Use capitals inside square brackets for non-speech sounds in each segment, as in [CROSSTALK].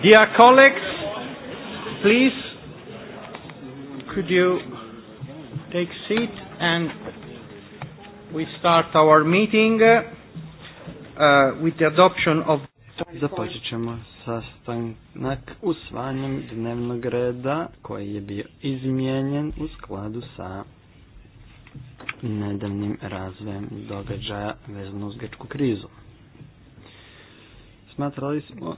Dear colleagues, please, could you take seat and we start our meeting uh, with the adoption of... Započet ćemo sastanak usvajanjem dnevnog reda koji je bio izmijenjen u skladu sa nedavnim razvojem događaja vezano uz grčku krizu. Smatrali smo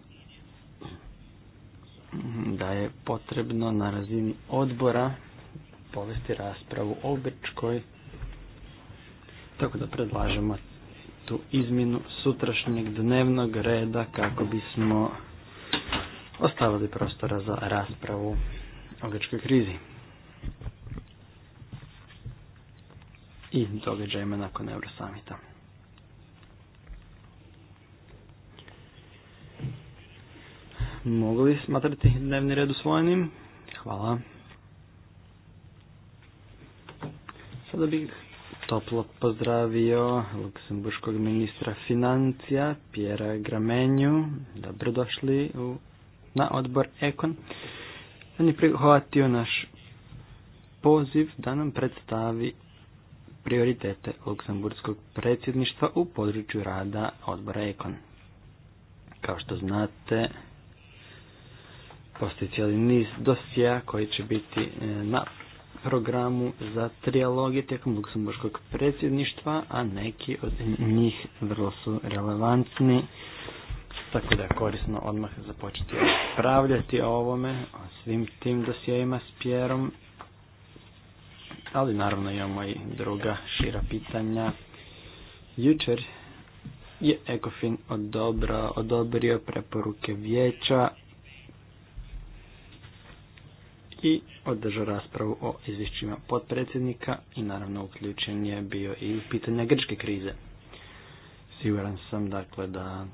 da je potrebno na razini odbora povesti raspravu o Grčkoj, tako da predlažemo tu izminu sutrašnjeg dnevnog reda kako bismo ostavili prostora za raspravu o grčkoj krizi i događajima nakon Eurosamita. mogli smatrati dnevni red usvojenim? Hvala. Sada bih toplo pozdravio luksemburškog ministra financija Pjera Gramenju. Dobrodošli u, na odbor Ekon. On je prihvatio naš poziv da nam predstavi prioritete luksemburskog predsjedništva u području rada odbora Ekon. Kao što znate, Postoji cijeli niz dosija koji će biti e, na programu za trijalogije tijekom luksemburskog predsjedništva, a neki od njih vrlo su relevantni. Tako da je korisno odmah započeti pravljati o ovome, o svim tim dosijajima s Pjerom. Ali naravno imamo i druga šira pitanja. Jučer je Ekofin odobrio preporuke vijeća i održao raspravu o izvješćima potpredsjednika i naravno uključen je bio i pitanje grčke krize. Siguran sam dakle da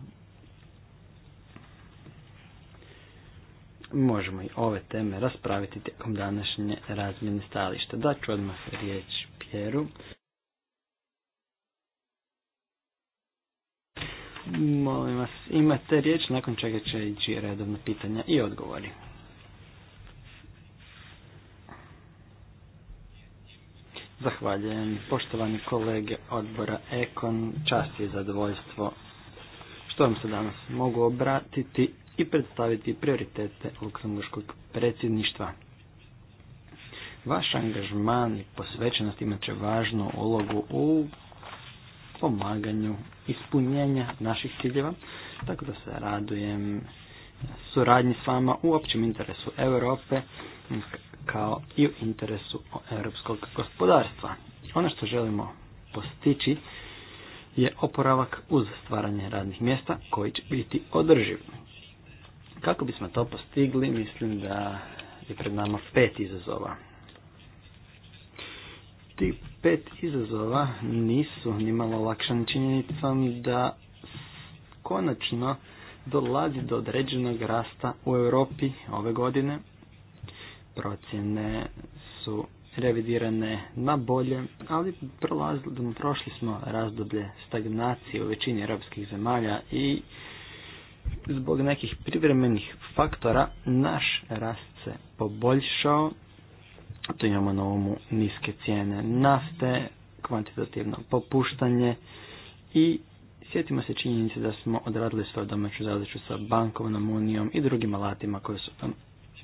možemo i ove teme raspraviti tijekom današnje razmjene stajališta. ću odmah riječ Pjeru. Molim vas, imate riječ, nakon čega će ići redovno pitanja i odgovori. Zahvaljujem poštovani kolege odbora Ekon, čast i zadovoljstvo što vam se danas mogu obratiti i predstaviti prioritete Luksemburškog predsjedništva. Vaš angažman i posvećenost imat će važnu ulogu u pomaganju ispunjenja naših ciljeva, tako da se radujem suradnji s vama u općem interesu Europe kao i u interesu europskog gospodarstva. Ono što želimo postići je oporavak uz stvaranje radnih mjesta koji će biti održiv. Kako bismo to postigli, mislim da je pred nama pet izazova. Ti pet izazova nisu malo lakšan činjenicom da konačno dolazi do određenog rasta u Europi ove godine procjene su revidirane na bolje, ali prošli smo razdoblje stagnacije u većini europskih zemalja i zbog nekih privremenih faktora naš rast se poboljšao. To imamo na umu niske cijene nafte, kvantitativno popuštanje i sjetimo se činjenice da smo odradili svoju domaću zadaću sa bankovnom unijom i drugim alatima koje su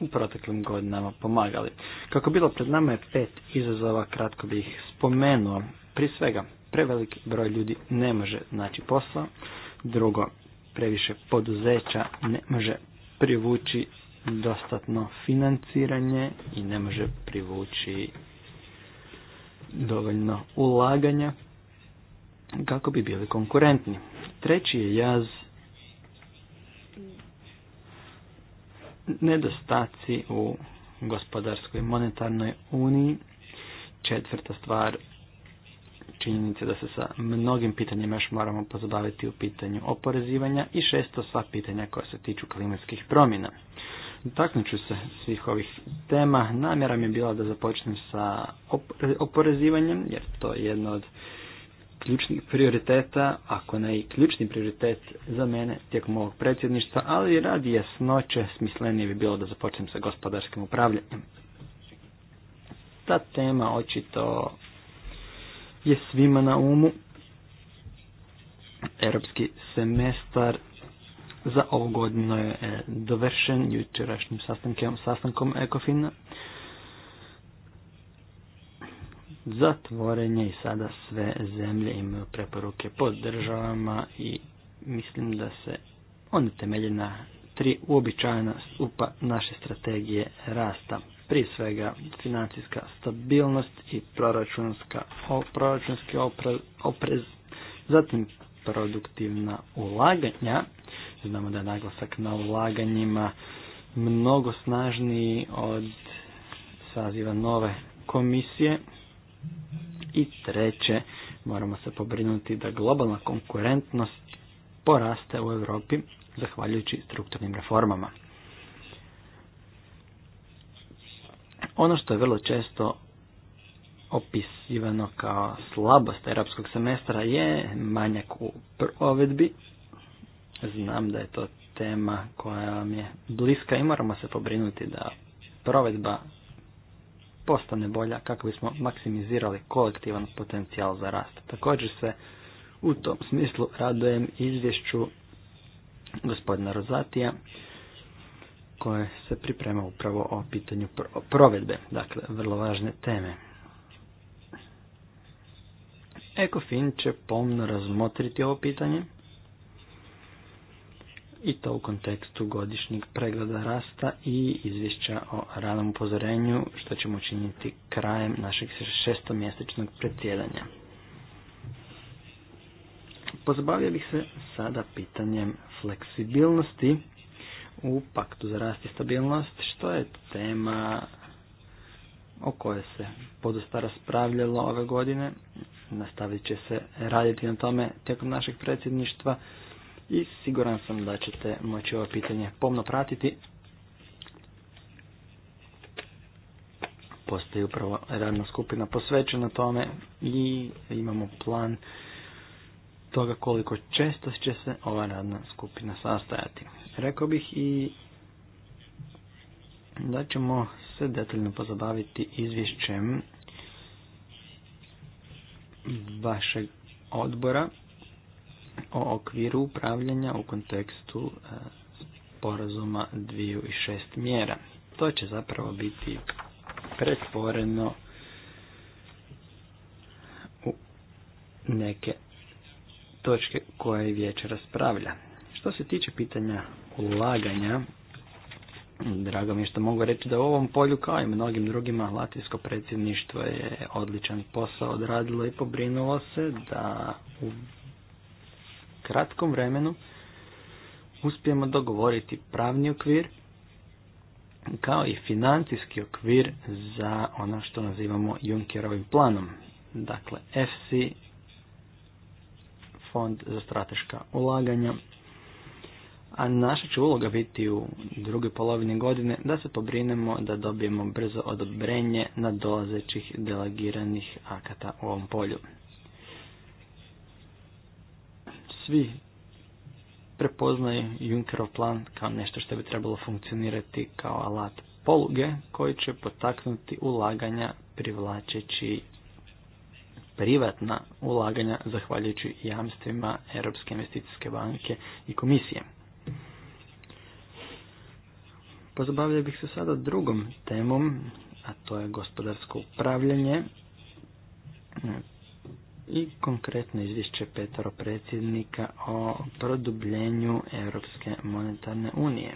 u proteklim godinama pomagali. Kako bilo pred nama je pet izazova, kratko bih spomenuo. Prije svega, preveliki broj ljudi ne može naći posao. Drugo, previše poduzeća ne može privući dostatno financiranje i ne može privući dovoljno ulaganja kako bi bili konkurentni. Treći je jaz nedostaci u gospodarskoj monetarnoj uniji. Četvrta stvar, činjenica da se sa mnogim pitanjima još moramo pozabaviti u pitanju oporezivanja i šesto sva pitanja koja se tiču klimatskih promjena. Dotaknut ću se svih ovih tema. Namjera mi je bila da započnem sa oporezivanjem, jer to je jedno od ključnih prioriteta, ako ne i ključni prioritet za mene tijekom ovog predsjedništva, ali radi jasnoće smislenije bi bilo da započnem sa gospodarskim upravljanjem. Ta tema očito je svima na umu. Europski semestar za ovu godinu je e, dovršen jučerašnjim sastankom, sastankom Ekofina zatvorenje i sada sve zemlje imaju preporuke podržavama državama i mislim da se one temelje na tri uobičajena stupa naše strategije rasta. Prije svega financijska stabilnost i proračunska, proračunski oprez, zatim produktivna ulaganja. Znamo da je naglasak na ulaganjima mnogo snažniji od saziva nove komisije i treće, moramo se pobrinuti da globalna konkurentnost poraste u Europi zahvaljujući strukturnim reformama. Ono što je vrlo često opisivano kao slabost europskog semestra je manjak u provedbi. Znam da je to tema koja vam je bliska i moramo se pobrinuti da provedba postane bolja kako bismo maksimizirali kolektivan potencijal za rast. Također se u tom smislu radujem izvješću gospodina Rozatija koje se priprema upravo o pitanju provedbe, dakle vrlo važne teme. Ekofin će pomno razmotriti ovo pitanje i to u kontekstu godišnjeg pregleda rasta i izvješća o radnom upozorenju što ćemo učiniti krajem našeg šestomjesečnog predsjedanja. Pozabavio bih se sada pitanjem fleksibilnosti u paktu za rast i stabilnost što je tema o kojoj se podosta raspravljalo ove godine. Nastavit će se raditi na tome tijekom našeg predsjedništva i siguran sam da ćete moći ovo pitanje pomno pratiti. Postoji upravo radna skupina posvećena tome i imamo plan toga koliko često će se ova radna skupina sastajati. Rekao bih i da ćemo se detaljno pozabaviti izvješćem vašeg odbora o okviru upravljanja u kontekstu e, sporazuma dviju i šest mjera. To će zapravo biti pretvoreno u neke točke koje vijeće raspravlja. Što se tiče pitanja ulaganja, drago mi je što mogu reći da u ovom polju kao i mnogim drugima latinsko predsjedništvo je odličan posao odradilo i pobrinulo se da u kratkom vremenu uspijemo dogovoriti pravni okvir kao i financijski okvir za ono što nazivamo Junckerovim planom. Dakle, FC, Fond za strateška ulaganja, a naša će uloga biti u drugoj polovini godine da se pobrinemo da dobijemo brzo odobrenje nadolazećih delegiranih akata u ovom polju. svi prepoznaju Junckerov plan kao nešto što bi trebalo funkcionirati kao alat poluge koji će potaknuti ulaganja privlačeći privatna ulaganja zahvaljujući jamstvima Europske investicijske banke i komisije. Pozabavljaju bih se sada drugom temom, a to je gospodarsko upravljanje i konkretno izvješće petoro predsjednika o produbljenju Europske monetarne unije.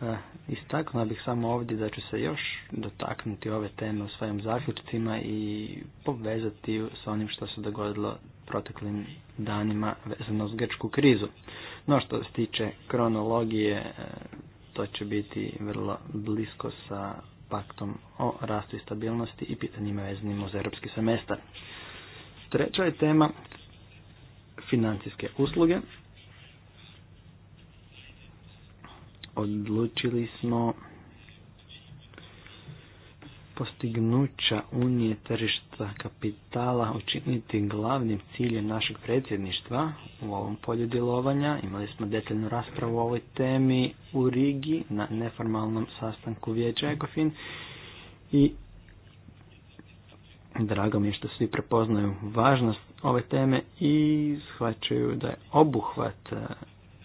E, Istaknula bih samo ovdje da ću se još dotaknuti ove teme u svojim zaključcima i povezati ju onim što se dogodilo proteklim danima vezano uz grčku krizu. No što se tiče kronologije, e, to će biti vrlo blisko sa paktom o rastu i stabilnosti i pitanjima vezanim uz europski semestar. Treća je tema financijske usluge. Odlučili smo postignuća unije tržišta kapitala učiniti glavnim ciljem našeg predsjedništva u ovom polju djelovanja. Imali smo detaljnu raspravu o ovoj temi u Rigi na neformalnom sastanku vijeća Ekofin i Drago mi je što svi prepoznaju važnost ove teme i shvaćaju da je obuhvat e,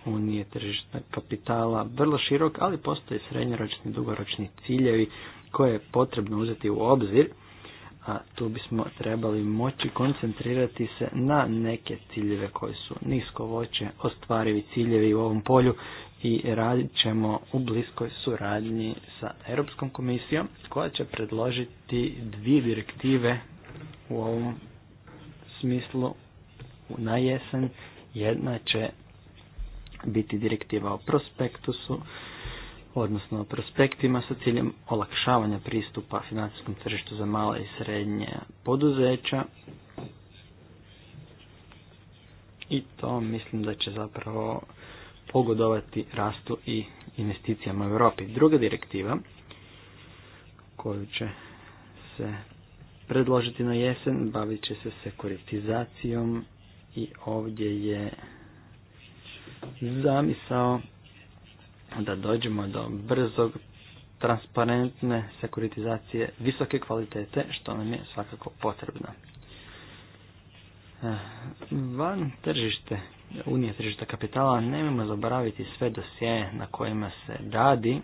unije tržišta kapitala vrlo širok, ali postoje srednjoročni i dugoročni ciljevi koje je potrebno uzeti u obzir, a tu bismo trebali moći koncentrirati se na neke ciljeve koji su nisko voće, ostvarivi ciljevi u ovom polju i radit ćemo u bliskoj suradnji sa Europskom komisijom koja će predložiti dvije direktive u ovom smislu na jesen. Jedna će biti direktiva o prospektusu, odnosno o prospektima sa ciljem olakšavanja pristupa financijskom tržištu za male i srednje poduzeća. I to mislim da će zapravo pogodovati rastu i investicijama u Europi. Druga direktiva koju će se predložiti na jesen bavit će se sekuritizacijom i ovdje je zamisao da dođemo do brzog transparentne sekuritizacije visoke kvalitete što nam je svakako potrebno. Van tržište, unije tržišta kapitala, nemojmo zaboraviti sve dosije na kojima se radi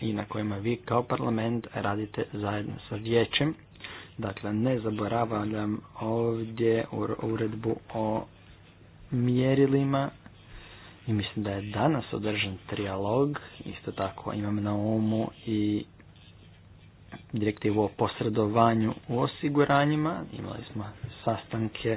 i na kojima vi kao parlament radite zajedno sa vijećem. Dakle, ne zaboravljam ovdje uredbu o mjerilima i mislim da je danas održan trijalog. Isto tako imam na umu i direktivu o posredovanju u osiguranjima. Imali smo sastanke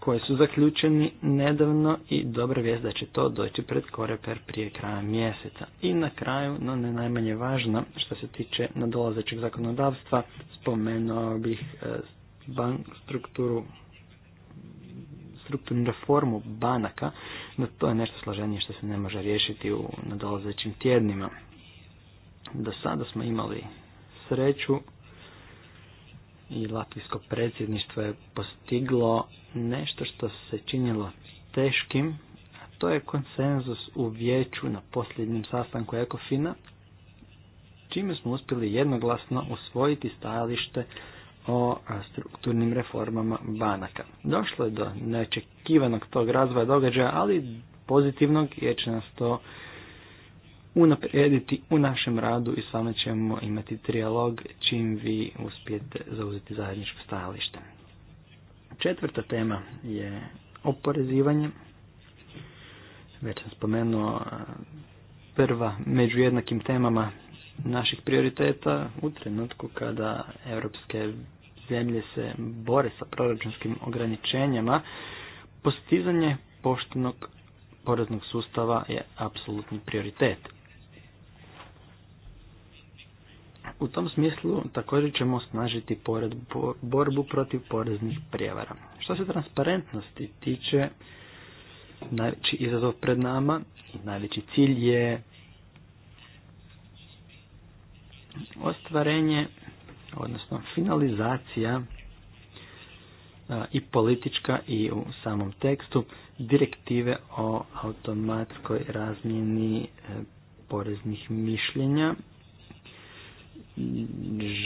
koje su zaključeni nedavno i dobra vijest da će to doći pred koreper prije kraja mjeseca. I na kraju, no ne najmanje važno, što se tiče nadolazećeg zakonodavstva, spomenuo bih e, bank strukturu strukturnu reformu banaka, no to je nešto složenije što se ne može riješiti u nadolazećim tjednima. Do sada smo imali sreću i latvijsko predsjedništvo je postiglo nešto što se činilo teškim, a to je konsenzus u vijeću na posljednjem sastanku Ekofina, čime smo uspjeli jednoglasno usvojiti stajalište o strukturnim reformama banaka. Došlo je do neočekivanog tog razvoja događaja, ali pozitivnog jer će nas to unaprijediti u našem radu i vama ćemo imati trijalog čim vi uspijete zauzeti zajedničko stajalište. Četvrta tema je oporezivanje. Već sam spomenuo prva među jednakim temama naših prioriteta u trenutku kada europske zemlje se bore sa proračunskim ograničenjama, postizanje poštenog poreznog sustava je apsolutni prioritet. U tom smislu također ćemo snažiti pored borbu protiv poreznih prijevara. Što se transparentnosti tiče, najveći izazov pred nama i najveći cilj je ostvarenje, odnosno finalizacija i politička i u samom tekstu direktive o automatskoj razmjeni e, poreznih mišljenja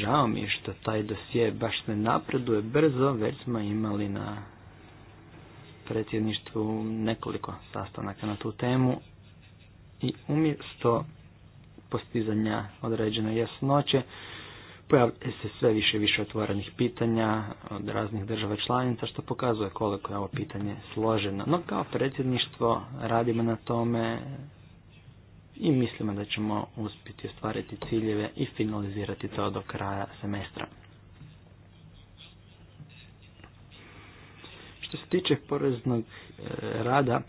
Žao mi je što taj dosje baš ne napreduje brzo, već smo imali na predsjedništvu nekoliko sastanaka na tu temu i umjesto postizanja određene jasnoće pojavljuje se sve više i više otvorenih pitanja od raznih država članica što pokazuje koliko je ovo pitanje složeno. No kao predsjedništvo radimo na tome i mislimo da ćemo uspjeti ostvariti ciljeve i finalizirati to do kraja semestra. Što se tiče poreznog e, rada,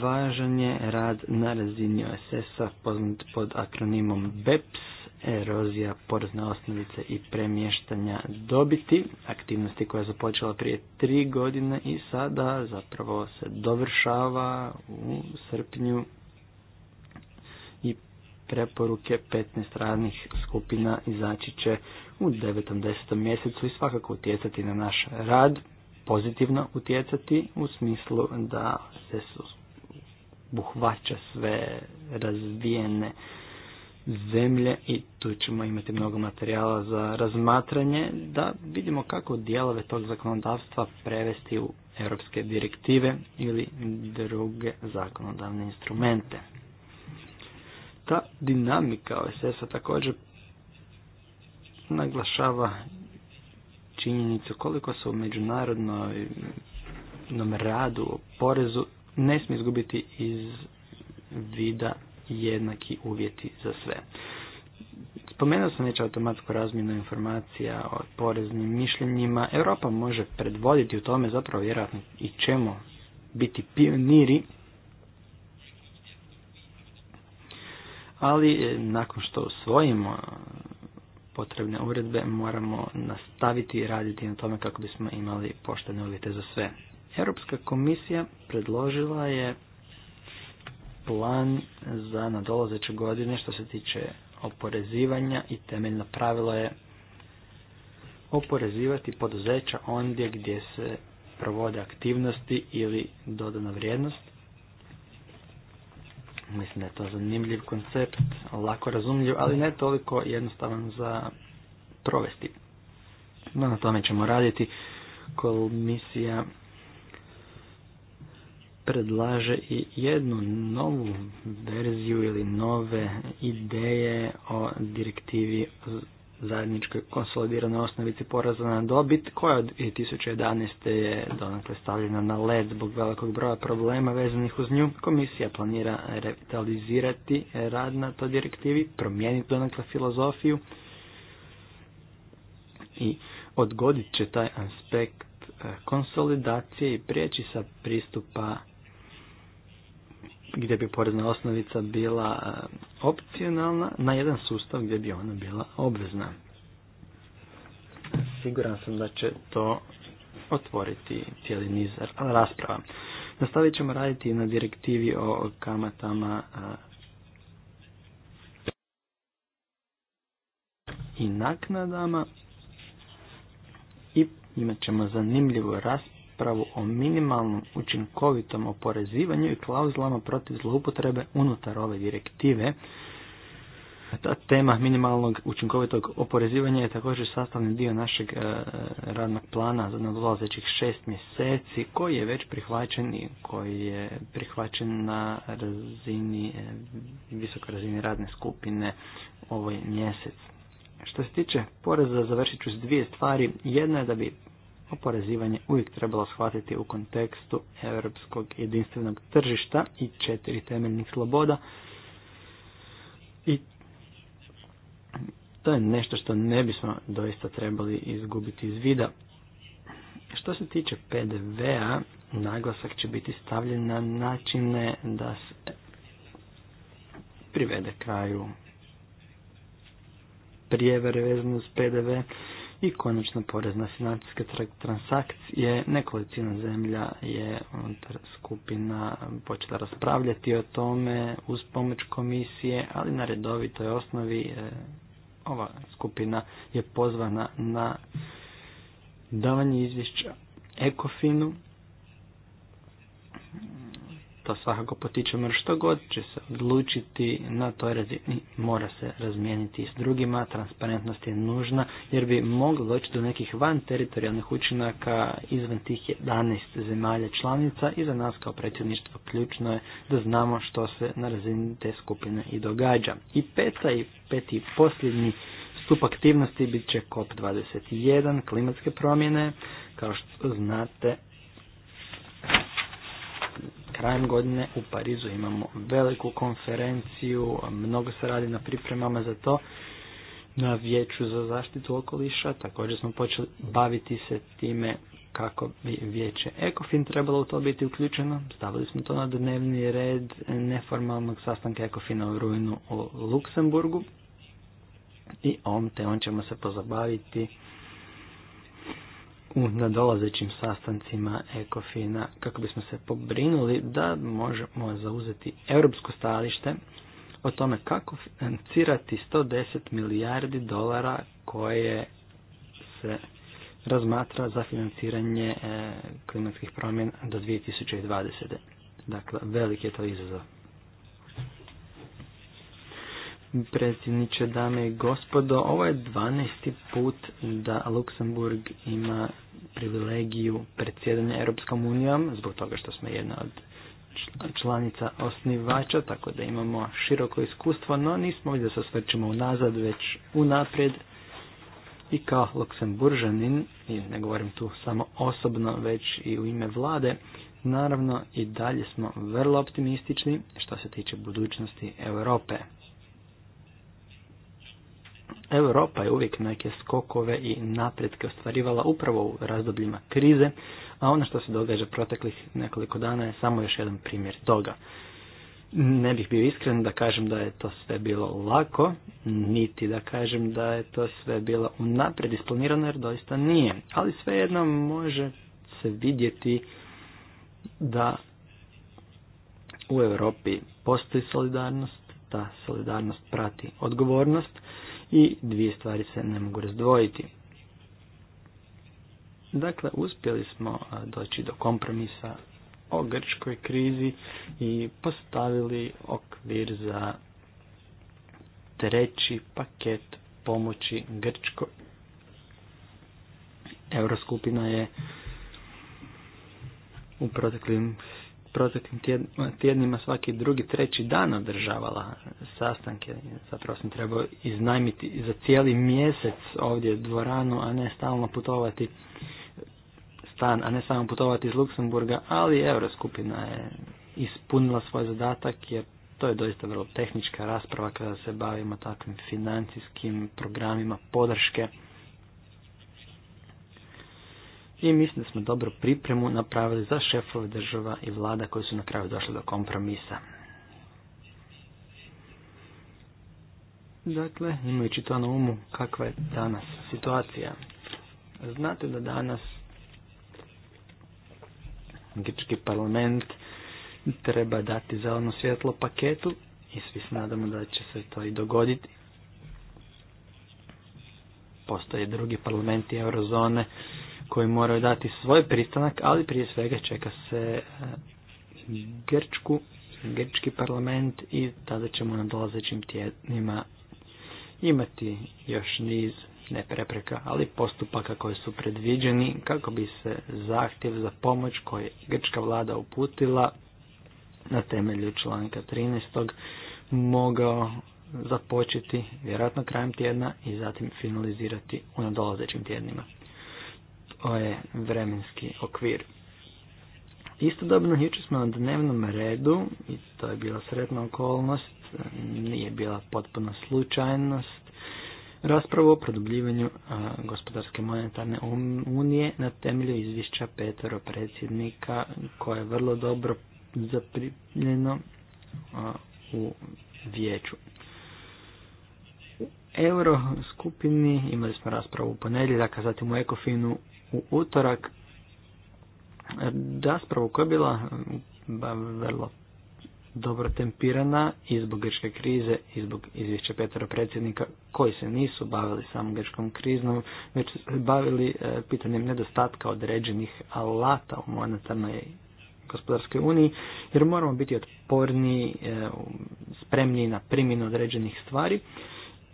važan je rad na razini OSS-a poznat pod akronimom BEPS, erozija porezne osnovice i premještanja dobiti, aktivnosti koja je započela prije tri godine i sada zapravo se dovršava u srpnju preporuke 15 radnih skupina izaći će u 9. mjesecu i svakako utjecati na naš rad, pozitivno utjecati u smislu da se buhvaća sve razvijene zemlje i tu ćemo imati mnogo materijala za razmatranje da vidimo kako dijelove tog zakonodavstva prevesti u europske direktive ili druge zakonodavne instrumente. Ta dinamika OSS-a također naglašava činjenicu koliko se u međunarodnom radu o porezu ne smije izgubiti iz vida jednaki uvjeti za sve. Spomenuo sam već automatsku razmjenu informacija o poreznim mišljenjima. Europa može predvoditi u tome zapravo vjerojatno i čemu biti pioniri ali e, nakon što usvojimo e, potrebne uredbe moramo nastaviti i raditi na tome kako bismo imali poštene uvjete za sve. Europska komisija predložila je plan za nadolazeće godine što se tiče oporezivanja i temeljno pravilo je oporezivati poduzeća ondje gdje se provode aktivnosti ili dodana vrijednost Mislim da je to zanimljiv koncept, lako razumljiv, ali ne toliko jednostavan za provesti. No, na tome ćemo raditi. Komisija predlaže i jednu novu verziju ili nove ideje o direktivi zajedničkoj konsolidiranoj osnovici poreza na dobit koja od 2011. je donakle stavljena na led zbog velikog broja problema vezanih uz nju. Komisija planira revitalizirati rad na toj direktivi, promijeniti donakle filozofiju i odgodit će taj aspekt e, konsolidacije i prijeći sa pristupa gdje bi porezna osnovica bila e, opcionalna na jedan sustav gdje bi ona bila obvezna. Siguran sam da će to otvoriti cijeli niz rasprava. Nastavit ćemo raditi na direktivi o kamatama e, i naknadama i imat ćemo zanimljivu raspravu raspravu o minimalnom učinkovitom oporezivanju i klauzulama protiv zloupotrebe unutar ove direktive. Ta tema minimalnog učinkovitog oporezivanja je također sastavni dio našeg e, radnog plana za nadolazećih šest mjeseci koji je već prihvaćen i koji je prihvaćen na razini, e, visoko razini radne skupine ovaj mjesec. Što se tiče poreza, završit ću s dvije stvari. Jedna je da bi oporezivanje uvijek trebalo shvatiti u kontekstu europskog jedinstvenog tržišta i četiri temeljnih sloboda. I to je nešto što ne bismo doista trebali izgubiti iz vida. Što se tiče PDV-a, naglasak će biti stavljen na načine da se privede kraju prijevere vezano uz PDV i konačno porez na financijske transakcije. Nekolicina zemlja je unutar skupina počela raspravljati o tome uz pomoć komisije, ali na redovitoj osnovi e, ova skupina je pozvana na davanje izvješća Ekofinu to svakako potičemo jer što god će se odlučiti na toj razini mora se razmijeniti s drugima, transparentnost je nužna jer bi moglo doći do nekih van teritorijalnih učinaka izvan tih 11 zemalja članica i za nas kao predsjedništvo ključno je da znamo što se na razini te skupine i događa. I peta i peti posljednji stup aktivnosti bit će COP21, klimatske promjene, kao što znate krajem godine u Parizu imamo veliku konferenciju, mnogo se radi na pripremama za to, na vijeću za zaštitu okoliša, također smo počeli baviti se time kako bi vijeće ECOFIN trebalo u to biti uključeno. Stavili smo to na dnevni red neformalnog sastanka ECOFINA u rujnu u Luksemburgu i ovom te on ćemo se pozabaviti u nadolazećim sastancima ECOFINA kako bismo se pobrinuli da možemo zauzeti europsko stajalište o tome kako financirati 110 milijardi dolara koje se razmatra za financiranje e, klimatskih promjena do 2020. Dakle, veliki je to izazov predsjedniče, dame i gospodo. Ovo je 12. put da Luksemburg ima privilegiju predsjedanja Europskom unijom, zbog toga što smo jedna od članica osnivača, tako da imamo široko iskustvo, no nismo ovdje da se osvrćemo unazad, već unaprijed. I kao Luksemburžanin, i ne govorim tu samo osobno, već i u ime vlade, naravno i dalje smo vrlo optimistični što se tiče budućnosti Europe. Europa je uvijek neke skokove i napretke ostvarivala upravo u razdobljima krize, a ono što se događa proteklih nekoliko dana je samo još jedan primjer toga. Ne bih bio iskren da kažem da je to sve bilo lako, niti da kažem da je to sve bilo unaprijed isplanirano jer doista nije, ali svejedno može se vidjeti da u Europi postoji solidarnost, ta solidarnost prati odgovornost, i dvije stvari se ne mogu razdvojiti. Dakle, uspjeli smo doći do kompromisa o grčkoj krizi i postavili okvir za treći paket pomoći Grčkoj. Euroskupina je u proteklim proteklim tjednima svaki drugi, treći dan održavala sastanke. Zapravo sam trebao iznajmiti za cijeli mjesec ovdje dvoranu, a ne stalno putovati stan, a ne samo putovati iz Luksemburga, ali Euroskupina je ispunila svoj zadatak jer to je doista vrlo tehnička rasprava kada se bavimo takvim financijskim programima podrške i mislim da smo dobru pripremu napravili za šefove država i vlada koji su na kraju došli do kompromisa. Dakle, imajući to na umu, kakva je danas situacija. Znate da danas grčki parlament treba dati zeleno svjetlo paketu i svi se nadamo da će se to i dogoditi. Postoje drugi parlamenti eurozone koji moraju dati svoj pristanak, ali prije svega čeka se e, Grčku, Grčki parlament i tada ćemo na dolazećim tjednima imati još niz ne prepreka, ali postupaka koji su predviđeni kako bi se zahtjev za pomoć koje je grčka vlada uputila na temelju članka 13. mogao započeti vjerojatno krajem tjedna i zatim finalizirati u nadolazećim tjednima ovaj vremenski okvir. Istodobno jučer smo na dnevnom redu, i to je bila sretna okolnost, nije bila potpuna slučajnost, raspravo o produbljivanju gospodarske monetarne unije na temelju izvješća petero predsjednika koje je vrlo dobro zaprimljeno u vijeću. U euro skupini imali smo raspravu u ponedjeljak, a zatim u Ekofinu u utorak raspravu koja je bila vrlo dobro tempirana i zbog grčke krize i zbog izvješća Petra predsjednika koji se nisu bavili samo grčkom kriznom, već su bavili e, pitanjem nedostatka određenih alata u monetarnoj gospodarskoj uniji, jer moramo biti otporni, e, spremni na primjenu određenih stvari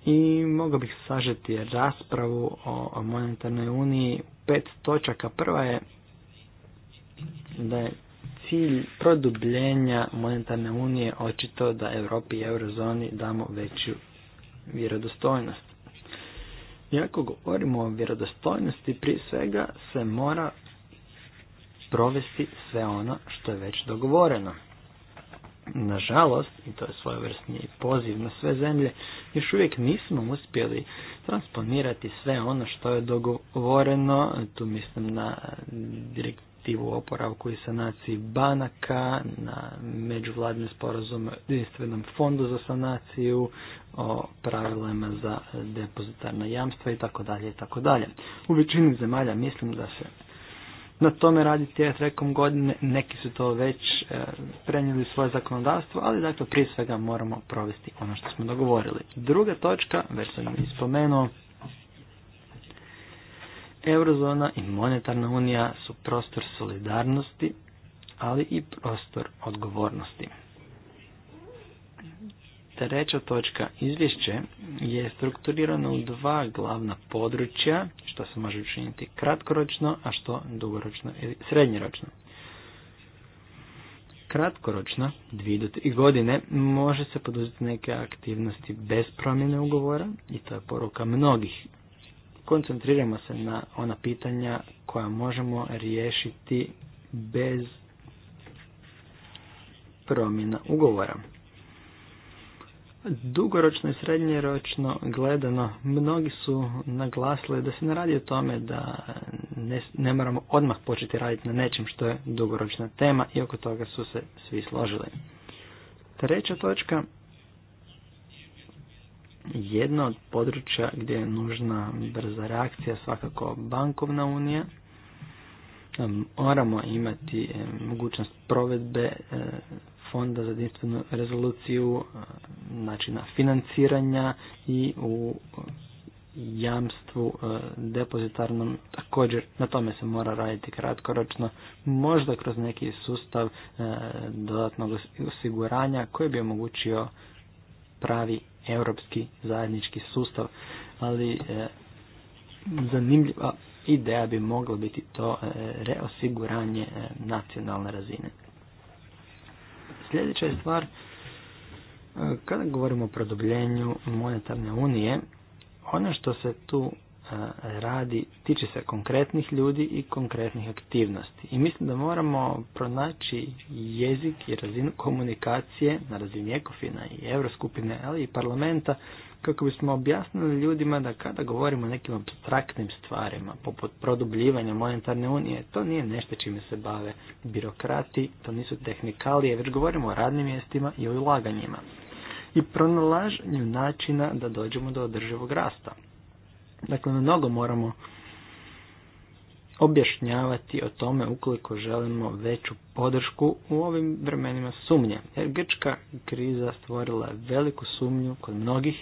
i mogao bih sažeti raspravu o monetarnoj uniji pet točaka. Prva je da je cilj produbljenja monetarne unije očito da Europi i eurozoni damo veću vjerodostojnost. I govorimo o vjerodostojnosti, prije svega se mora provesti sve ono što je već dogovoreno. Nažalost, i to je svojevrsni poziv na sve zemlje, još uvijek nismo uspjeli transponirati sve ono što je dogovoreno, tu mislim na direktivu oporavku i sanaciji banaka, na međuvladni sporazum jedinstvenom fondu za sanaciju, o pravilima za depozitarna jamstva i tako dalje i tako dalje. U većini zemalja mislim da se na tome raditi ja rekom godine, neki su to već e, prenijeli svoje zakonodavstvo, ali dakle prije svega moramo provesti ono što smo dogovorili. Druga točka, već sam i spomenuo, Eurozona i monetarna unija su prostor solidarnosti, ali i prostor odgovornosti. Treća točka izvješće je strukturirano u dva glavna područja, što se može učiniti kratkoročno, a što dugoročno ili srednjeročno. Kratkoročno, dvije do tri godine, može se poduzeti neke aktivnosti bez promjene ugovora i to je poruka mnogih. Koncentriramo se na ona pitanja koja možemo riješiti bez promjena ugovora. Dugoročno i srednjeročno gledano, mnogi su naglasili da se ne radi o tome da ne, ne moramo odmah početi raditi na nečem što je dugoročna tema i oko toga su se svi složili. Treća točka, jedno od područja gdje je nužna brza reakcija svakako bankovna unija. Moramo imati eh, mogućnost provedbe eh, fonda za jedinstvenu rezoluciju, načina financiranja i u jamstvu depozitarnom također na tome se mora raditi kratkoročno, možda kroz neki sustav dodatnog osiguranja koji bi omogućio pravi europski zajednički sustav, ali zanimljiva ideja bi mogla biti to reosiguranje nacionalne razine. Sljedeća je stvar, e, kada govorimo o produbljenju monetarne unije, ono što se tu e, radi tiče se konkretnih ljudi i konkretnih aktivnosti. I mislim da moramo pronaći jezik i razinu komunikacije na razini Ekofina i Euroskupine, ali i parlamenta kako bismo objasnili ljudima da kada govorimo o nekim abstraktnim stvarima, poput produbljivanja monetarne unije, to nije nešto čime se bave birokrati, to nisu tehnikalije, već govorimo o radnim mjestima i o ulaganjima. I pronalaženju načina da dođemo do održivog rasta. Dakle, mnogo moramo objašnjavati o tome ukoliko želimo veću podršku u ovim vremenima sumnje. Jer grčka kriza stvorila veliku sumnju kod mnogih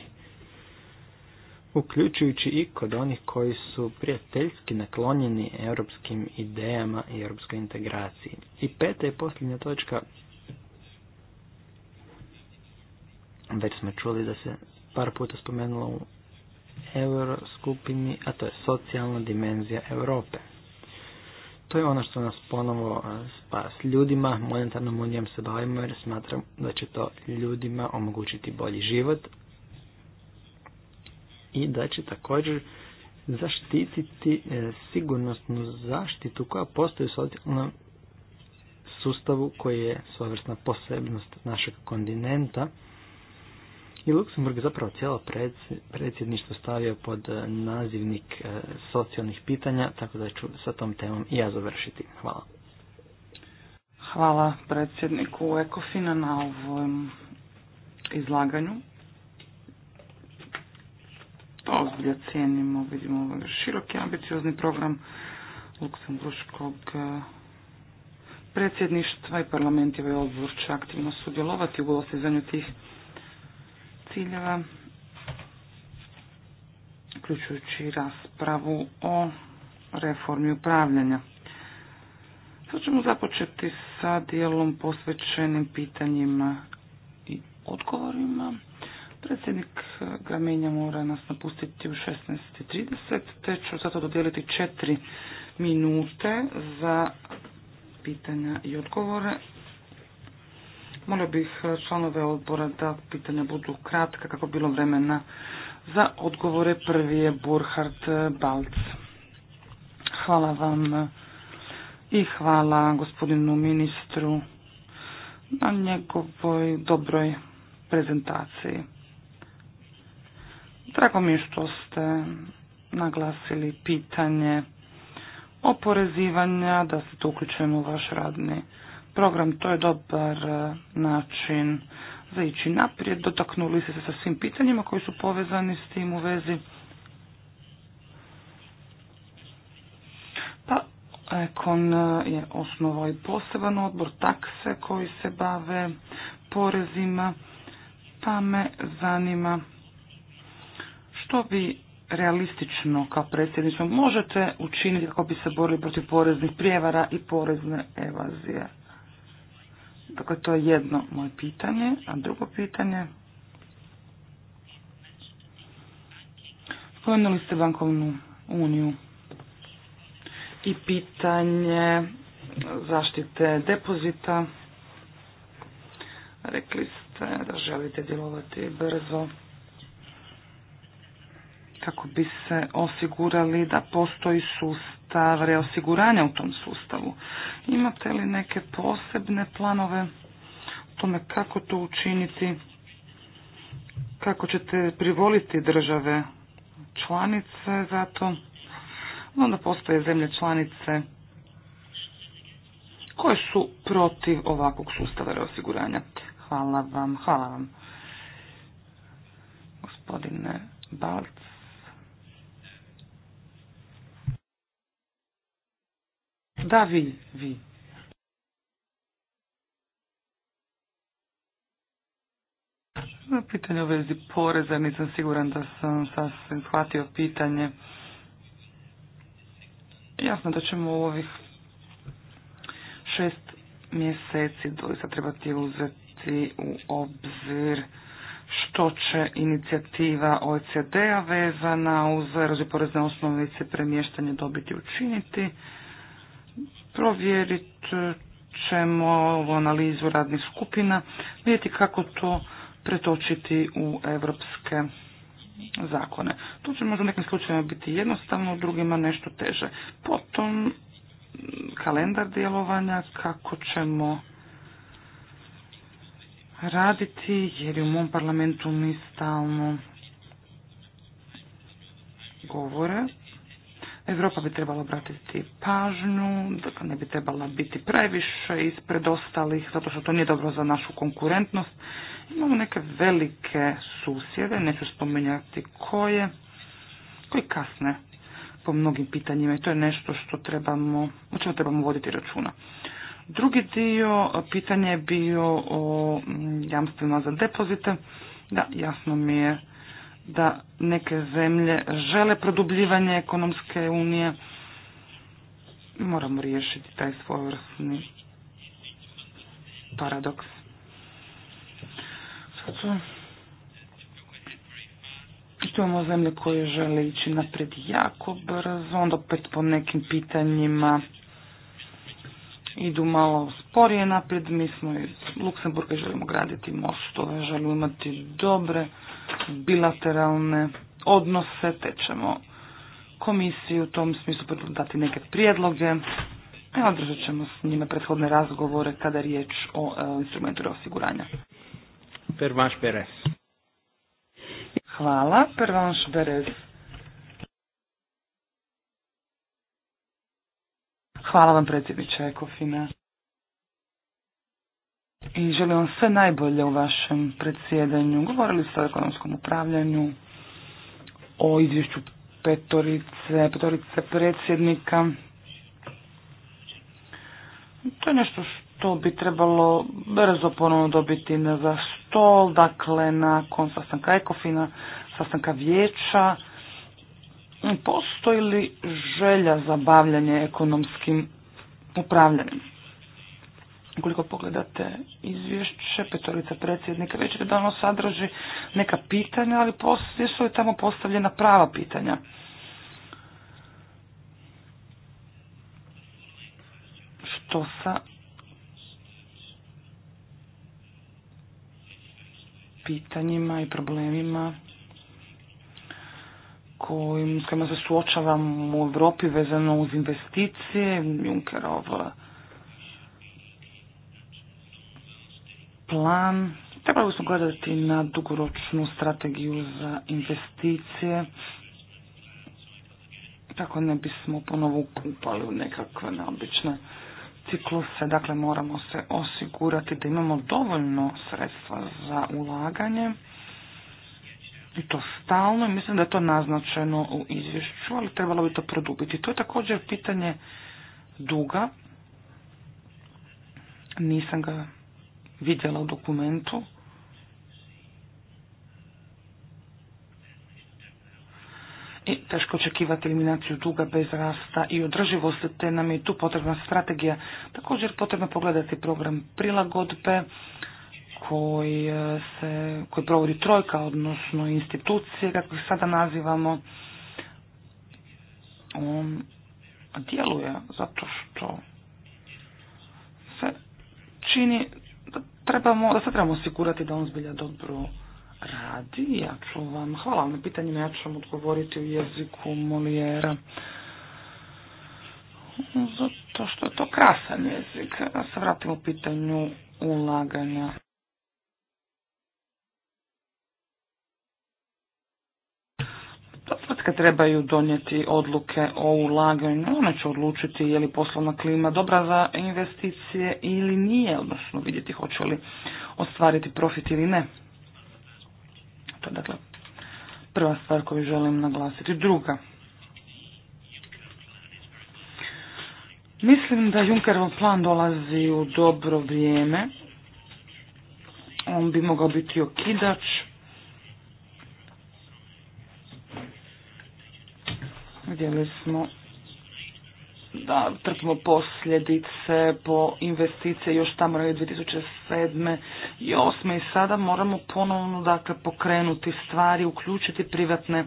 uključujući i kod onih koji su prijateljski naklonjeni europskim idejama i europskoj integraciji. I peta i posljednja točka, već smo čuli da se par puta spomenulo u skupini, a to je socijalna dimenzija Europe. To je ono što nas ponovo spas ljudima, monetarnom unijom se bavimo jer smatram da će to ljudima omogućiti bolji život, i da će također zaštititi e, sigurnosnu zaštitu koja postoji u socijalnom sustavu koji je svojevrsna posebnost našeg kontinenta. I Luksemburg zapravo cijelo predsjedništvo stavio pod e, nazivnik e, socijalnih pitanja, tako da ću sa tom temom i ja završiti. Hvala. Hvala predsjedniku Ekofina na ovom izlaganju ozbilja cijenimo, vidimo ovaj široki ambiciozni program luksemburškog eh, predsjedništva i parlament je odbor će aktivno sudjelovati u osjezanju tih ciljeva, uključujući raspravu o reformi upravljanja. Sad ćemo započeti sa dijelom posvećenim pitanjima i odgovorima. Predsjednik eh, Gramenja mora nas napustiti u 16.30, te ću zato dodijeliti četiri minute za pitanja i odgovore. Molio bih eh, članove odbora da pitanja budu kratka kako bilo vremena za odgovore. Prvi je Burhard Balc. Hvala vam eh, i hvala gospodinu ministru na njegovoj dobroj prezentaciji. Drago mi je što ste naglasili pitanje oporezivanja, da se tu uključujemo u vaš radni program. To je dobar e, način za ići naprijed. Dotaknuli ste se sa svim pitanjima koji su povezani s tim u vezi. Pa, Ekon e, je osnovao i poseban odbor takse koji se bave porezima, pa me zanima što bi realistično kao predsjedništvo možete učiniti kako bi se borili protiv poreznih prijevara i porezne evazije? Dakle, to je jedno moje pitanje. A drugo pitanje... Spomenuli ste bankovnu uniju i pitanje zaštite depozita. Rekli ste da želite djelovati brzo kako bi se osigurali da postoji sustav reosiguranja u tom sustavu. Imate li neke posebne planove o tome kako to učiniti, kako ćete privoliti države članice za to? Onda postoje zemlje članice koje su protiv ovakvog sustava reosiguranja. Hvala vam, hvala vam. Gospodine Balc. Da, vi, vi. Na pitanje u vezi poreza nisam siguran da sam sasvim shvatio pitanje. Jasno da ćemo u ovih šest mjeseci doista trebati uzeti u obzir što će inicijativa OECD-a vezana uz erozi porezne osnovice premještanje dobiti učiniti. Provjerit ćemo ovu analizu radnih skupina, vidjeti kako to pretočiti u evropske zakone. To će možda u nekim slučajevima biti jednostavno, u drugima nešto teže. Potom kalendar djelovanja, kako ćemo raditi, jer u mom parlamentu mi stalno govore Evropa bi trebala obratiti pažnju, dakle, ne bi trebala biti previše ispred ostalih, zato što to nije dobro za našu konkurentnost. Imamo neke velike susjede, neću spominjati koje, koji kasne po mnogim pitanjima i to je nešto što trebamo, o čemu trebamo voditi računa. Drugi dio pitanja je bio o mm, jamstvima za depozite. Da, jasno mi je da neke zemlje žele produbljivanje ekonomske unije. Moramo riješiti taj svojevrsni paradoks. što imamo zemlje koje žele ići naprijed jako brzo, onda opet po nekim pitanjima idu malo sporije naprijed. Mi smo iz Luksemburga želimo graditi mostove, želimo imati dobre bilateralne odnose, te ćemo komisiji u tom smislu dati neke prijedloge. E, održat ćemo s njime prethodne razgovore kada je riječ o e, instrumentu osiguranja. Pervanš Perez. Hvala, Pervanš Perez. Hvala vam predsjedniče Ekofina i želim vam sve najbolje u vašem predsjedanju. Govorili ste o ekonomskom upravljanju, o izvješću petorice, petorice predsjednika. To je nešto što bi trebalo brzo ponovno dobiti na za stol, dakle nakon sastanka Ekofina, sastanka vijeća. Postoji li želja za bavljanje ekonomskim upravljanjem? Koliko pogledate izvješće, petorica predsjednika već da ono sadrži neka pitanja, ali su li tamo postavljena prava pitanja? Što sa pitanjima i problemima s kojima se suočavamo u Europi vezano uz investicije, Junkerova plan trebali smo gledati na dugoročnu strategiju za investicije tako ne bismo ponovo kupali u nekakve neobične cikluse, dakle moramo se osigurati da imamo dovoljno sredstva za ulaganje i to stalno i mislim da je to naznačeno u izvješću, ali trebalo bi to produbiti. To je također pitanje duga, nisam ga vidjela u dokumentu. I teško očekivati eliminaciju duga bez rasta i održivosti, te nam je tu potrebna strategija. Također potrebno pogledati program prilagodbe koji, e, se, koji provodi trojka, odnosno institucije, kako ih sada nazivamo. On djeluje zato što se čini trebamo, da trebamo osigurati da on zbilja dobro radi. Ja ću vam, hvala vam na pitanjima, ja ću vam odgovoriti u jeziku Molijera. Zato što je to krasan jezik. Da se vratimo u pitanju ulaganja. tvrtke trebaju donijeti odluke o ulaganju. Ona će odlučiti je li poslovna klima dobra za investicije ili nije, odnosno vidjeti hoće li ostvariti profit ili ne. To je dakle prva stvar koju želim naglasiti. Druga. Mislim da Junkerov plan dolazi u dobro vrijeme. On bi mogao biti okidač Vidjeli smo da trpimo posljedice po investicije još tamo je 2007. i 2008. i sada moramo ponovno dakle, pokrenuti stvari, uključiti privatne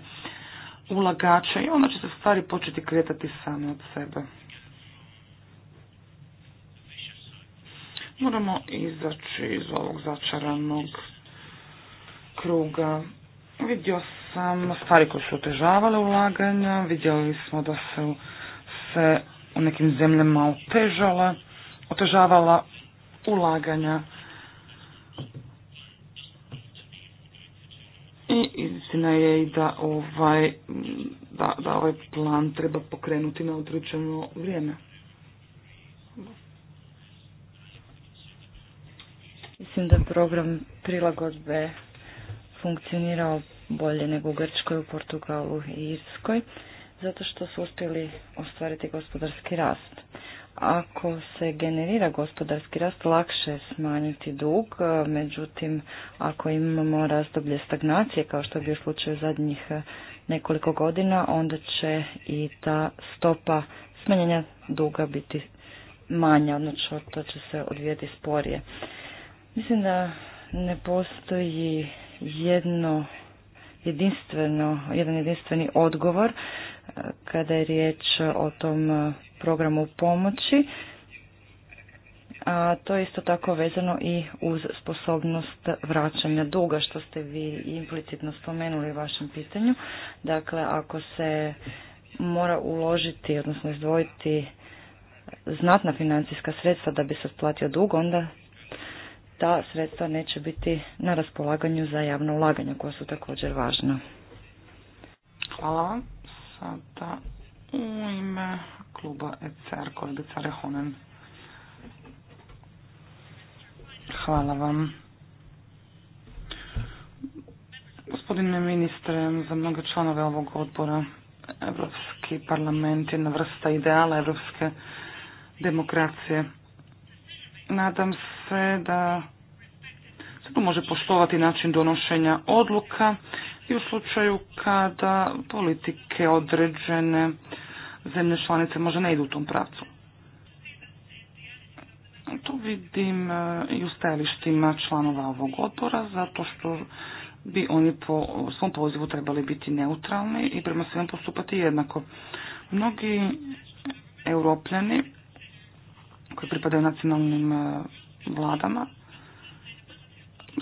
ulagače i onda će se stvari početi kretati same od sebe. Moramo izaći iz ovog začaranog kruga. Vidio sam stvari koje su otežavale ulaganja, vidjeli smo da se se u nekim zemljama otežala, otežavala ulaganja I istina je i da ovaj, da, da ovaj plan treba pokrenuti na određeno vrijeme. Mislim da program prilagodbe funkcionirao bolje nego u Grčkoj, u Portugalu i Irskoj, zato što su uspjeli ostvariti gospodarski rast. Ako se generira gospodarski rast, lakše je smanjiti dug, međutim, ako imamo razdoblje stagnacije, kao što je bio slučaj zadnjih nekoliko godina, onda će i ta stopa smanjenja duga biti manja, odnosno to će se odvijeti sporije. Mislim da ne postoji jedno jedinstveno, jedan jedinstveni odgovor e, kada je riječ o tom e, programu pomoći. A to je isto tako vezano i uz sposobnost vraćanja duga, što ste vi implicitno spomenuli u vašem pitanju. Dakle, ako se mora uložiti, odnosno izdvojiti znatna financijska sredstva da bi se otplatio dug, onda ta sredstva neće biti na raspolaganju za javno ulaganje koja su također važna. Hvala vam. Sada u ime kluba ECR kolegica Hvala vam. Gospodine ministre, za mnoge članove ovog odbora Evropski parlament je na vrsta ideala evropske demokracije. Nadam se da se tu može poštovati način donošenja odluka i u slučaju kada politike određene zemlje članice možda ne idu u tom pravcu. To vidim e, i u stajalištima članova ovog odbora, zato što bi oni po svom pozivu trebali biti neutralni i prema svima postupati jednako. Mnogi europljani koji pripadaju nacionalnim e, vladama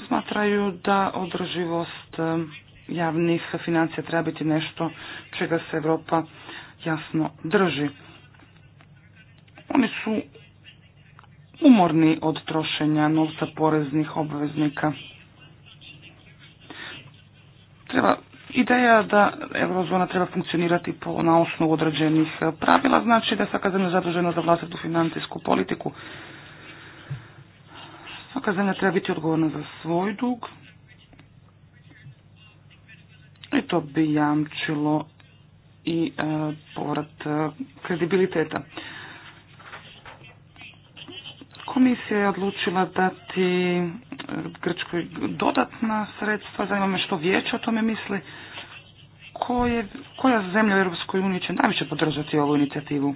smatraju da održivost e, javnih financija treba biti nešto čega se Europa jasno drži. Oni su umorni od trošenja novca poreznih obveznika. Treba ideja da eurozona treba funkcionirati po, na osnovu određenih e, pravila, znači da svaka zemlja zadužena za vlastitu financijsku politiku. Svaka zemlja treba biti odgovorna za svoj dug i to bi jamčilo i e, povrat e, kredibiliteta. Komisija je odlučila dati Grčkoj dodatna sredstva, zanima me što vijeće o tome misli koja zemlja u Europskoj uniji će najviše podržati ovu inicijativu?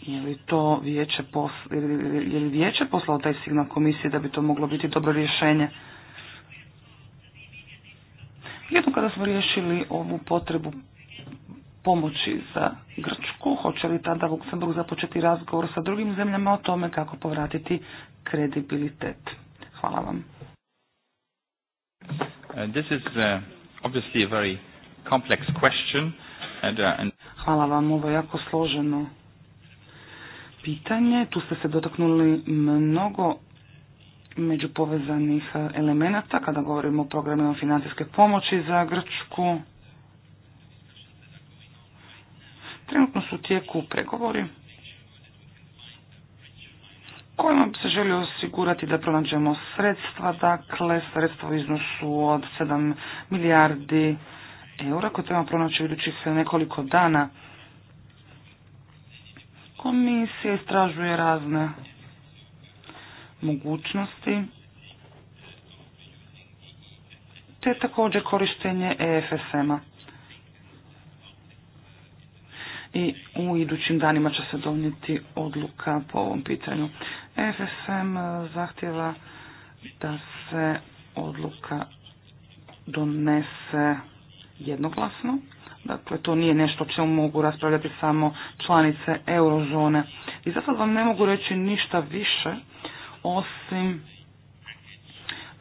Je li to vijeće pos je li vijeće poslalo taj signal komisiji da bi to moglo biti dobro rješenje? Jednom kada smo riješili ovu potrebu pomoći za Grčku, hoće li tada Luksemburg započeti razgovor sa drugim zemljama o tome kako povratiti kredibilitet? Hvala vam. Uh, this uh, obviously very uh, Hvala vam, ovo je jako složeno pitanje. Tu ste se dotaknuli mnogo međupovezanih e, elemenata kada govorimo o programima financijske pomoći za Grčku. Trenutno su tijeku pregovori kojom se želi osigurati da pronađemo sredstva, dakle sredstva u iznosu od 7 milijardi eura koje treba pronaći u idućih nekoliko dana. Komisija istražuje razne mogućnosti te također korištenje EFSM-a. I u idućim danima će se donijeti odluka po ovom pitanju. FSM e, zahtjeva da se odluka donese jednoglasno. Dakle, to nije nešto o čemu mogu raspravljati samo članice eurozone. I zato vam ne mogu reći ništa više, osim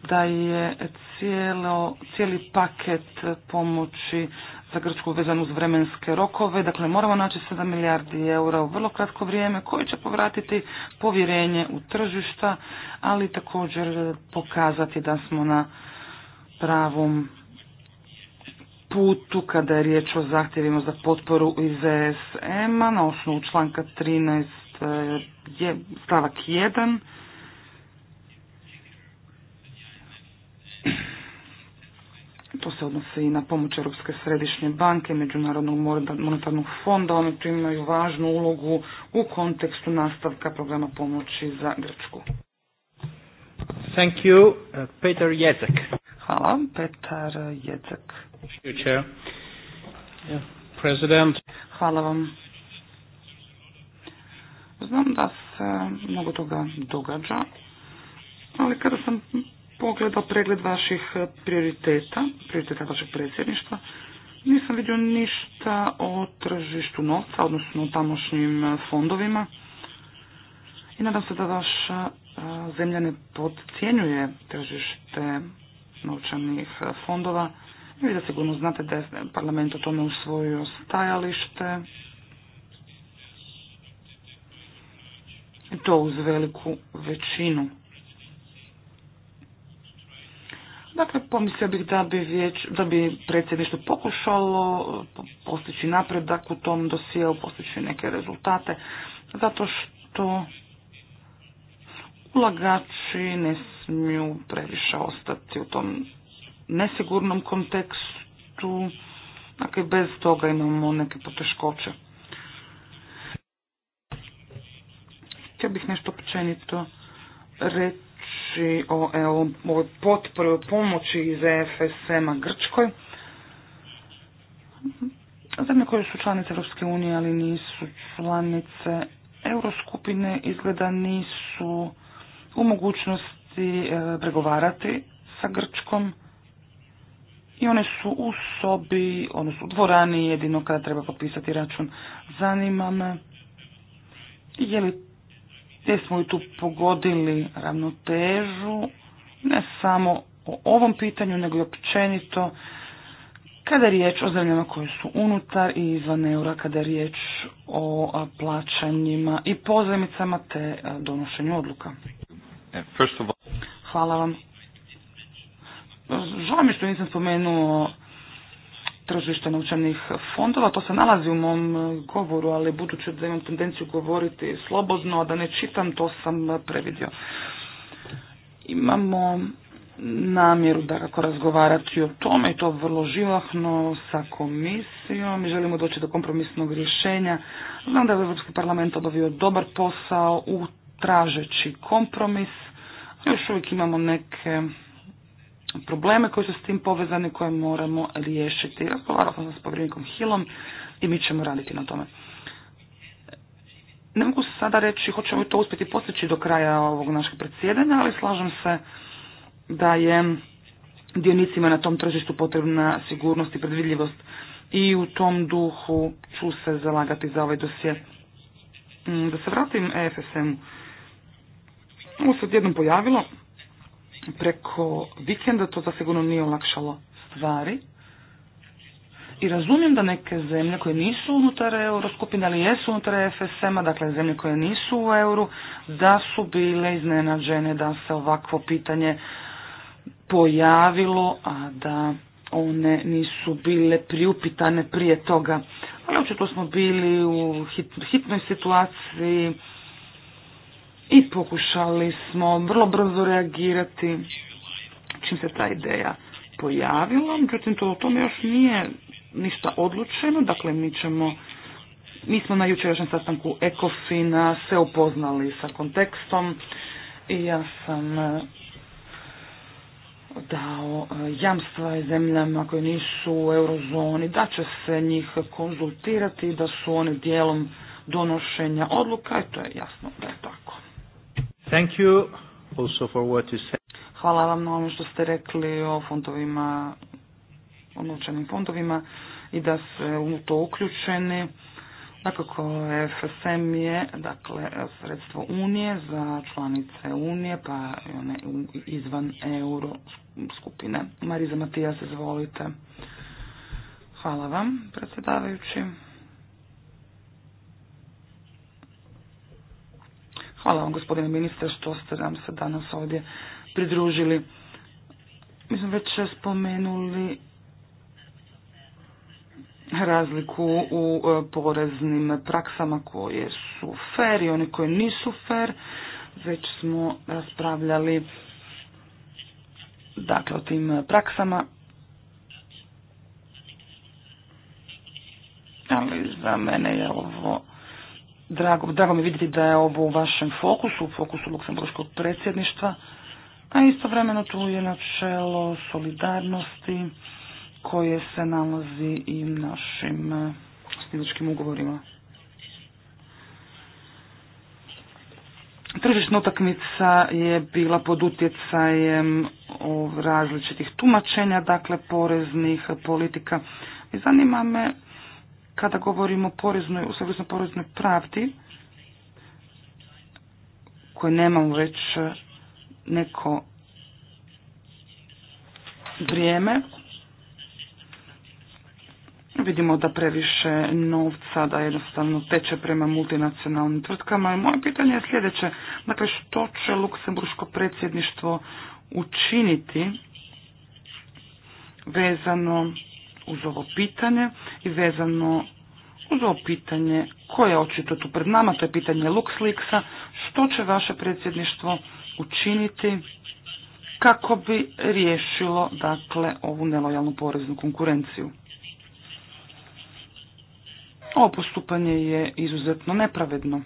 da je cijeli paket pomoći za Grčku vezan uz vremenske rokove. Dakle, moramo naći 7 milijardi eura u vrlo kratko vrijeme koji će povratiti povjerenje u tržišta, ali također pokazati da smo na pravom putu kada je riječ o zahtjevima za potporu iz ESM-a na osnovu članka 13 eh, stavak 1 To se odnosi i na pomoć Europske središnje banke, Međunarodnog monetarnog fonda. Oni tu imaju važnu ulogu u kontekstu nastavka programa pomoći za Grčku. Thank you, uh, Peter Jezek. Hvala, Petar Jezek. Hvala vam. Znam da se mnogo toga događa, ali kada sam Pogleda pregled vaših eh, prioriteta, prioriteta vašeg predsjedništva, nisam vidio ništa o tržištu novca, odnosno o tamošnjim eh, fondovima. I nadam se da vaša eh, zemlja ne podcijenjuje tržište novčanih fondova. Vi da sigurno znate da je parlament o tome usvojio stajalište. I to uz veliku većinu. Dakle, pomislio bih da bi, vječ, da bi predsjedništvo pokušalo postići napredak u tom dosijelu, postići neke rezultate, zato što ulagači ne smiju previše ostati u tom nesigurnom kontekstu, dakle bez toga imamo neke poteškoće. Htio bih nešto općenito reći Znači, o, o, o potporu pomoći iz EFSM-a Grčkoj. Zemlje koje su članice Europske unije, ali nisu članice Euroskupine, izgleda nisu u mogućnosti e, pregovarati sa Grčkom i one su u sobi, odnosno u dvorani jedino kada treba popisati račun. Zanima me je li gdje smo i tu pogodili ravnotežu, ne samo o ovom pitanju, nego i općenito kada je riječ o zemljama koje su unutar i izvan eura, kada je riječ o plaćanjima i pozajmicama te donošenju odluka. Hvala vam. Žao mi što nisam spomenuo tržišta novčanih fondova. To se nalazi u mom e, govoru, ali budući da imam tendenciju govoriti slobodno, a da ne čitam, to sam previdio. Imamo namjeru da kako razgovarati o tome i to vrlo živahno sa komisijom i želimo doći do kompromisnog rješenja. Znam da je Europski parlament obavio dobar posao u tražeći kompromis, još uvijek imamo neke probleme koji su s tim povezani koje moramo riješiti. Razgovarao sam s povjerenikom Hilom i mi ćemo raditi na tome. Ne mogu sada reći hoćemo li to uspjeti postići do kraja ovog našeg predsjedanja, ali slažem se da je dionicima na tom tržištu potrebna sigurnost i predvidljivost i u tom duhu ću se zalagati za ovaj dosje. Mm, da se vratim EFSM-u. Ovo se odjednom pojavilo, preko vikenda, to zasigurno nije olakšalo stvari. I razumijem da neke zemlje koje nisu unutar euroskupine, ali jesu unutar FSM-a, dakle zemlje koje nisu u euru, da su bile iznenađene da se ovakvo pitanje pojavilo, a da one nisu bile priupitane prije toga. Ali očito smo bili u hitnoj situaciji, i pokušali smo vrlo brzo reagirati čim se ta ideja pojavila. Međutim, to o tome još nije ništa odlučeno, dakle mi ćemo mi smo na jučerašnjem sastanku Ekofina se upoznali sa kontekstom i ja sam eh, dao eh, jamstva zemljama koje nisu u eurozoni, da će se njih konzultirati, da su oni dijelom donošenja odluka i to je jasno da je tako. Thank you Hvala vam na ono što ste rekli o fondovima, o novčanim fondovima i da se u to uključeni. Dakako, FSM je dakle, sredstvo Unije za članice Unije, pa one izvan euro skupine. Mariza Matijas, izvolite. Hvala vam, predsjedavajući. Hvala vam gospodine ministre što ste nam se danas ovdje pridružili. Mi smo već spomenuli razliku u e, poreznim praksama koje su fer i one koje nisu fer. Već smo raspravljali dakle o tim praksama. Ali za mene je ovo Drago, drago mi vidjeti da je ovo u vašem fokusu, u fokusu luksemburskog predsjedništva, a istovremeno tu je načelo solidarnosti koje se nalazi i u našim eh, ugovorima. Tržišna utakmica je bila pod utjecajem različitih tumačenja, dakle poreznih politika. I zanima me kada govorimo o poreznoj, u poreznoj pravdi, koje nemamo već e, neko vrijeme, vidimo da previše novca da jednostavno teče prema multinacionalnim tvrtkama. moje pitanje je sljedeće. Dakle, što će Luksemburško predsjedništvo učiniti vezano uz ovo pitanje i vezano uz ovo pitanje koje je očito tu pred nama, to je pitanje LuxLeaksa, što će vaše predsjedništvo učiniti kako bi riješilo dakle ovu nelojalnu poreznu konkurenciju. Ovo postupanje je izuzetno nepravedno.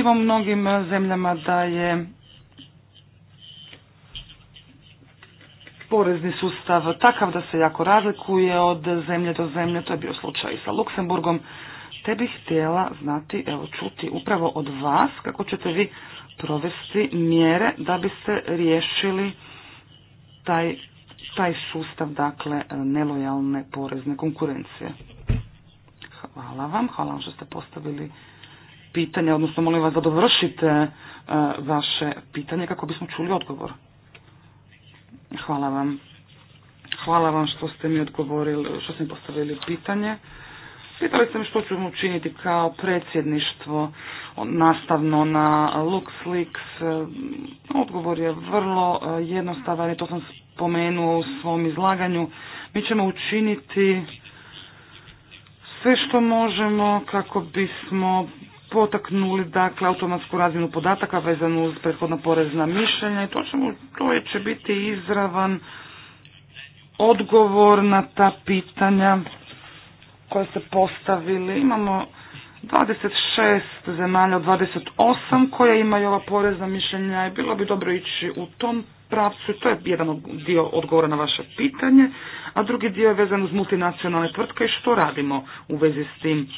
Vidimo u mnogim zemljama da je porezni sustav takav da se jako razlikuje od zemlje do zemlje. To je bio slučaj i sa Luksemburgom. Te bih htjela znati, evo čuti upravo od vas kako ćete vi provesti mjere da biste riješili taj, taj sustav, dakle, nelojalne porezne konkurencije. Hvala vam, hvala vam što ste postavili pitanje, odnosno molim vas da dovršite e, vaše pitanje kako bismo čuli odgovor. Hvala vam. Hvala vam što ste mi odgovorili, što ste mi postavili pitanje. Pitali ste mi što ćemo učiniti kao predsjedništvo nastavno na LuxLeaks. Odgovor je vrlo e, jednostavan i to sam spomenuo u svom izlaganju. Mi ćemo učiniti sve što možemo kako bismo potaknuli dakle automatsku razinu podataka vezanu uz prethodna porezna mišljenja i to, ćemo, to će biti izravan odgovor na ta pitanja koje ste postavili. Imamo 26 zemalja od 28 koje imaju ova porezna mišljenja i bilo bi dobro ići u tom pravcu. To je jedan dio odgovora na vaše pitanje, a drugi dio je vezan uz multinacionalne tvrtke i što radimo u vezi s tim.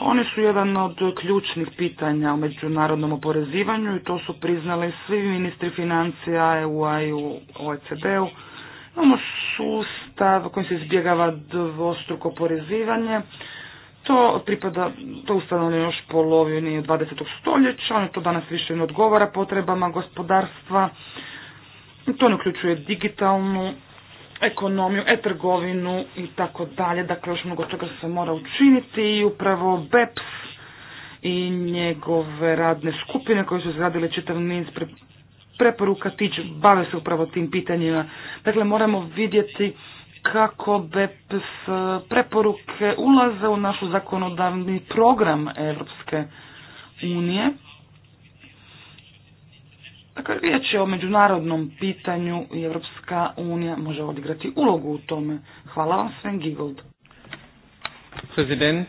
Oni su jedan od ključnih pitanja u međunarodnom oporezivanju i to su priznali svi ministri financija EU-a i u OECD-u. Imamo sustav kojim se izbjegava dvostruko oporezivanje. To pripada, to je ustanovljeno još polovini 20. stoljeća, ono to danas više ne odgovara potrebama gospodarstva. To ne uključuje digitalnu ekonomiju, e-trgovinu i tako dalje. Dakle, još mnogo toga se mora učiniti i upravo BEPS i njegove radne skupine koje su izradile čitav niz preporuka tiče, bave se upravo tim pitanjima. Dakle, moramo vidjeti kako BEPS e, preporuke ulaze u našu zakonodavni program Europske unije. Dakle, riječ je o međunarodnom pitanju i Evropska unija može odigrati ulogu u tome. Hvala vam, Sven Gigold. Prezident.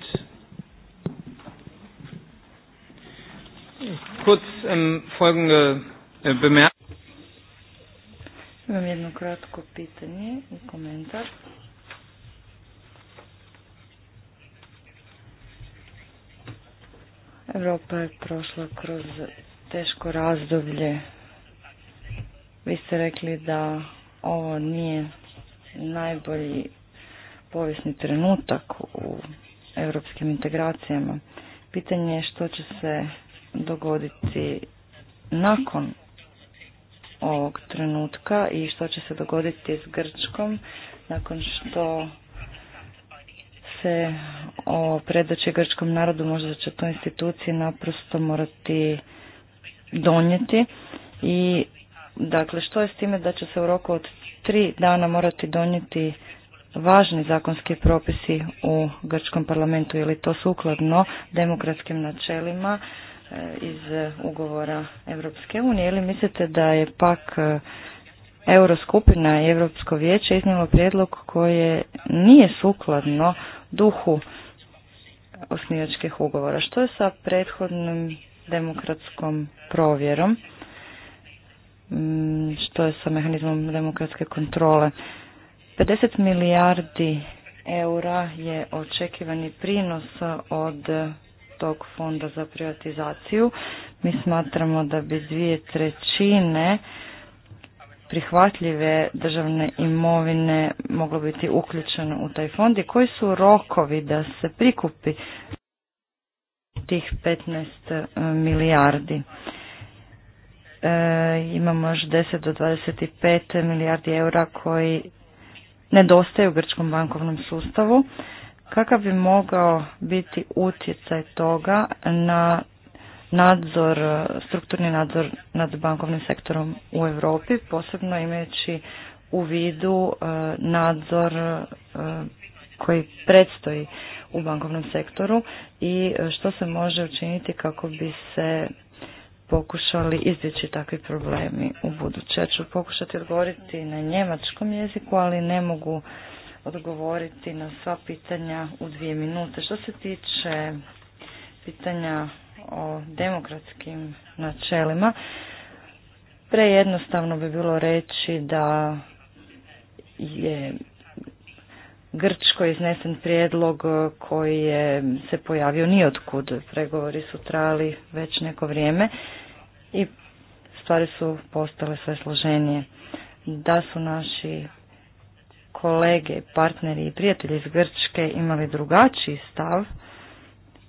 Kurz um, folgende äh, Imam jedno kratko pitanje i komentar. Europa je prošla kroz teško razdoblje vi ste rekli da ovo nije najbolji povijesni trenutak u europskim integracijama. Pitanje je što će se dogoditi nakon ovog trenutka i što će se dogoditi s Grčkom nakon što se o grčkom narodu možda će to institucije naprosto morati donijeti i Dakle, što je s time da će se u roku od tri dana morati donijeti važni zakonski propisi u Grčkom parlamentu? Je li to sukladno demokratskim načelima e, iz ugovora Europske unije? Ili mislite da je pak e, Euroskupina i Europsko vijeće iznijelo prijedlog koje nije sukladno duhu osnivačkih ugovora? Što je sa prethodnom demokratskom provjerom? Mm, što je sa mehanizmom demokratske kontrole. 50 milijardi eura je očekivani prinos od tog fonda za privatizaciju. Mi smatramo da bi dvije trećine prihvatljive državne imovine moglo biti uključeno u taj fond i koji su rokovi da se prikupi tih 15 milijardi. E, imamo još 10 do 25 milijardi eura koji nedostaju u grčkom bankovnom sustavu. Kakav bi mogao biti utjecaj toga na nadzor, strukturni nadzor nad bankovnim sektorom u Europi, posebno imajući u vidu e, nadzor e, koji predstoji u bankovnom sektoru i što se može učiniti kako bi se pokušali izbjeći takvi problemi u buduće. Ja ću pokušati odgovoriti na njemačkom jeziku, ali ne mogu odgovoriti na sva pitanja u dvije minute. Što se tiče pitanja o demokratskim načelima, prejednostavno bi bilo reći da je Grčko iznesen prijedlog koji je se pojavio nijotkud. Pregovori su trajali već neko vrijeme i stvari su postale sve složenije. Da su naši kolege, partneri i prijatelji iz Grčke imali drugačiji stav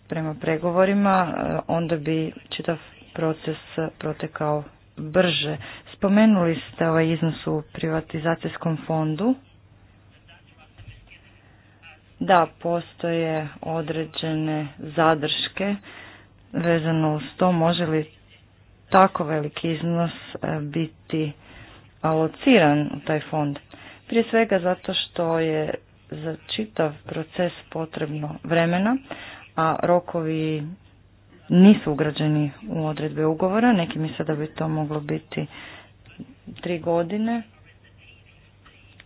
prema pregovorima, e, onda bi čitav proces protekao brže. Spomenuli ste ovaj iznos u privatizacijskom fondu. Da, postoje određene zadrške vezano uz to može li tako veliki iznos e, biti alociran u taj fond. Prije svega zato što je za čitav proces potrebno vremena, a rokovi nisu ugrađeni u odredbe ugovora. Neki misle da bi to moglo biti tri godine.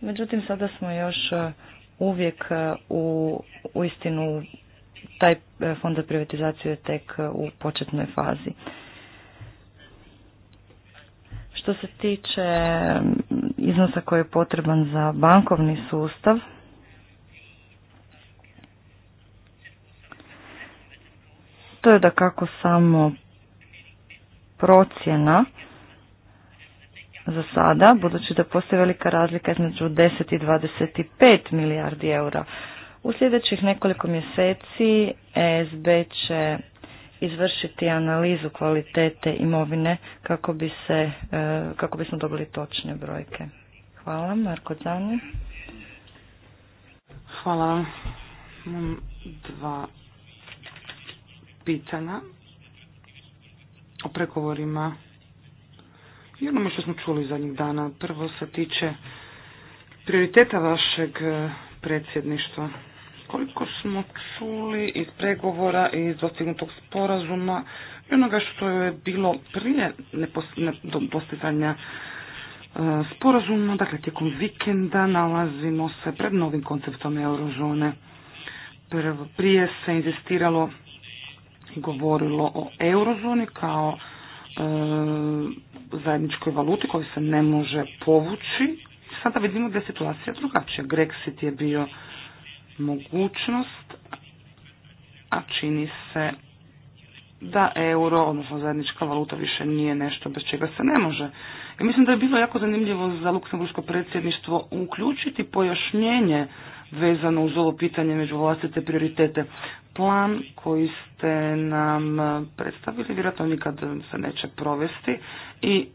Međutim, sada smo još e, uvijek e, u, u istinu taj fond za privatizaciju je tek u početnoj fazi. Što se tiče mm, iznosa koji je potreban za bankovni sustav, to je da kako samo procjena za sada, budući da postoji velika razlika između 10 i 25 milijardi eura. U sljedećih nekoliko mjeseci ESB će izvršiti analizu kvalitete imovine kako bi se, e, kako bismo dobili točne brojke. Hvala, Marko Zani. Hvala Imam dva pitanja o pregovorima i onome što smo čuli zadnjih dana. Prvo se tiče prioriteta vašeg predsjedništva. Koliko smo čuli iz pregovora i iz dostignutog sporazuma i onoga što je bilo prije dostizanja e, sporazuma, dakle tijekom vikenda nalazimo se pred novim konceptom eurozone. Prije se inzistiralo i govorilo o eurozoni kao e, zajedničkoj valuti koju se ne može povući. Sada vidimo da je situacija drugačija. Grexit je bio mogućnost, a čini se da euro, odnosno zajednička valuta više nije nešto bez čega se ne može. I mislim da je bilo jako zanimljivo za Luksemburško predsjedništvo uključiti pojašnjenje vezano uz ovo pitanje među vlastite prioritete. Plan koji ste nam predstavili vjerojatno nikad se neće provesti i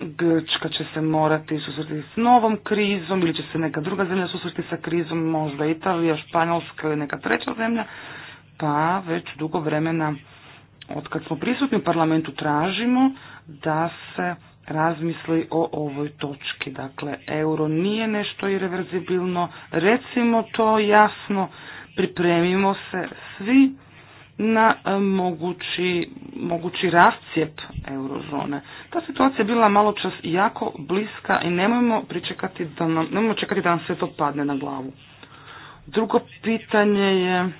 Grčka će se morati susreti s novom krizom ili će se neka druga zemlja susreti sa krizom, možda Italija, Španjolska ili neka treća zemlja, pa već dugo vremena od kad smo prisutni u parlamentu tražimo da se razmisli o ovoj točki. Dakle, euro nije nešto irreverzibilno, recimo to jasno, pripremimo se svi na e, mogući, mogući rascijep eurozone. Ta situacija je bila malo čas jako bliska i nemojmo, pričekati da nemojmo čekati da nam sve to padne na glavu. Drugo pitanje je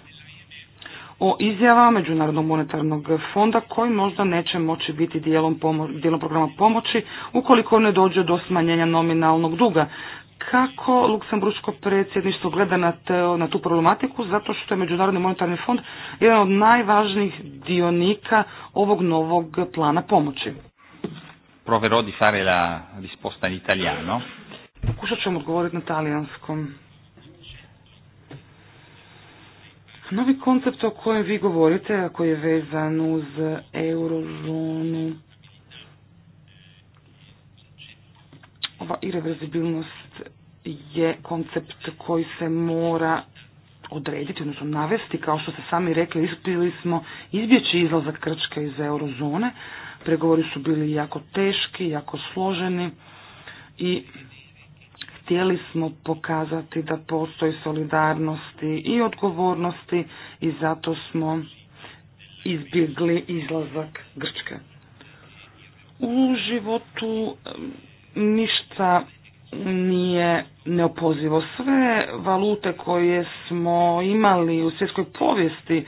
o izjava Međunarodnog monetarnog fonda koji možda neće moći biti dijelom, pomo dijelom programa pomoći ukoliko ne dođe do smanjenja nominalnog duga kako luksemburško predsjedništvo gleda na, na tu problematiku, zato što je Međunarodni monetarni fond jedan od najvažnijih dionika ovog novog plana pomoći. Proverò di fare la risposta in italiano. Pokušat ćemo odgovoriti na talijanskom. Novi koncept o kojem vi govorite, a koji je vezan uz eurozonu, ova irreverzibilnost je koncept koji se mora odrediti, odnosno navesti, kao što ste sami rekli, ispili smo izbjeći izlazak Grčke iz eurozone. Pregovori su bili jako teški, jako složeni i htjeli smo pokazati da postoji solidarnosti i odgovornosti i zato smo izbjegli izlazak Grčke. U životu ništa nije neopozivo. Sve valute koje smo imali u svjetskoj povijesti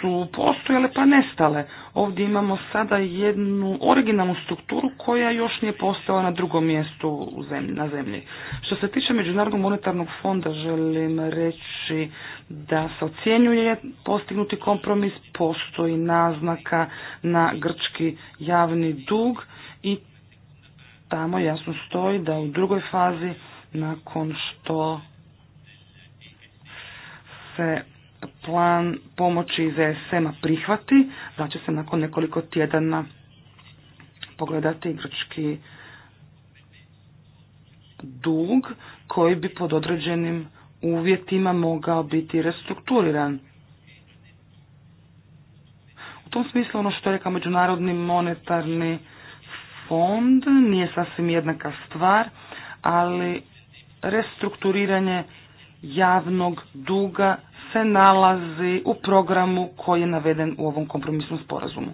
su postojale pa nestale. Ovdje imamo sada jednu originalnu strukturu koja još nije postala na drugom mjestu na zemlji. Što se tiče Međunarodnog monetarnog fonda želim reći da se ocjenjuje postignuti kompromis, postoji naznaka na grčki javni dug i tamo jasno stoji da u drugoj fazi nakon što se plan pomoći iz ESM-a prihvati, da će se nakon nekoliko tjedana pogledati igrački dug koji bi pod određenim uvjetima mogao biti restrukturiran. U tom smislu ono što je rekao Međunarodni monetarni fond nije sasvim jednaka stvar, ali restrukturiranje javnog duga se nalazi u programu koji je naveden u ovom kompromisnom sporazumu.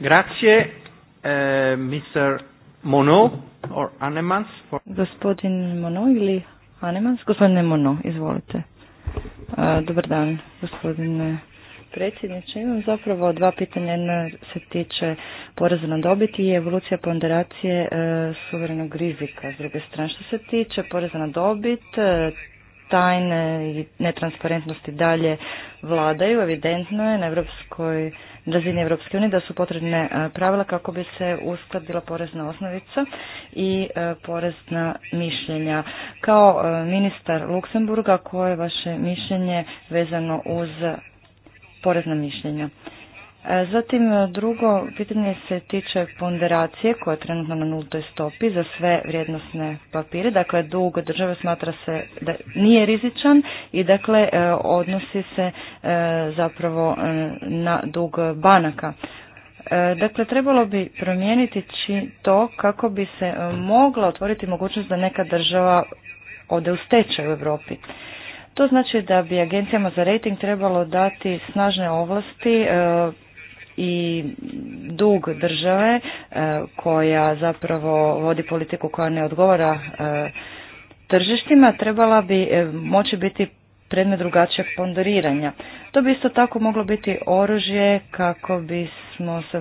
Grazie, eh, Mr. Mono or Anemans. Gospodin Mono ili Anemans? Gospodine Mono, izvolite. Eh, dobar dan, gospodine predsjedniče. Imam zapravo dva pitanja. Jedna se tiče poreza na dobit i evolucija ponderacije e, suverenog rizika. S druge strane, što se tiče poreza na dobit, e, tajne i netransparentnosti dalje vladaju. Evidentno je na evropskoj razini Evropske unije da su potrebne e, pravila kako bi se uskladila porezna osnovica i porezna mišljenja. Kao ministar Luksemburga, koje je vaše mišljenje vezano uz porezna mišljenja. E, zatim drugo pitanje se tiče ponderacije koja je trenutno na nultoj stopi za sve vrijednosne papire. Dakle, dug države smatra se da nije rizičan i dakle e, odnosi se e, zapravo na dug banaka. Dakle, trebalo bi promijeniti to kako bi se mogla otvoriti mogućnost da neka država ode u stečaj u Europi. To znači da bi agencijama za rating trebalo dati snažne ovlasti e, i dug države e, koja zapravo vodi politiku koja ne odgovara e, tržištima trebala bi moći biti predmet drugačijeg ponderiranja. To bi isto tako moglo biti oružje kako bismo se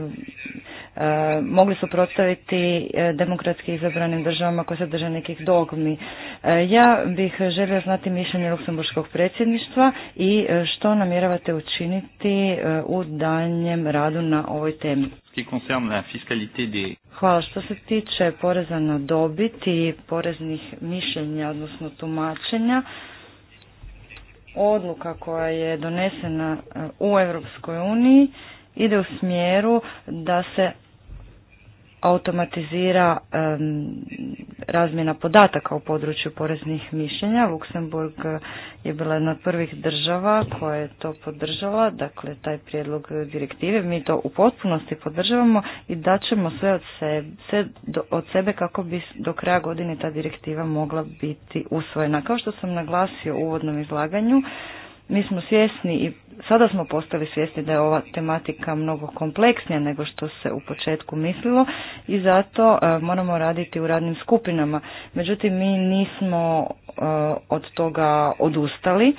E, mogli su suprotstaviti e, demokratski izabranim državama koje se drže nekih dogmi. E, ja bih želio znati mišljenje luksemburgskog predsjedništva i što namjeravate učiniti u danjem radu na ovoj temi. Hvala. Što se tiče poreza na dobit i poreznih mišljenja, odnosno tumačenja, odluka koja je donesena u Europskoj uniji ide u smjeru da se automatizira razmjena podataka u području poreznih mišljenja. Luksemburg je bila jedna od prvih država koja je to podržala, dakle taj prijedlog direktive. Mi to u potpunosti podržavamo i daćemo sve od sebe, sve do, od sebe kako bi do kraja godine ta direktiva mogla biti usvojena. Kao što sam naglasio u uvodnom izlaganju, mi smo svjesni i sada smo postali svjesni da je ova tematika mnogo kompleksnija nego što se u početku mislilo i zato e, moramo raditi u radnim skupinama. Međutim, mi nismo e, od toga odustali,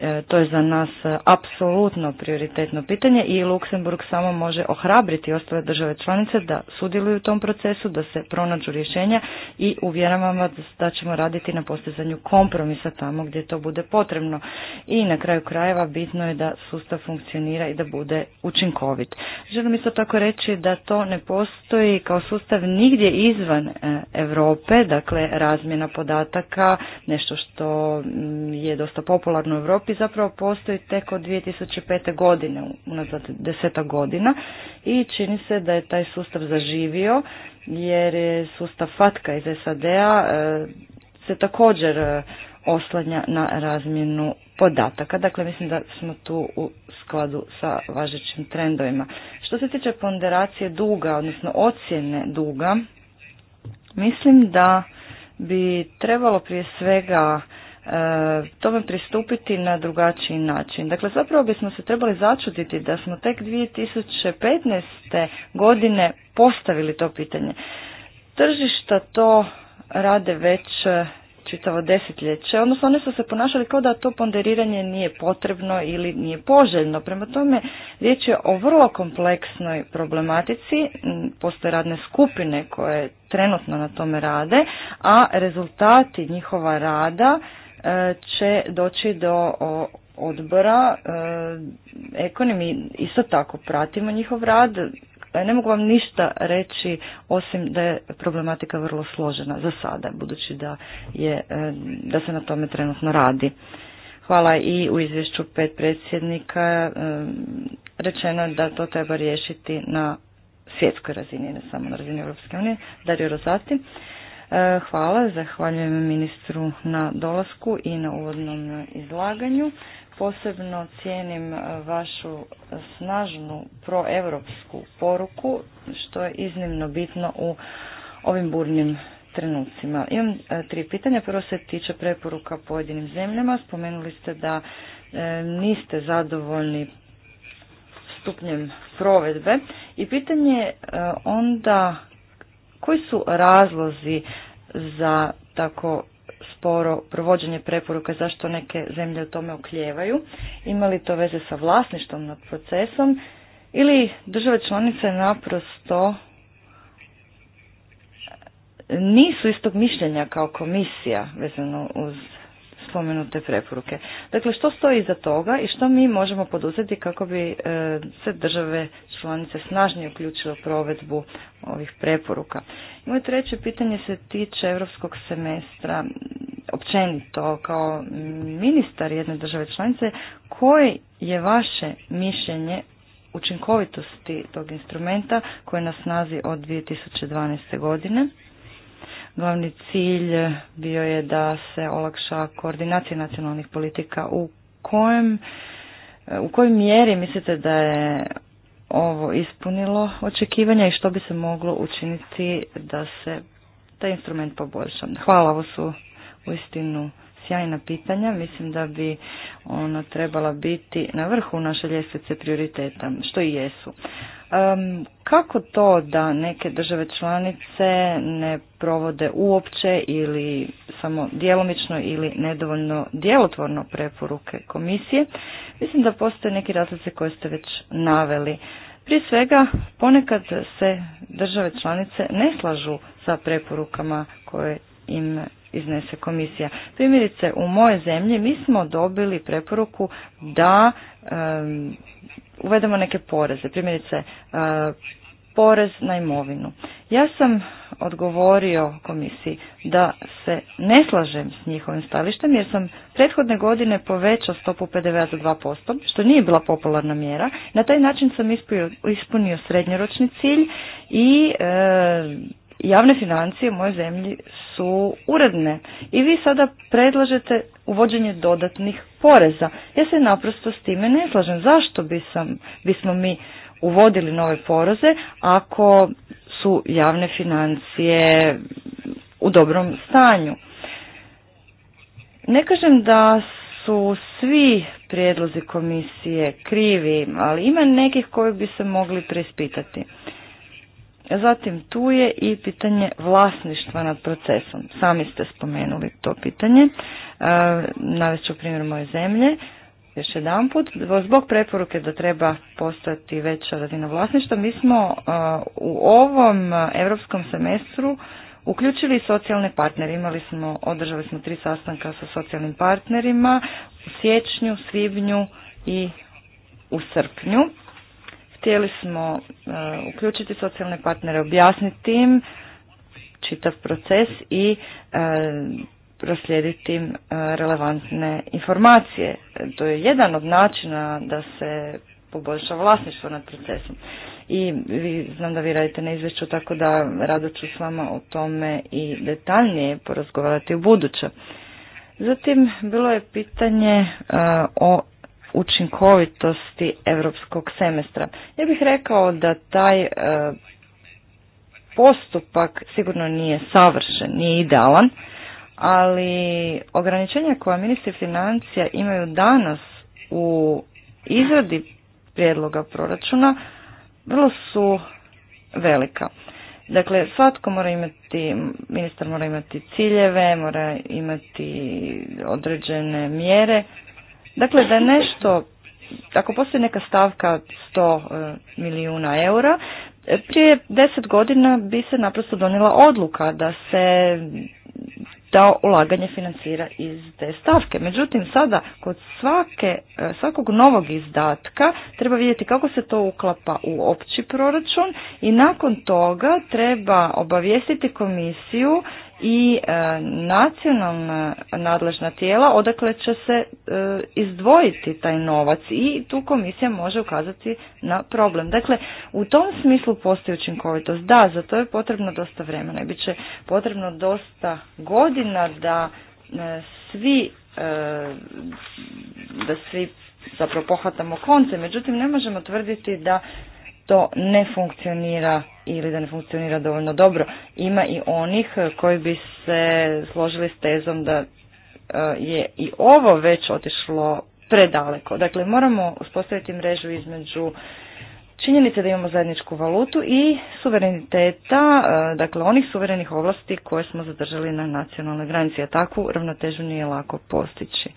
E, to je za nas e, apsolutno prioritetno pitanje i Luksemburg samo može ohrabriti ostale države članice da sudjeluju u tom procesu, da se pronađu rješenja i uvjeravamo da ćemo raditi na postizanju kompromisa tamo gdje to bude potrebno. I na kraju krajeva bitno je da sustav funkcionira i da bude učinkovit. Želim isto tako reći da to ne postoji kao sustav nigdje izvan e, Europe, dakle razmjena podataka, nešto što mm, je dosta popularno u Europi Europi zapravo postoji tek od 2005. godine, unazad deseta godina i čini se da je taj sustav zaživio jer je sustav FATKA iz SAD-a e, se također e, oslanja na razmjenu podataka. Dakle, mislim da smo tu u skladu sa važećim trendovima. Što se tiče ponderacije duga, odnosno ocjene duga, mislim da bi trebalo prije svega E, tome pristupiti na drugačiji način. Dakle, zapravo bismo se trebali začuditi da smo tek 2015. godine postavili to pitanje. Tržišta to rade već e, čitavo desetljeće, odnosno one su se ponašali kao da to ponderiranje nije potrebno ili nije poželjno. Prema tome, riječ je o vrlo kompleksnoj problematici, postoje radne skupine koje trenutno na tome rade, a rezultati njihova rada E, će doći do odbora ekonomi. Isto tako pratimo njihov rad. E, ne mogu vam ništa reći osim da je problematika vrlo složena za sada, budući da, je, e, da se na tome trenutno radi. Hvala i u izvješću pet predsjednika rečeno je da to treba riješiti na svjetskoj razini, ne samo na razini Europske unije. Dario Rosati. E, hvala, zahvaljujem ministru na dolasku i na uvodnom izlaganju. Posebno cijenim e, vašu snažnu proevropsku poruku, što je iznimno bitno u ovim burnim trenucima. Imam e, tri pitanja. Prvo se tiče preporuka pojedinim zemljama. Spomenuli ste da niste zadovoljni stupnjem provedbe i pitanje onda koji su razlozi za tako sporo provođenje preporuka, zašto neke zemlje o tome okljevaju? Ima li to veze sa vlasništvom nad procesom? Ili države članice naprosto nisu istog mišljenja kao komisija vezano uz spomenute preporuke. Dakle, što stoji iza toga i što mi možemo poduzeti kako bi e, se države članice snažnije uključile provedbu ovih preporuka? Moje treće pitanje se tiče europskog semestra općenito kao ministar jedne države članice. Koje je vaše mišljenje učinkovitosti tog instrumenta koji je na snazi od 2012. godine? Glavni cilj bio je da se olakša koordinacija nacionalnih politika. U kojem, u kojoj mjeri mislite da je ovo ispunilo očekivanja i što bi se moglo učiniti da se taj instrument poboljša? Hvala, ovo su uistinu sjajna pitanja. Mislim da bi ona trebala biti na vrhu naše ljestvice prioriteta, što i jesu. Kako to da neke države članice ne provode uopće ili samo djelomično ili nedovoljno djelotvorno preporuke komisije? Mislim da postoje neki razlice koje ste već naveli. Prije svega, ponekad se države članice ne slažu sa preporukama koje im iznese komisija. Primjerice, u moje zemlji mi smo dobili preporuku da uvedemo neke poreze, primjerice e, porez na imovinu. Ja sam odgovorio komisiji da se ne slažem s njihovim stavištem jer sam prethodne godine povećao stopu PDV-a za 2%, što nije bila popularna mjera. Na taj način sam ispunio, srednjoročni cilj i e, javne financije u mojoj zemlji su uredne i vi sada predlažete uvođenje dodatnih poreza. Ja se naprosto s time ne slažem. Zašto bismo mi uvodili nove poreze ako su javne financije u dobrom stanju? Ne kažem da su svi prijedlozi komisije krivi, ali ima nekih koji bi se mogli preispitati. Zatim tu je i pitanje vlasništva nad procesom. Sami ste spomenuli to pitanje. E, navest ću primjer moje zemlje. Još jedan put, zbog preporuke da treba postati veća razina vlasništva, mi smo e, u ovom europskom semestru uključili socijalne partnere. Imali smo, održali smo tri sastanka sa socijalnim partnerima u siječnju, svibnju i u srpnju Htjeli smo e, uključiti socijalne partnere, objasniti im čitav proces i e, proslijediti e, relevantne informacije. To je jedan od načina da se poboljša vlasništvo nad procesom. I vi, znam da vi radite na izvješću, tako da rado ću s vama o tome i detaljnije porazgovarati u buduće. Zatim, bilo je pitanje o učinkovitosti europskog semestra. Ja bih rekao da taj e, postupak sigurno nije savršen, nije idealan, ali ograničenja koja ministri financija imaju danas u izradi prijedloga proračuna vrlo su velika. Dakle, svatko mora imati, ministar mora imati ciljeve, mora imati određene mjere Dakle, da je nešto, ako postoji neka stavka 100 e, milijuna eura, e, prije deset godina bi se naprosto donijela odluka da se da ulaganje financira iz te stavke. Međutim, sada kod svake, e, svakog novog izdatka treba vidjeti kako se to uklapa u opći proračun i nakon toga treba obavijestiti komisiju i e, nacionalna nadležna tijela odakle će se e, izdvojiti taj novac i tu komisija može ukazati na problem. Dakle, u tom smislu postoji učinkovitost. Da, za to je potrebno dosta vremena i bit će potrebno dosta godina da e, svi da svi zapravo pohvatamo konce, međutim ne možemo tvrditi da to ne funkcionira ili da ne funkcionira dovoljno dobro. Ima i onih koji bi se složili s tezom da eh, je i ovo već otišlo predaleko. Dakle, moramo uspostaviti mrežu između činjenice da imamo zajedničku valutu i suvereniteta, eh, dakle onih suverenih ovlasti koje smo zadržali na nacionalnoj granici, a takvu ravnotežu nije lako postići.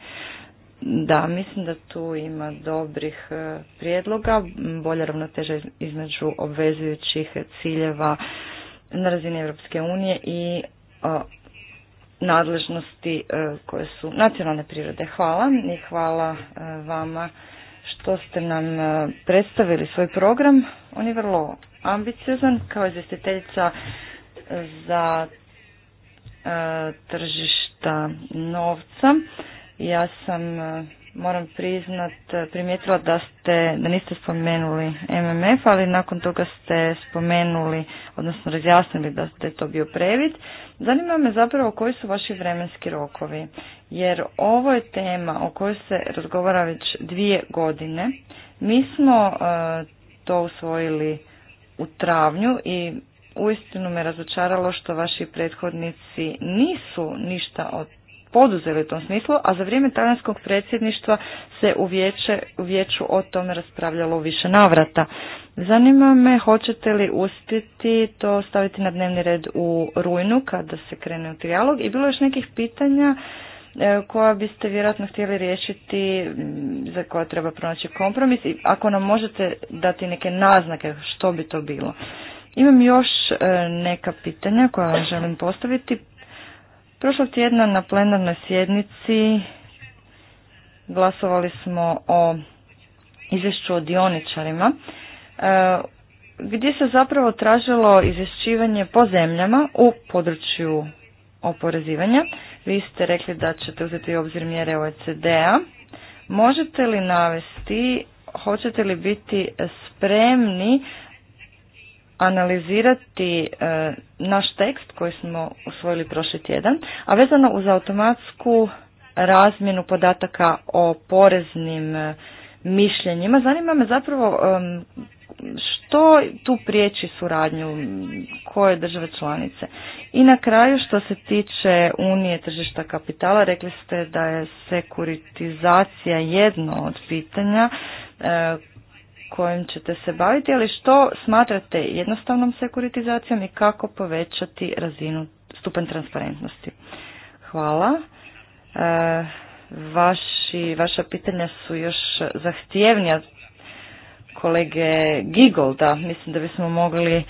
Da, mislim da tu ima dobrih e, prijedloga, bolja ravnoteža između obvezujućih ciljeva na razini Europske unije i e, nadležnosti e, koje su nacionalne prirode. Hvala i hvala vama što ste nam predstavili svoj program. On je vrlo ambiciozan kao izvjestiteljica za tržišta novca. Ja sam, e, moram priznat, e, primijetila da ste, da niste spomenuli MMF, ali nakon toga ste spomenuli, odnosno razjasnili da ste to bio previd. Zanima me zapravo koji su vaši vremenski rokovi, jer ovo je tema o kojoj se razgovara već dvije godine. Mi smo e, to usvojili u travnju i uistinu me razočaralo što vaši prethodnici nisu ništa od poduzeli u tom smislu, a za vrijeme talijanskog predsjedništva se u, vijeće, u vijeću o tome raspravljalo u više navrata. Zanima me hoćete li uspjeti to staviti na dnevni red u rujnu kada se krene u trijalog i bilo još nekih pitanja e, koja biste vjerojatno htjeli riješiti, za koja treba pronaći kompromis i ako nam možete dati neke naznake što bi to bilo. Imam još e, neka pitanja koja vam želim postaviti. Prošlog tjedna na plenarnoj sjednici glasovali smo o izvješću o dioničarima e, gdje se zapravo tražilo izvješćivanje po zemljama u području oporezivanja. Vi ste rekli da ćete uzeti u obzir mjere OECD-a. Možete li navesti, hoćete li biti spremni analizirati e, naš tekst koji smo usvojili prošli tjedan, a vezano uz automatsku razmjenu podataka o poreznim e, mišljenjima. Zanima me zapravo što tu priječi suradnju, koje države članice. I na kraju što se tiče Unije tržišta kapitala, rekli ste da je sekuritizacija jedno od pitanja e, kojim ćete se baviti, ali što smatrate jednostavnom sekuritizacijom i kako povećati razinu stupanj transparentnosti? Hvala. E, vaši, vaša pitanja su još zahtjevnija kolege Gigolda. Mislim da bismo mogli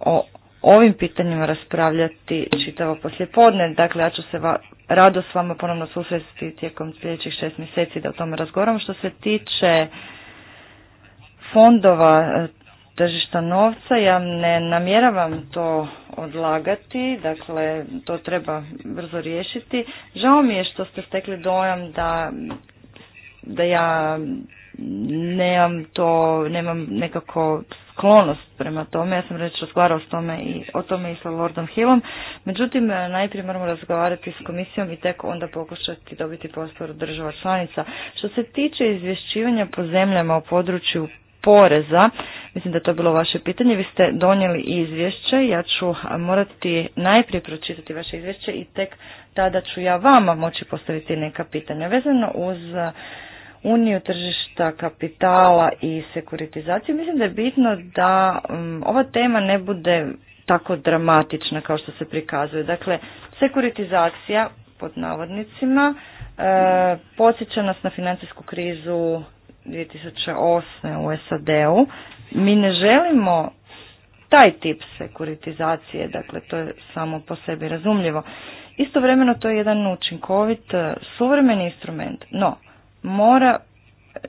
o ovim pitanjima raspravljati čitavo poslijepodne. Dakle, ja ću se rado s vama ponovno susresti tijekom sljedećih šest mjeseci da o tome razgovaramo. Što se tiče fondova e, tržišta novca, ja ne namjeravam to odlagati, dakle to treba brzo riješiti. Žao mi je što ste stekli dojam da, da ja nemam to, nemam nekako sklonost prema tome. Ja sam reći, razgovarao s tome i, o tome i sa Lordom Hillom. Međutim, e, najprije moramo razgovarati s komisijom i tek onda pokušati dobiti prostor država članica. Što se tiče izvješćivanja po zemljama u području poreza. Mislim da je to bilo vaše pitanje. Vi ste donijeli izvješće. Ja ću morati najprije pročitati vaše izvješće i tek tada ću ja vama moći postaviti neka pitanja. Vezano uz uniju tržišta kapitala i sekuritizaciju, mislim da je bitno da mm, ova tema ne bude tako dramatična kao što se prikazuje. Dakle, sekuritizacija pod navodnicima e, podsjeća nas na financijsku krizu 2008. u SAD-u. Mi ne želimo taj tip sekuritizacije, dakle to je samo po sebi razumljivo. Istovremeno to je jedan učinkovit e, suvremeni instrument, no mora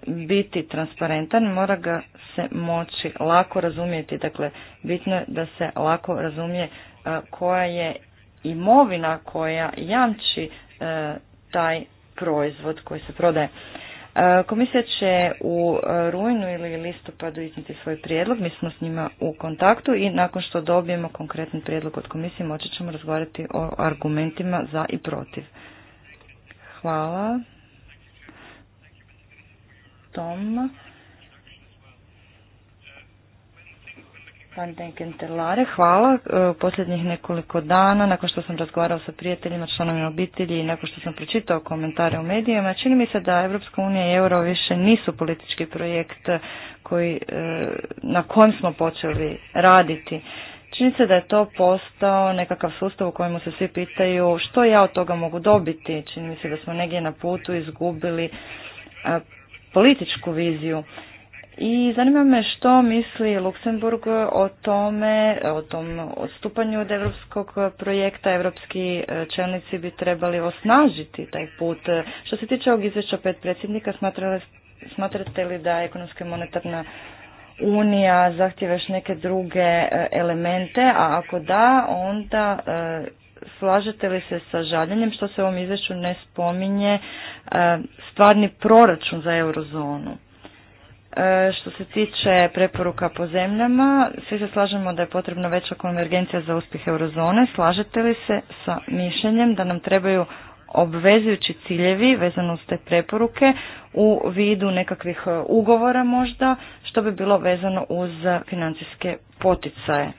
biti transparentan, mora ga se moći lako razumjeti, dakle bitno je da se lako razumije e, koja je imovina koja jamči e, taj proizvod koji se prodaje. E, komisija će u e, rujnu ili listopadu izniti svoj prijedlog, mi smo s njima u kontaktu i nakon što dobijemo konkretni prijedlog od komisije moći ćemo razgovarati o argumentima za i protiv. Hvala. Tom. hvala. E, posljednjih nekoliko dana, nakon što sam razgovarao sa prijateljima, članovima obitelji i nakon što sam pročitao komentare u medijima, čini mi se da EU unija i euro više nisu politički projekt e, koji, e, na kojem smo počeli raditi. Čini se da je to postao nekakav sustav u kojemu se svi pitaju što ja od toga mogu dobiti. Čini mi se da smo negdje na putu izgubili političku viziju. I zanima me što misli Luksemburg o tome, o tom odstupanju od europskog projekta. Europski e, čelnici bi trebali osnažiti taj put. Što se tiče ovog izvješća pet predsjednika, smatrate li da ekonomska i monetarna unija zahtjeva još neke druge e, elemente, a ako da, onda e, slažete li se sa žaljenjem što se u ovom izvješću ne spominje stvarni proračun za eurozonu? E, što se tiče preporuka po zemljama, svi se slažemo da je potrebna veća konvergencija za uspjeh eurozone. Slažete li se sa mišljenjem da nam trebaju obvezujući ciljevi vezano uz te preporuke u vidu nekakvih e, ugovora možda, što bi bilo vezano uz financijske poticaje?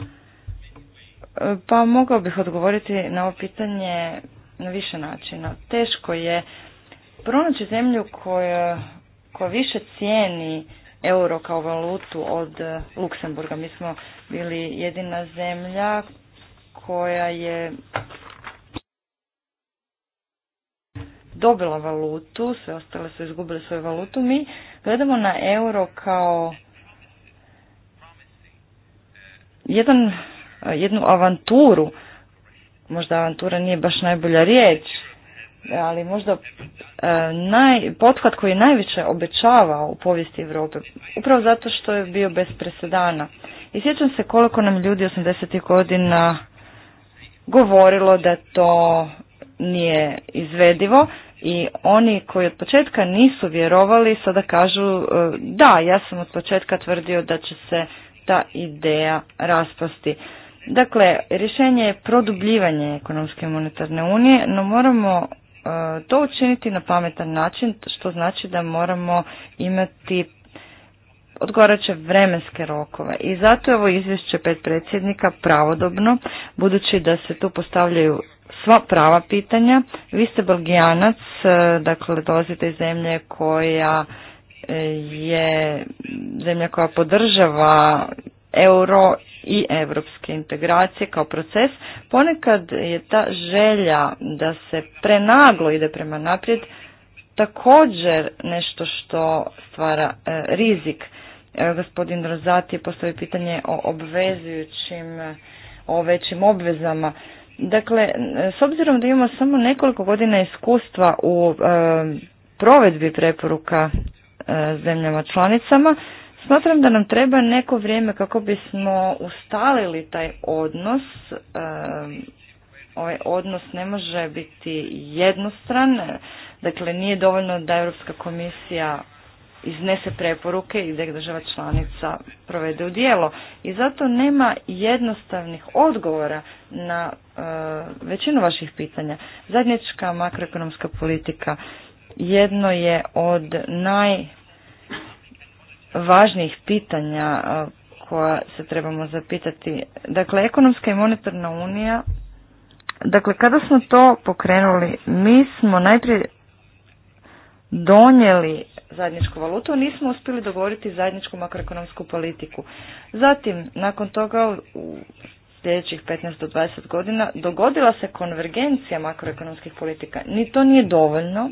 E, pa mogao bih odgovoriti na ovo pitanje na više načina. Teško je pronaći zemlju koja, koja više cijeni euro kao valutu od e, Luksemburga. Mi smo bili jedina zemlja koja je dobila valutu, sve ostale su izgubile svoju valutu. Mi gledamo na euro kao jedan, e, jednu avanturu. Možda avantura nije baš najbolja riječ, ali možda e, naj, koji je najviše obećavao u povijesti Europe, upravo zato što je bio bez presedana. I sjećam se koliko nam ljudi 80. godina govorilo da to nije izvedivo i oni koji od početka nisu vjerovali sada kažu e, da, ja sam od početka tvrdio da će se ta ideja raspasti. Dakle, rješenje je produbljivanje ekonomske i monetarne unije, no moramo E, to učiniti na pametan način, što znači da moramo imati odgovarajuće vremenske rokove. I zato je ovo izvješće pet predsjednika pravodobno, budući da se tu postavljaju sva prava pitanja. Vi ste belgijanac, e, dakle dolazite iz zemlje koja e, je zemlja koja podržava euro i evropske integracije kao proces, ponekad je ta želja da se prenaglo ide prema naprijed također nešto što stvara e, rizik. E, gospodin Rozati je postavio pitanje o obvezujućim, o većim obvezama. Dakle, e, s obzirom da imamo samo nekoliko godina iskustva u provedbi preporuka zemljama članicama, Smatram da nam treba neko vrijeme kako bismo ustalili taj odnos. Ovaj odnos ne može biti jednostran. Dakle, nije dovoljno da Europska komisija iznese preporuke i da država članica provede u dijelo. I zato nema jednostavnih odgovora na eh, većinu vaših pitanja. Zadnječka makroekonomska politika jedno je od naj važnijih pitanja koja se trebamo zapitati. Dakle, ekonomska i monetarna unija, dakle, kada smo to pokrenuli, mi smo najprije donijeli zajedničku valutu, nismo uspjeli dogovoriti zajedničku makroekonomsku politiku. Zatim, nakon toga, u sljedećih 15 do 20 godina, dogodila se konvergencija makroekonomskih politika. Ni to nije dovoljno,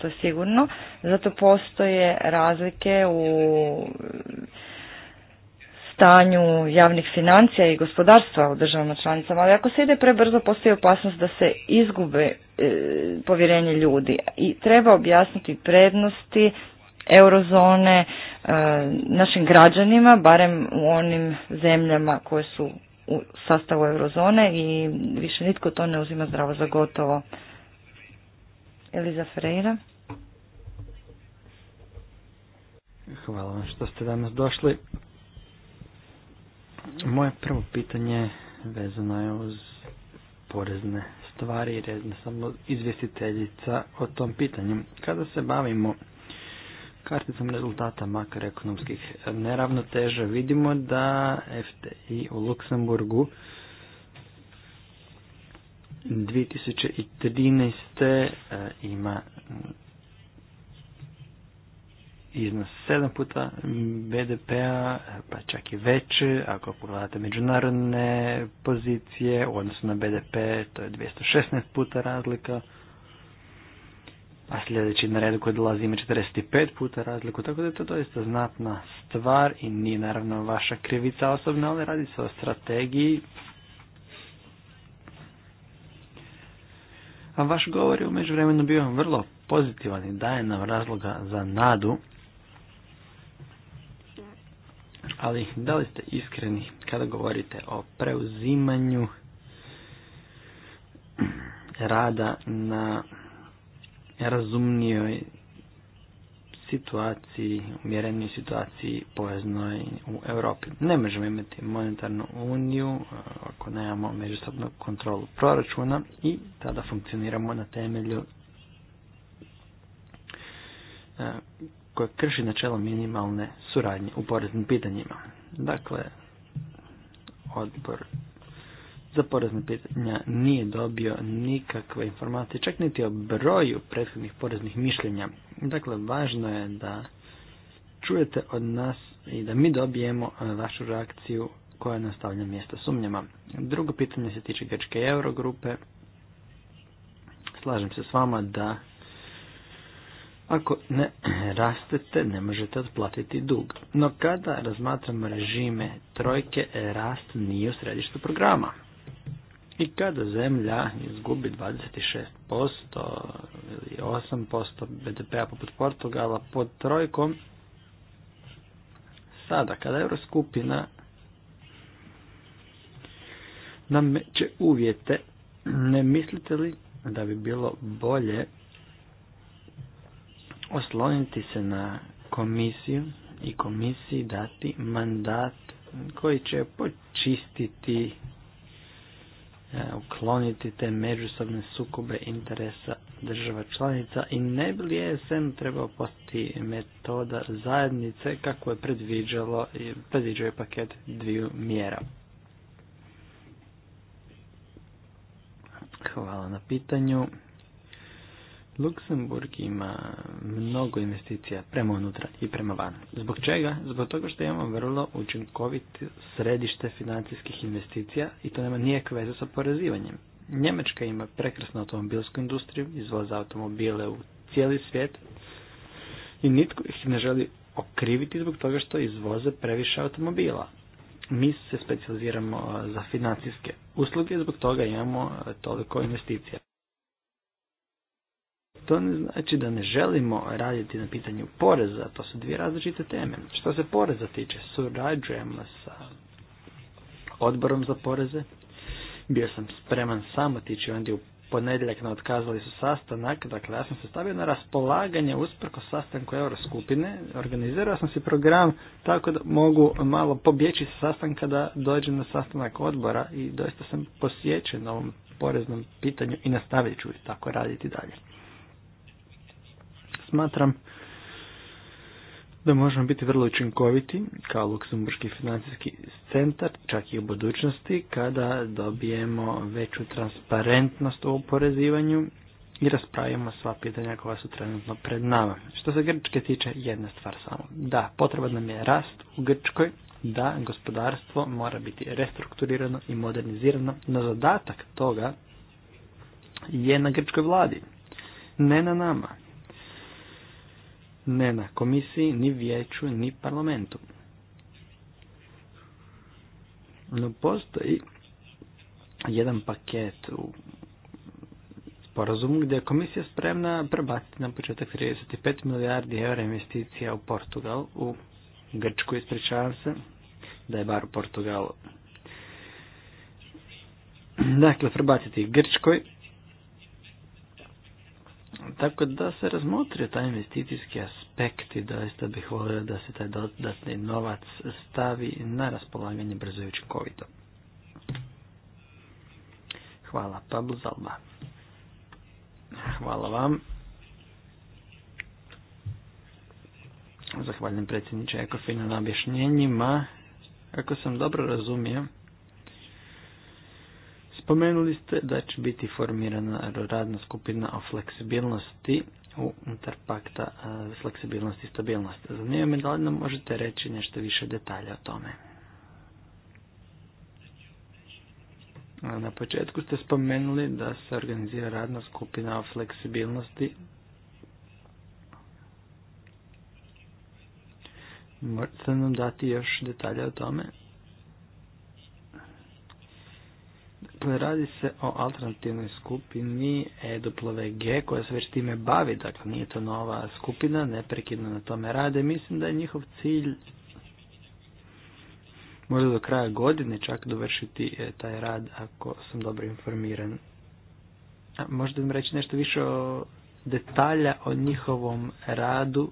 to je sigurno. Zato postoje razlike u stanju javnih financija i gospodarstva u državama članicama, ali ako se ide prebrzo postoji opasnost da se izgube e, povjerenje ljudi i treba objasniti prednosti eurozone e, našim građanima, barem u onim zemljama koje su u sastavu eurozone i više nitko to ne uzima zdravo za gotovo. Eliza Ferreira. Hvala vam što ste danas došli. Moje prvo pitanje vezano je uz porezne stvari jer je samo izvjestiteljica o tom pitanju. Kada se bavimo karticom rezultata makroekonomskih neravnoteža vidimo da FTI u Luksemburgu 2013. E, ima iznos 7 puta BDP-a, pa čak i veće ako pogledate međunarodne pozicije, odnosno na BDP, to je 216 puta razlika, a sljedeći na redu koji dolazi ima 45 puta razliku, tako da je to doista znatna stvar i nije naravno vaša krivica osobna, ali radi se o strategiji. A vaš govor je umeđu vremenu bio vrlo pozitivan i daje nam razloga za nadu ali da li ste iskreni kada govorite o preuzimanju rada na razumnijoj situaciji, umjerenijoj situaciji poveznoj u Europi. Ne možemo imati monetarnu uniju e, ako nemamo međusobnu kontrolu proračuna i tada funkcioniramo na temelju e, koja krši načelo minimalne suradnje u poreznim pitanjima. Dakle, odbor za porezne pitanja nije dobio nikakve informacije, čak niti o broju prethodnih poreznih mišljenja. Dakle, važno je da čujete od nas i da mi dobijemo e, vašu reakciju koja nastavlja mjesto sumnjama. Drugo pitanje se tiče Grčke Eurogrupe. Slažem se s vama da ako ne [CLEARS THROAT] rastete, ne možete otplatiti dug. No kada razmatramo režime trojke, e, rast nije u središtu programa. I kada zemlja izgubi 26% ili 8% BDP-a poput Portugala pod trojkom, sada kada Euroskupina nameće uvjete, ne mislite li da bi bilo bolje osloniti se na komisiju i komisiji dati mandat koji će počistiti, e, ukloniti te međusobne sukobe interesa država članica i ne bi li ESM trebao postati metoda zajednice kako je predviđalo, predviđao je paket dviju mjera. Hvala na pitanju. Luksemburg ima mnogo investicija prema unutra i prema van. Zbog čega? Zbog toga što imamo vrlo učinkovit središte financijskih investicija i to nema nikakve veze sa porazivanjem. Njemačka ima prekrasnu automobilsku industriju, izvoza automobile u cijeli svijet i nitko ih ne želi okriviti zbog toga što izvoze previše automobila. Mi se specializiramo za financijske usluge, zbog toga imamo toliko investicija to ne znači da ne želimo raditi na pitanju poreza, to su dvije različite teme. Što se poreza tiče, surađujemo sa odborom za poreze. Bio sam spreman sam otići ondje u ponedjeljak na otkazali su sastanak, dakle ja sam se stavio na raspolaganje usprko sastanku Euroskupine, organizirao sam si program tako da mogu malo pobjeći sa sastanka da dođem na sastanak odbora i doista sam posjećen ovom poreznom pitanju i nastavit ću tako raditi dalje. Smatram da možemo biti vrlo učinkoviti kao Luksemburški financijski centar, čak i u budućnosti, kada dobijemo veću transparentnost u oporezivanju i raspravimo sva pitanja koja su trenutno pred nama. Što se Grčke tiče, jedna stvar samo. Da, potreban nam je rast u Grčkoj, da, gospodarstvo mora biti restrukturirano i modernizirano, no zadatak toga je na grčkoj vladi, ne na nama ne na komisiji, ni vijeću, ni parlamentu. No postoji jedan paket u sporazumu gdje je komisija spremna prebaciti na početak 35 milijardi eura investicija u Portugal, u Grčku ispričavam se, da je bar u Portugalu. Dakle, prebaciti Grčkoj, tako da se razmotrio taj investicijski aspekt i doista bih volio da se taj dodatni novac stavi na raspolaganje brzo i učinkovito. Hvala, Pablo Zalba. Hvala vam. Zahvaljujem predsjedniče Ekofina na objašnjenjima. Ako sam dobro razumio, Spomenuli ste da će biti formirana radna skupina o fleksibilnosti unutar pakta fleksibilnosti i stabilnosti. Zanima me da li nam možete reći nešto više detalja o tome. Na početku ste spomenuli da se organizira radna skupina o fleksibilnosti. Možete nam dati još detalja o tome? Dakle, radi se o alternativnoj skupini EWG koja se već time bavi, dakle nije to nova skupina, neprekidno na tome rade. Mislim da je njihov cilj možda do kraja godine čak dovršiti e, taj rad ako sam dobro informiran. A možda vam reći nešto više o detalja o njihovom radu.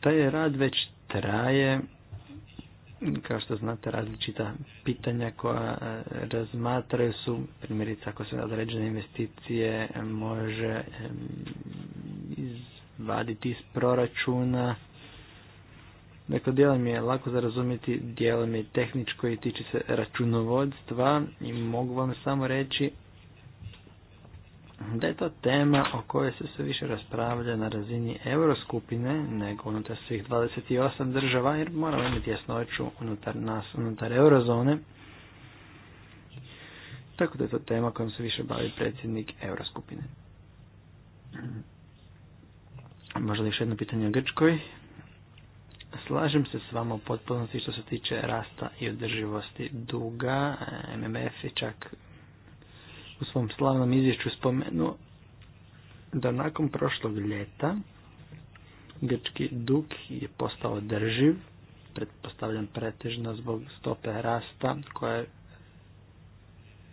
Taj je rad već traje. Kao što znate, različita pitanja koja e, razmatraju su, primjerice ako se određene investicije može izvaditi iz proračuna, Dakle, mi je lako za razumjeti, dijelom je tehničko i tiče se računovodstva i mogu vam samo reći da je to tema o kojoj se sve više raspravlja na razini euroskupine nego unutar svih 28 država jer moramo imati jasnoću unutar nas, unutar eurozone. Tako da je to tema kojom se više bavi predsjednik euroskupine. Možda još jedno pitanje o Grčkoj. Slažem se s vama u potpunosti što se tiče rasta i održivosti duga. MMF je čak u svom slavnom izvješću spomenuo da nakon prošlog ljeta grčki dug je postao drživ, pretpostavljam pretežno zbog stope rasta koja je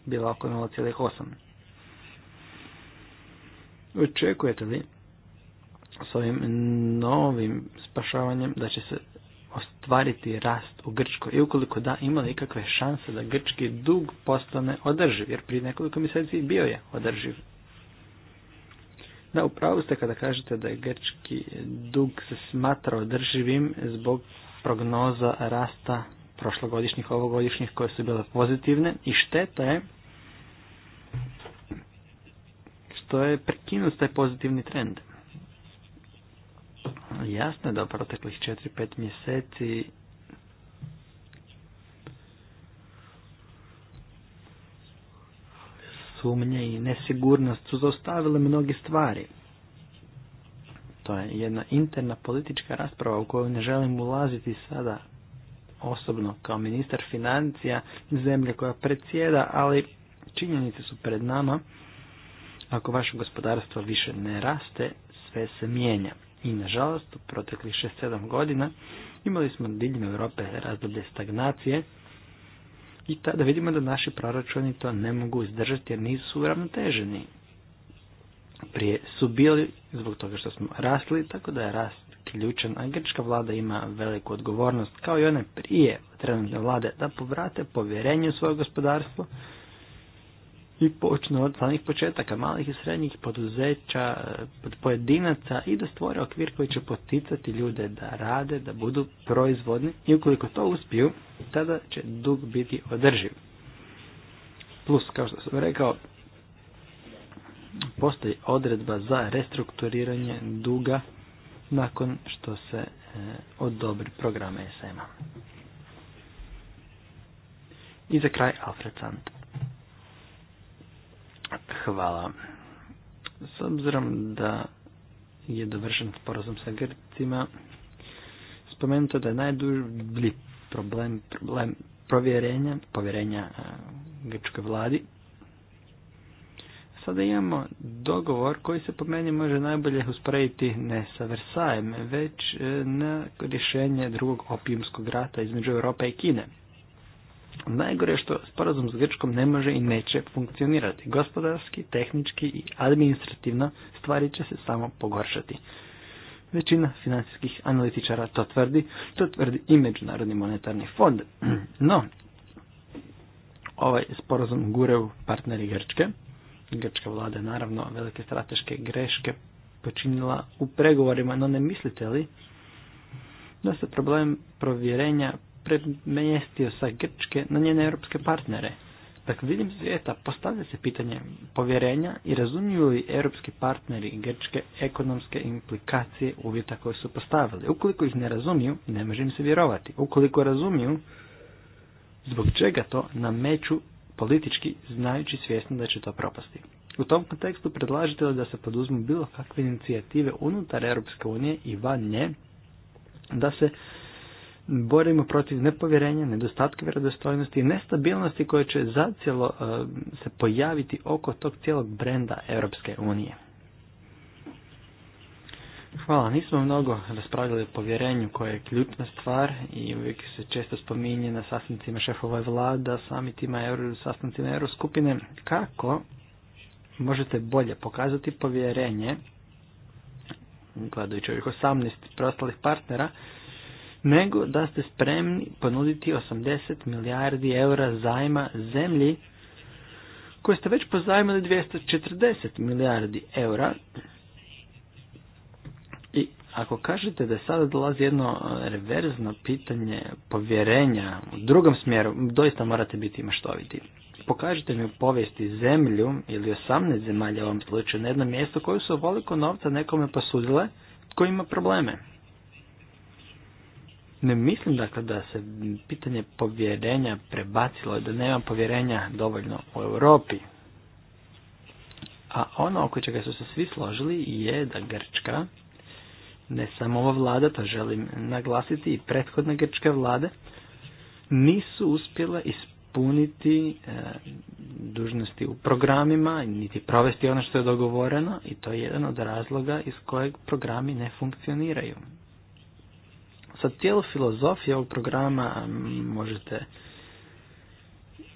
bila oko 0,8. Očekujete li s ovim novim spašavanjem da će se ostvariti rast u Grčkoj i ukoliko da ima li ikakve šanse da grčki dug postane održiv, jer prije nekoliko mjeseci bio je održiv. Da, upravo ste kada kažete da je grčki dug se smatra održivim zbog prognoza rasta prošlogodišnjih, ovogodišnjih koje su bile pozitivne i šteta je što je prekinut taj pozitivni trend. Jasno je da u proteklih 4-5 mjeseci sumnje i nesigurnost su zaustavile mnoge stvari. To je jedna interna politička rasprava u koju ne želim ulaziti sada osobno kao ministar financija zemlje koja predsjeda, ali činjenice su pred nama. Ako vaše gospodarstvo više ne raste, sve se mijenja. I nažalost, u proteklih 6-7 godina imali smo diljem Europe razdoblje stagnacije i tada vidimo da naši proračuni to ne mogu izdržati jer nisu uravnoteženi. Prije su bili zbog toga što smo rasli, tako da je rast ključan, a grčka vlada ima veliku odgovornost, kao i one prije trenutne vlade, da povrate povjerenje u svoje gospodarstvo, i počne od samih početaka malih i srednjih poduzeća, e, pojedinaca i da stvore okvir koji će poticati ljude da rade, da budu proizvodni i ukoliko to uspiju, tada će dug biti održiv. Plus, kao što sam rekao, postoji odredba za restrukturiranje duga nakon što se e, odobri program e SM-a. I za kraj Alfred Hvala. S obzirom da je dovršen sporazum sa Grcima, spomenuto da je najduži problem, problem provjerenja, povjerenja grčkoj vladi. Sada imamo dogovor koji se po meni može najbolje usporediti ne sa Versajem, već e, na rješenje drugog opijumskog rata između Europe i Kine. Najgore je što sporazum s Grčkom ne može i neće funkcionirati. Gospodarski, tehnički i administrativno stvari će se samo pogoršati. Većina financijskih analitičara to tvrdi, to tvrdi i Međunarodni monetarni fond. [CLEARS THROAT] No, ovaj sporazum gure u partneri Grčke. Grčka vlada je naravno velike strateške greške počinila u pregovorima, no ne mislite li da se problem provjerenja premjestio sa Grčke na njene europske partnere. Dakle, vidim svijeta, postavlja se pitanje povjerenja i razumiju li europski partneri Grčke ekonomske implikacije uvjeta koje su postavili. Ukoliko ih ne razumiju, ne može im se vjerovati. Ukoliko razumiju, zbog čega to nameću politički, znajući svjesno da će to propasti. U tom kontekstu predlažete li da se poduzmu bilo kakve inicijative unutar Europske unije i van nje, da se borimo protiv nepovjerenja, nedostatka vjerodostojnosti i nestabilnosti koje će zacijelo e, se pojaviti oko tog cijelog brenda Europske unije. Hvala, nismo mnogo raspravljali o povjerenju koje je ključna stvar i uvijek se često spominje na sastancima šefova vlada, samitima, euro, sastancima euroskupine. Kako možete bolje pokazati povjerenje, gledajući ovih 18 preostalih partnera, nego da ste spremni ponuditi 80 milijardi eura zajma zemlji koje ste već pozajmili 240 milijardi eura. I ako kažete da sada dolazi jedno e, reverzno pitanje povjerenja u drugom smjeru, doista morate biti maštoviti. Pokažite mi u povijesti zemlju ili 18 zemalja u ovom slučaju na jednom mjestu koju su ovoliko novca nekome posudile tko ima probleme. Ne mislim dakle da se pitanje povjerenja prebacilo, da nema povjerenja dovoljno u Europi. A ono oko čega su se svi složili je da Grčka, ne samo ova vlada, to želim naglasiti i prethodne grčke vlade, nisu uspjela ispuniti e, dužnosti u programima, niti provesti ono što je dogovoreno i to je jedan od razloga iz kojeg programi ne funkcioniraju sa cijelu filozofiju ovog programa možete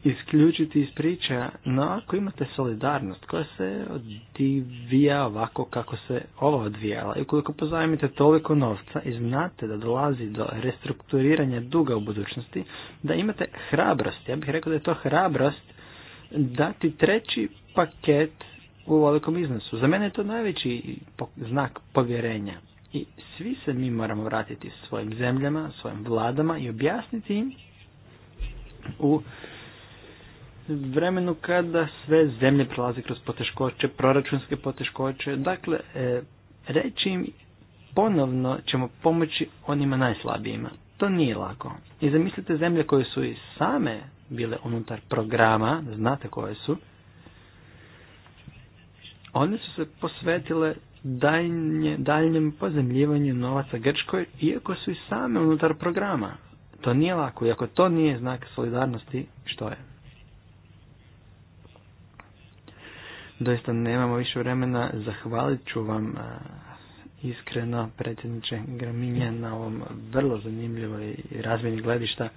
isključiti iz priča, no ako imate solidarnost koja se odvija ovako kako se ovo odvijala i ukoliko pozajmite toliko novca i znate da dolazi do restrukturiranja duga u budućnosti, da imate hrabrost, ja bih rekao da je to hrabrost dati treći paket u velikom iznosu. Za mene je to najveći znak povjerenja. I svi se mi moramo vratiti svojim zemljama, svojim vladama i objasniti im u vremenu kada sve zemlje prolaze kroz poteškoće, proračunske poteškoće. Dakle, e, reći im ponovno ćemo pomoći onima najslabijima. To nije lako. I zamislite zemlje koje su i same bile unutar programa, znate koje su, one su se posvetile daljnje, daljnjem pozemljivanju novaca Grčkoj, iako su i same unutar programa. To nije lako, iako to nije znak solidarnosti, što je? Doista nemamo više vremena, zahvalit ću vam iskreno predsjedniče Graminja na ovom vrlo zanimljivoj razmjeni gledišta.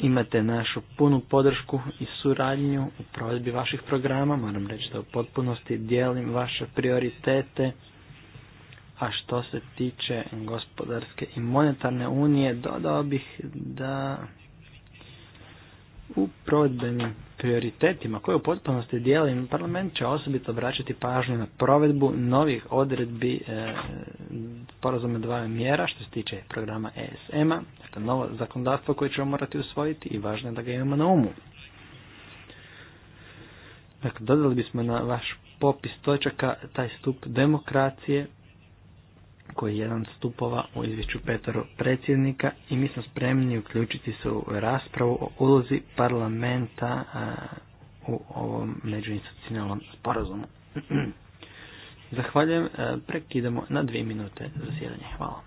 Imate našu punu podršku i suradnju u provedbi vaših programa. Moram reći da u potpunosti dijelim vaše prioritete. A što se tiče gospodarske i monetarne unije, dodao bih da u provedbenim prioritetima koje u potpunosti i parlament će osobito vraćati pažnju na provedbu novih odredbi e, porazume mjera što se tiče programa ESM-a, dakle novo zakonodavstvo koje ćemo morati usvojiti i važno je da ga imamo na umu. Dakle, dodali bismo na vaš popis točaka taj stup demokracije koji je jedan stupova u izvješću Petro predsjednika i mi smo spremni uključiti se u raspravu o ulozi parlamenta u ovom međuinstitucionalnom sporazumu. [CLEARS THROAT] Zahvaljujem, e, prekidamo na dvije minute zasjedanje. Hvala.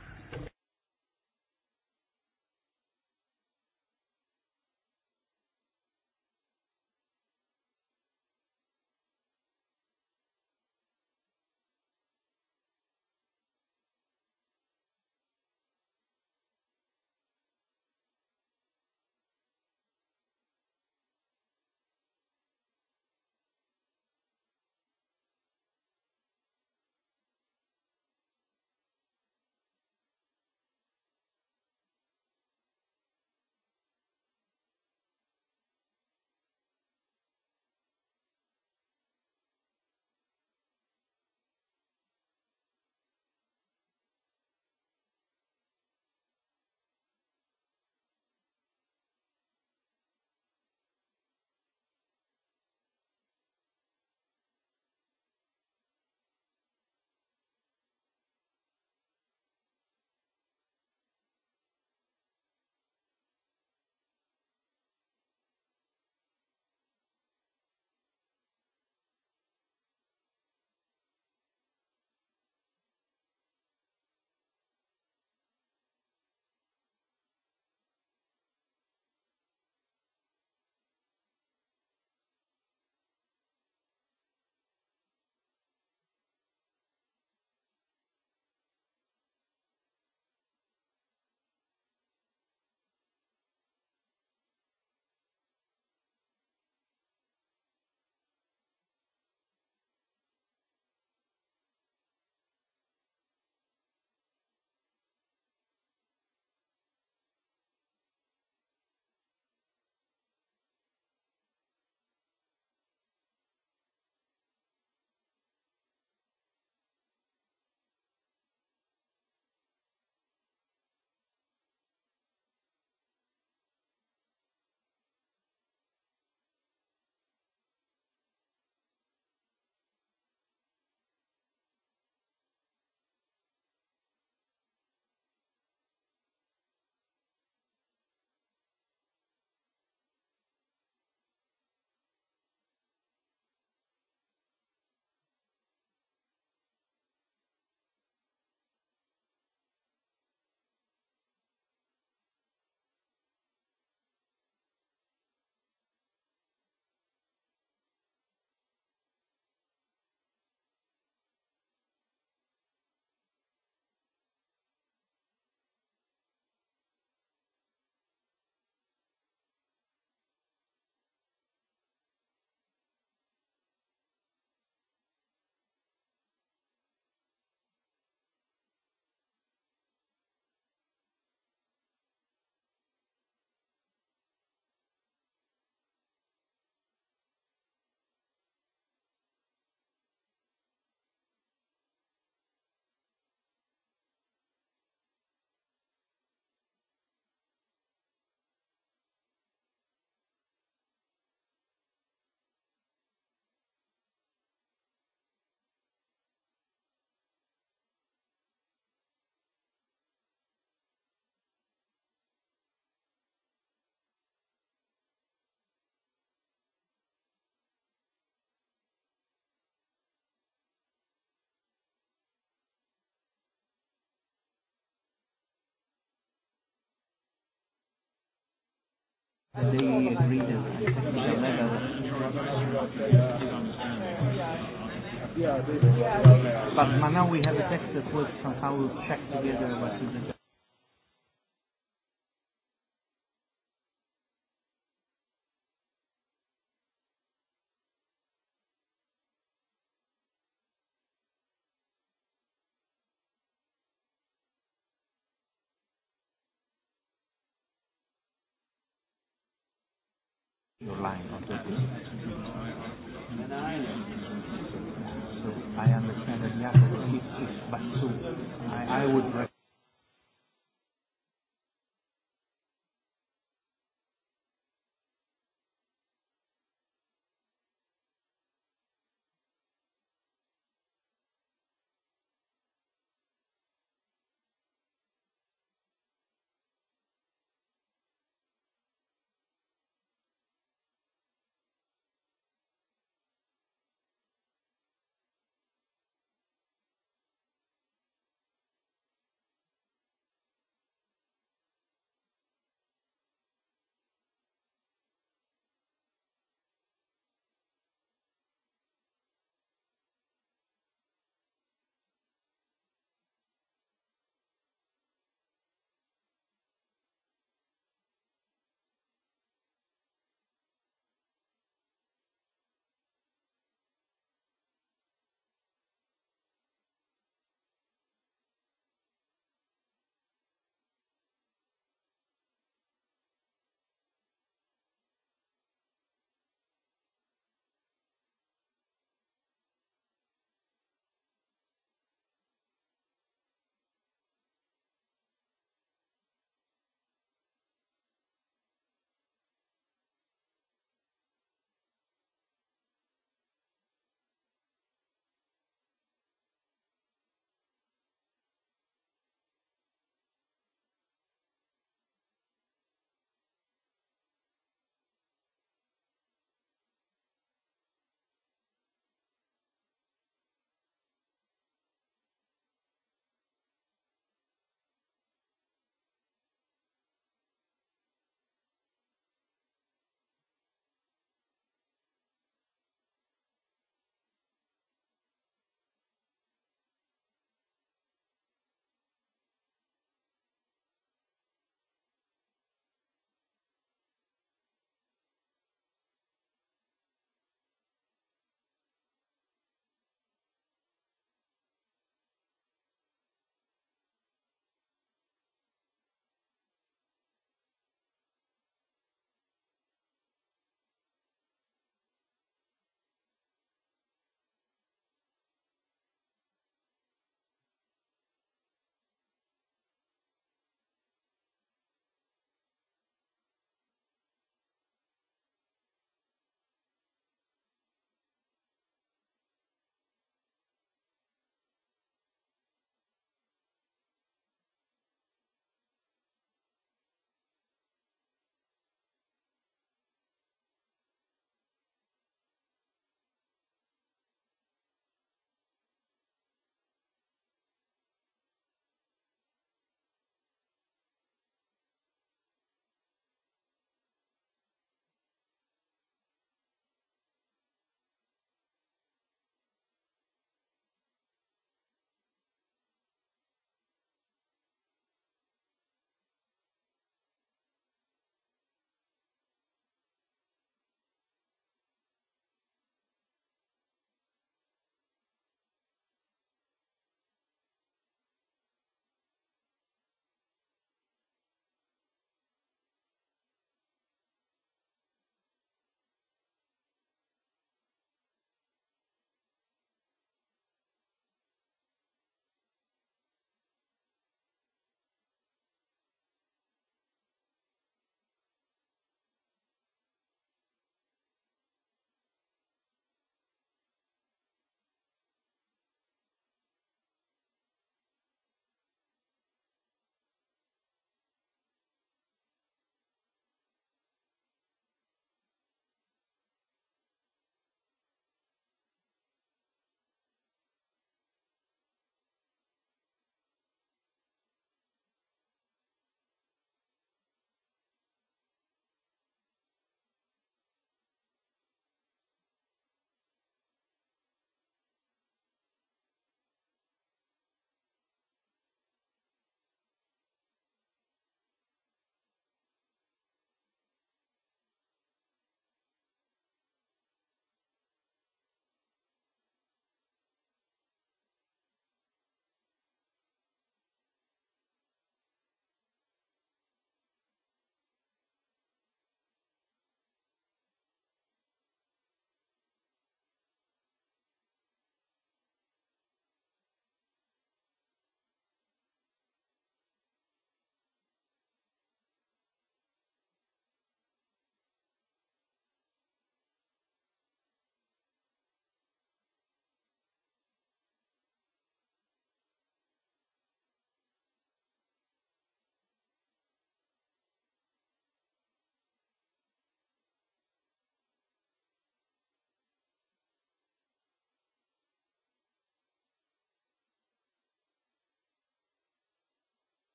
they agreed the level. But now we have a text that was somehow checked together what is applying So I understand that I, I would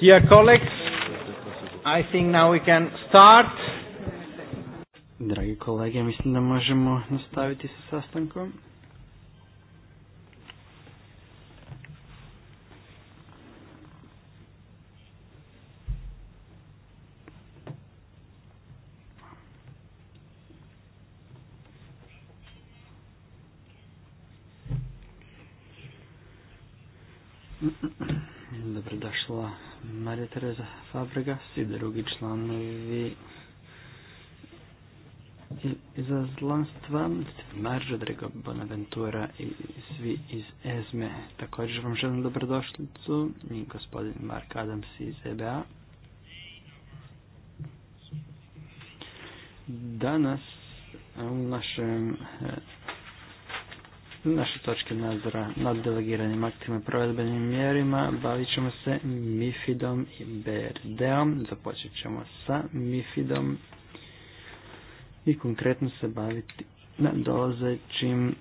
Dear colleagues, I think now we can start. Dragi kolege, mislim da možemo nastaviti sa sastankom. Tereza Fabrega, svi drugi članovi izazlanstva, Marža, Drego Bonaventura i svi iz EZME. E. Također vam želim dobrodošlicu i gospodin Mark Adams iz EBA. Danas u našem naše točke nadzora nad delegiranim aktima i provedbenim mjerima bavit ćemo se MIFIDom i BRD-om. Započet ćemo sa MIFIDom i konkretno se baviti na dolazećim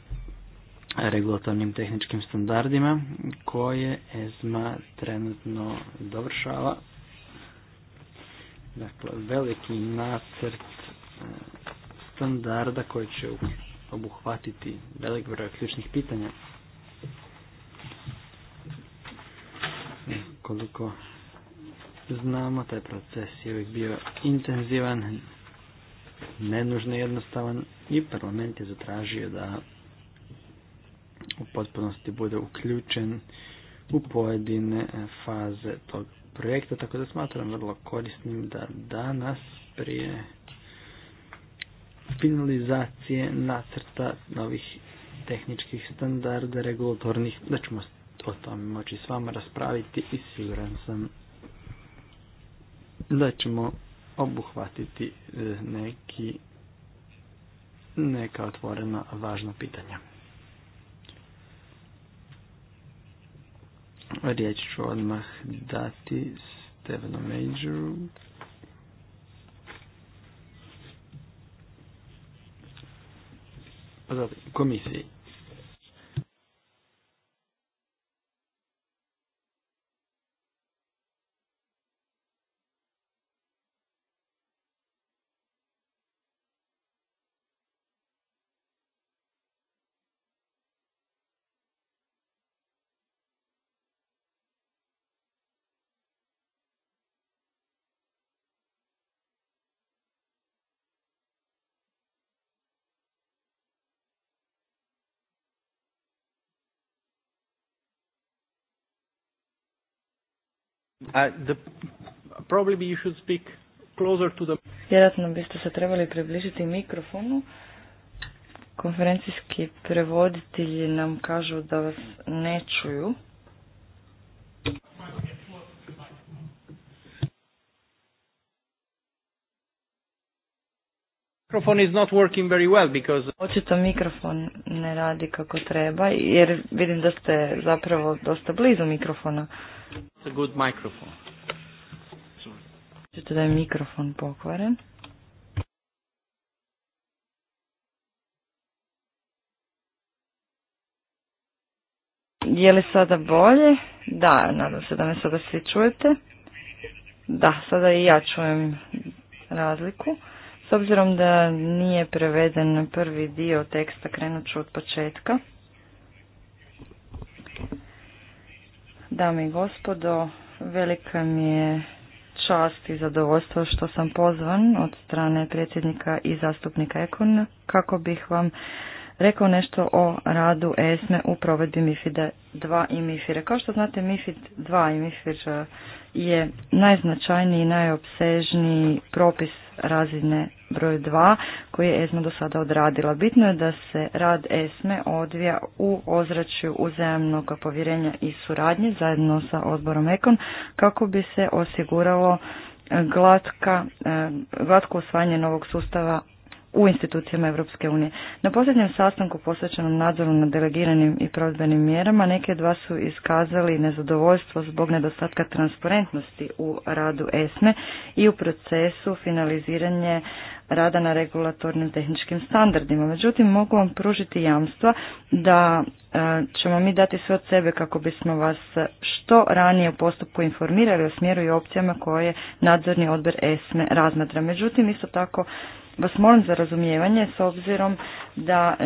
regulatornim tehničkim standardima koje ESMA trenutno dovršava. Dakle, veliki nacrt e, standarda koji će obuhvatiti velik broj ključnih pitanja. E, koliko znamo, taj proces je uvijek bio intenzivan, nenužno jednostavan i parlament je zatražio da u potpunosti bude uključen u pojedine faze tog projekta, tako da smatram vrlo korisnim da danas prije finalizacije nacrta novih tehničkih standarda regulatornih, da ćemo o tome moći s vama raspraviti i siguran sam da ćemo obuhvatiti e, neki neka otvorena važna pitanja. Riječ ću odmah dati Stevenu Majoru. Pa dobro, komisiji. Uh, the, should speak closer Vjerojatno biste se trebali približiti mikrofonu. Konferencijski prevoditelji nam kažu da vas ne čuju. is Očito mikrofon ne radi kako treba jer vidim da ste zapravo dosta blizu mikrofona good microphone. da je mikrofon pokvaren. Je li sada bolje? Da, nadam se da me sada svi čujete. Da, sada i ja čujem razliku. S obzirom da nije preveden prvi dio teksta, krenut ću od početka. Dame i gospodo, velika mi je čast i zadovoljstvo što sam pozvan od strane predsjednika i zastupnika Ekon kako bih vam rekao nešto o radu ESME u provedbi MIFID 2 i MIFIR. Kao što znate, MIFID 2 i MIFIR je najznačajniji i najopsežniji propis razine broj 2 koji je ESMA do sada odradila. Bitno je da se rad ESME odvija u ozračju uzajamnog povjerenja i suradnje zajedno sa odborom EKON kako bi se osiguralo eh, glatko usvajanje novog sustava u institucijama Europske unije. Na posljednjem sastanku posvećenom nadzoru nad delegiranim i provedbenim mjerama neke dva su iskazali nezadovoljstvo zbog nedostatka transparentnosti u radu ESME i u procesu finaliziranje rada na regulatornim tehničkim standardima. Međutim, mogu vam pružiti jamstva da e, ćemo mi dati sve od sebe kako bismo vas što ranije u postupku informirali o smjeru i opcijama koje nadzorni odbor ESME razmatra. Međutim, isto tako vas molim za razumijevanje s obzirom da e,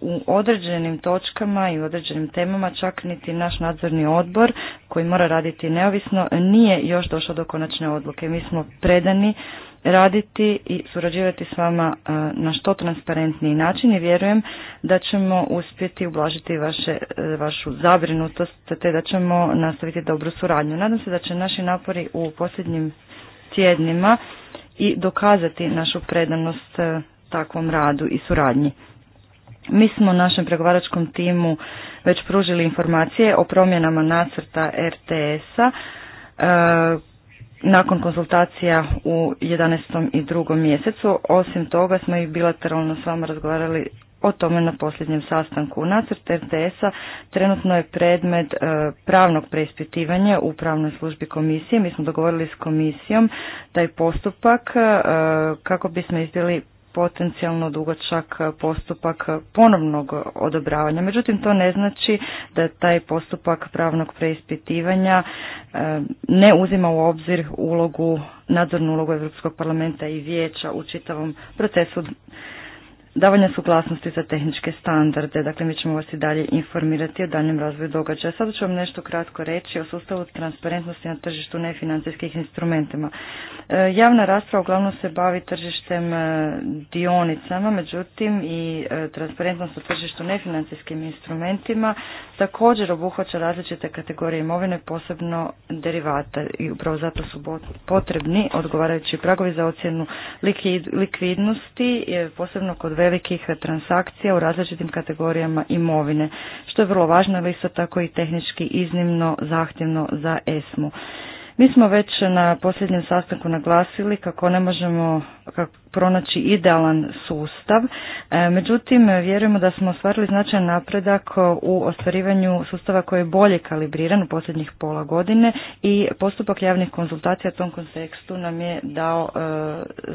u određenim točkama i u određenim temama čak niti naš nadzorni odbor koji mora raditi neovisno nije još došao do konačne odluke. Mi smo predani raditi i surađivati s vama e, na što transparentniji način i vjerujem da ćemo uspjeti ublažiti vaše, e, vašu zabrinutost te da ćemo nastaviti dobru suradnju. Nadam se da će naši napori u posljednjim tjednima i dokazati našu predanost e, takvom radu i suradnji. Mi smo našem pregovaračkom timu već pružili informacije o promjenama nacrta RTS-a e, nakon konsultacija u 11. i 2. mjesecu. Osim toga smo i bilateralno s vama razgovarali o tome na posljednjem sastanku. Nacrt rts a trenutno je predmet e, pravnog preispitivanja u pravnoj službi komisije. Mi smo dogovorili s komisijom taj postupak e, kako bismo izbjeli potencijalno dugačak postupak ponovnog odobravanja. Međutim, to ne znači da taj postupak pravnog preispitivanja e, ne uzima u obzir ulogu, nadzornu ulogu Europskog parlamenta i vijeća u čitavom procesu davanja suglasnosti za tehničke standarde. Dakle, mi ćemo vas i dalje informirati o daljem razvoju događaja. Sada ću vam nešto kratko reći o sustavu transparentnosti na tržištu nefinancijskih instrumentima. E, javna rasprava uglavnom se bavi tržištem e, dionicama, međutim i e, transparentnost na tržištu nefinancijskim instrumentima također obuhvaća različite kategorije imovine, posebno derivata i upravo zato su potrebni odgovarajući pragovi za ocjenu likvidnosti, posebno kod velikih transakcija u različitim kategorijama imovine, što je vrlo važno, ali isto tako i tehnički iznimno zahtjevno za ESMU. Mi smo već na posljednjem sastanku naglasili kako ne možemo pronaći idealan sustav, e, međutim vjerujemo da smo ostvarili značajan napredak u ostvarivanju sustava koji je bolje kalibriran u posljednjih pola godine i postupak javnih konzultacija u tom kontekstu nam je dao e,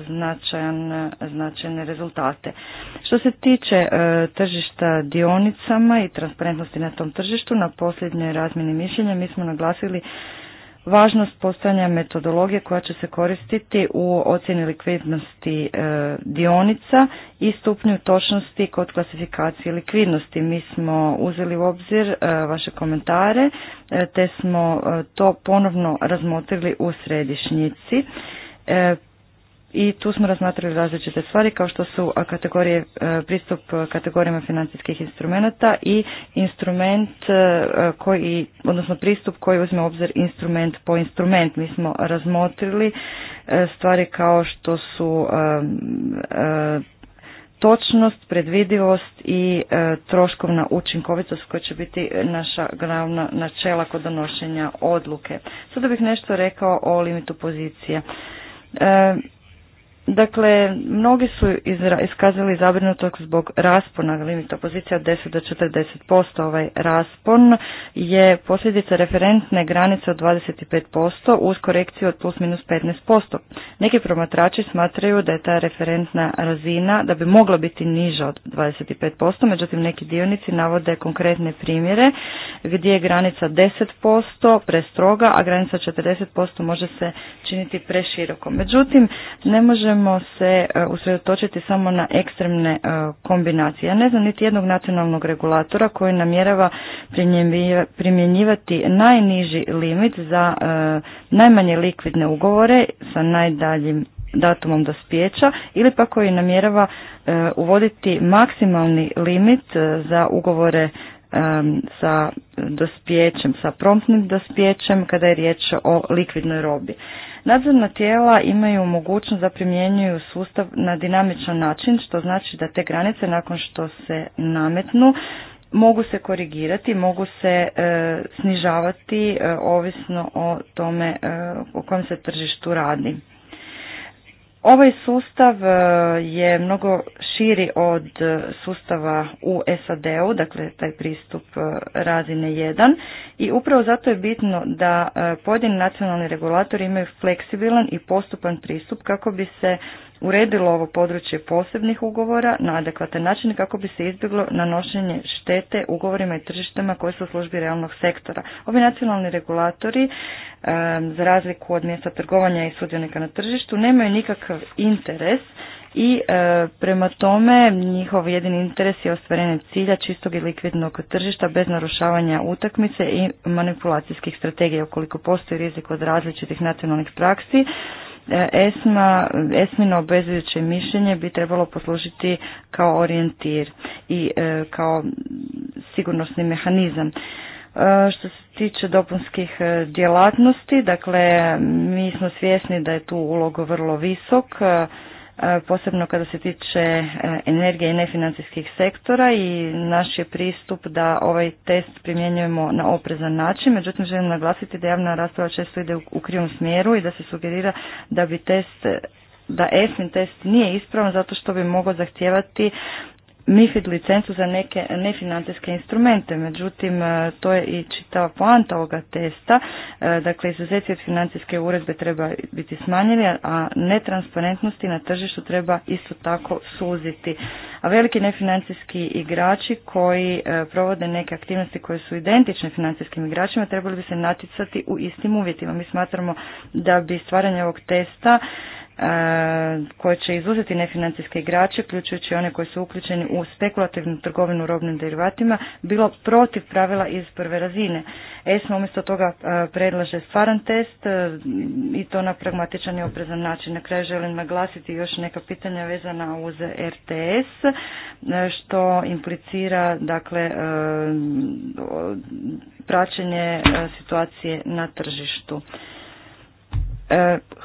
značajan, značajne rezultate. Što se tiče e, tržišta dionicama i transparentnosti na tom tržištu, na posljednjoj razmjeni mišljenja mi smo naglasili važnost postojanja metodologije koja će se koristiti u ocjeni likvidnosti e, dionica i stupnju točnosti kod klasifikacije likvidnosti. Mi smo uzeli u obzir e, vaše komentare e, te smo to ponovno razmotrili u središnjici i tu smo razmatrali različite stvari kao što su kategorije, e, pristup e, kategorijama financijskih instrumenata i instrument e, koji, odnosno pristup koji uzme obzir instrument po instrument. Mi smo razmotrili stvari kao što su točnost, predvidivost i troškovna učinkovitost koja će biti naša glavna načela kod donošenja odluke. Sada bih nešto rekao o limitu pozicije. Dakle, mnogi su iskazali zabrinutost zbog raspona limita pozicija od 10 do 40%. Ovaj raspon je posljedica referentne granice od 25% uz korekciju od plus minus 15%. Neki promatrači smatraju da je ta referentna razina da bi mogla biti niža od 25%, međutim neki dionici navode konkretne primjere gdje je granica 10% prestroga, a granica 40% može se činiti preširokom. Međutim, ne možemo možemo se e, usredotočiti samo na ekstremne e, kombinacije. Ja ne znam niti jednog nacionalnog regulatora koji namjerava primjenjivati najniži limit za e, najmanje likvidne ugovore sa najdaljim datumom dospijeća ili pa koji namjerava uvoditi maksimalni limit za ugovore sa dospijećem, sa promptnim dospijećem kada je riječ o likvidnoj robi. Nadzorna tijela imaju mogućnost da primjenjuju sustav na dinamičan način, što znači da te granice nakon što se nametnu mogu se korigirati, mogu se e, snižavati e, ovisno o tome e, o kojem se tržištu radi. Ovaj sustav e, je mnogo širi od sustava u SAD-u, dakle taj pristup e, razine 1 i upravo zato je bitno da e, pojedini nacionalni regulatori imaju fleksibilan i postupan pristup kako bi se uredilo ovo područje posebnih ugovora na adekvatan način kako bi se izbjeglo nanošenje štete ugovorima i tržištima koji su u službi realnog sektora. Ovi nacionalni regulatori, e, za razliku od mjesta trgovanja i sudionika na tržištu, nemaju nikakav interes i e, prema tome njihov jedini interes je ostvarenje cilja čistog i likvidnog tržišta bez narušavanja utakmice i manipulacijskih strategija ukoliko postoji rizik od različitih nacionalnih praksi E, ESMA, ESMINO obvezujuće mišljenje bi trebalo poslužiti kao orijentir i e, kao sigurnosni mehanizam. E, što se tiče dopunskih djelatnosti, dakle mi smo svjesni da je tu uloga vrlo visok, posebno kada se tiče e, energije i nefinancijskih sektora i naš je pristup da ovaj test primjenjujemo na oprezan način. Međutim, želim naglasiti da javna rasprava često ide u krivom smjeru i da se sugerira da bi test da ESMIN test nije ispravan zato što bi mogao zahtijevati MIFID licencu za neke nefinancijske instrumente, međutim e, to je i čitava poanta ovoga testa, e, dakle izuzeci od financijske uredbe treba biti smanjeni, a netransparentnosti na tržištu treba isto tako suziti. A veliki nefinancijski igrači koji e, provode neke aktivnosti koje su identične financijskim igračima trebali bi se naticati u istim uvjetima. Mi smatramo da bi stvaranje ovog testa E, koje će izuzeti nefinancijske igrače, uključujući one koji su uključeni u spekulativnu trgovinu robnim derivatima, bilo protiv pravila iz prve razine. ESMA umjesto toga e, predlaže stvaran test e, i to na pragmatičan i oprezan način. Na kraju želim naglasiti još neka pitanja vezana uz RTS, što implicira dakle praćenje situacije na tržištu.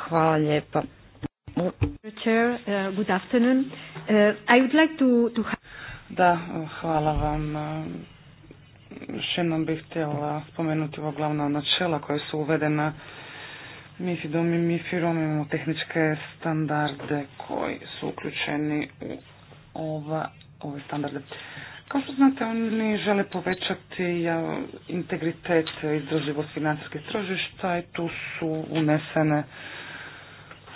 Hvala lijepa. Chair, uh, good uh, I would Da, hvala vam. Još jednom bih htjela spomenuti ova glavna načela koja su uvedena mifid i mifir Imamo tehničke standarde koji su uključeni u ova, ove standarde. Kao što znate, oni žele povećati integritet izdrživost financijskih tržišta i tu su unesene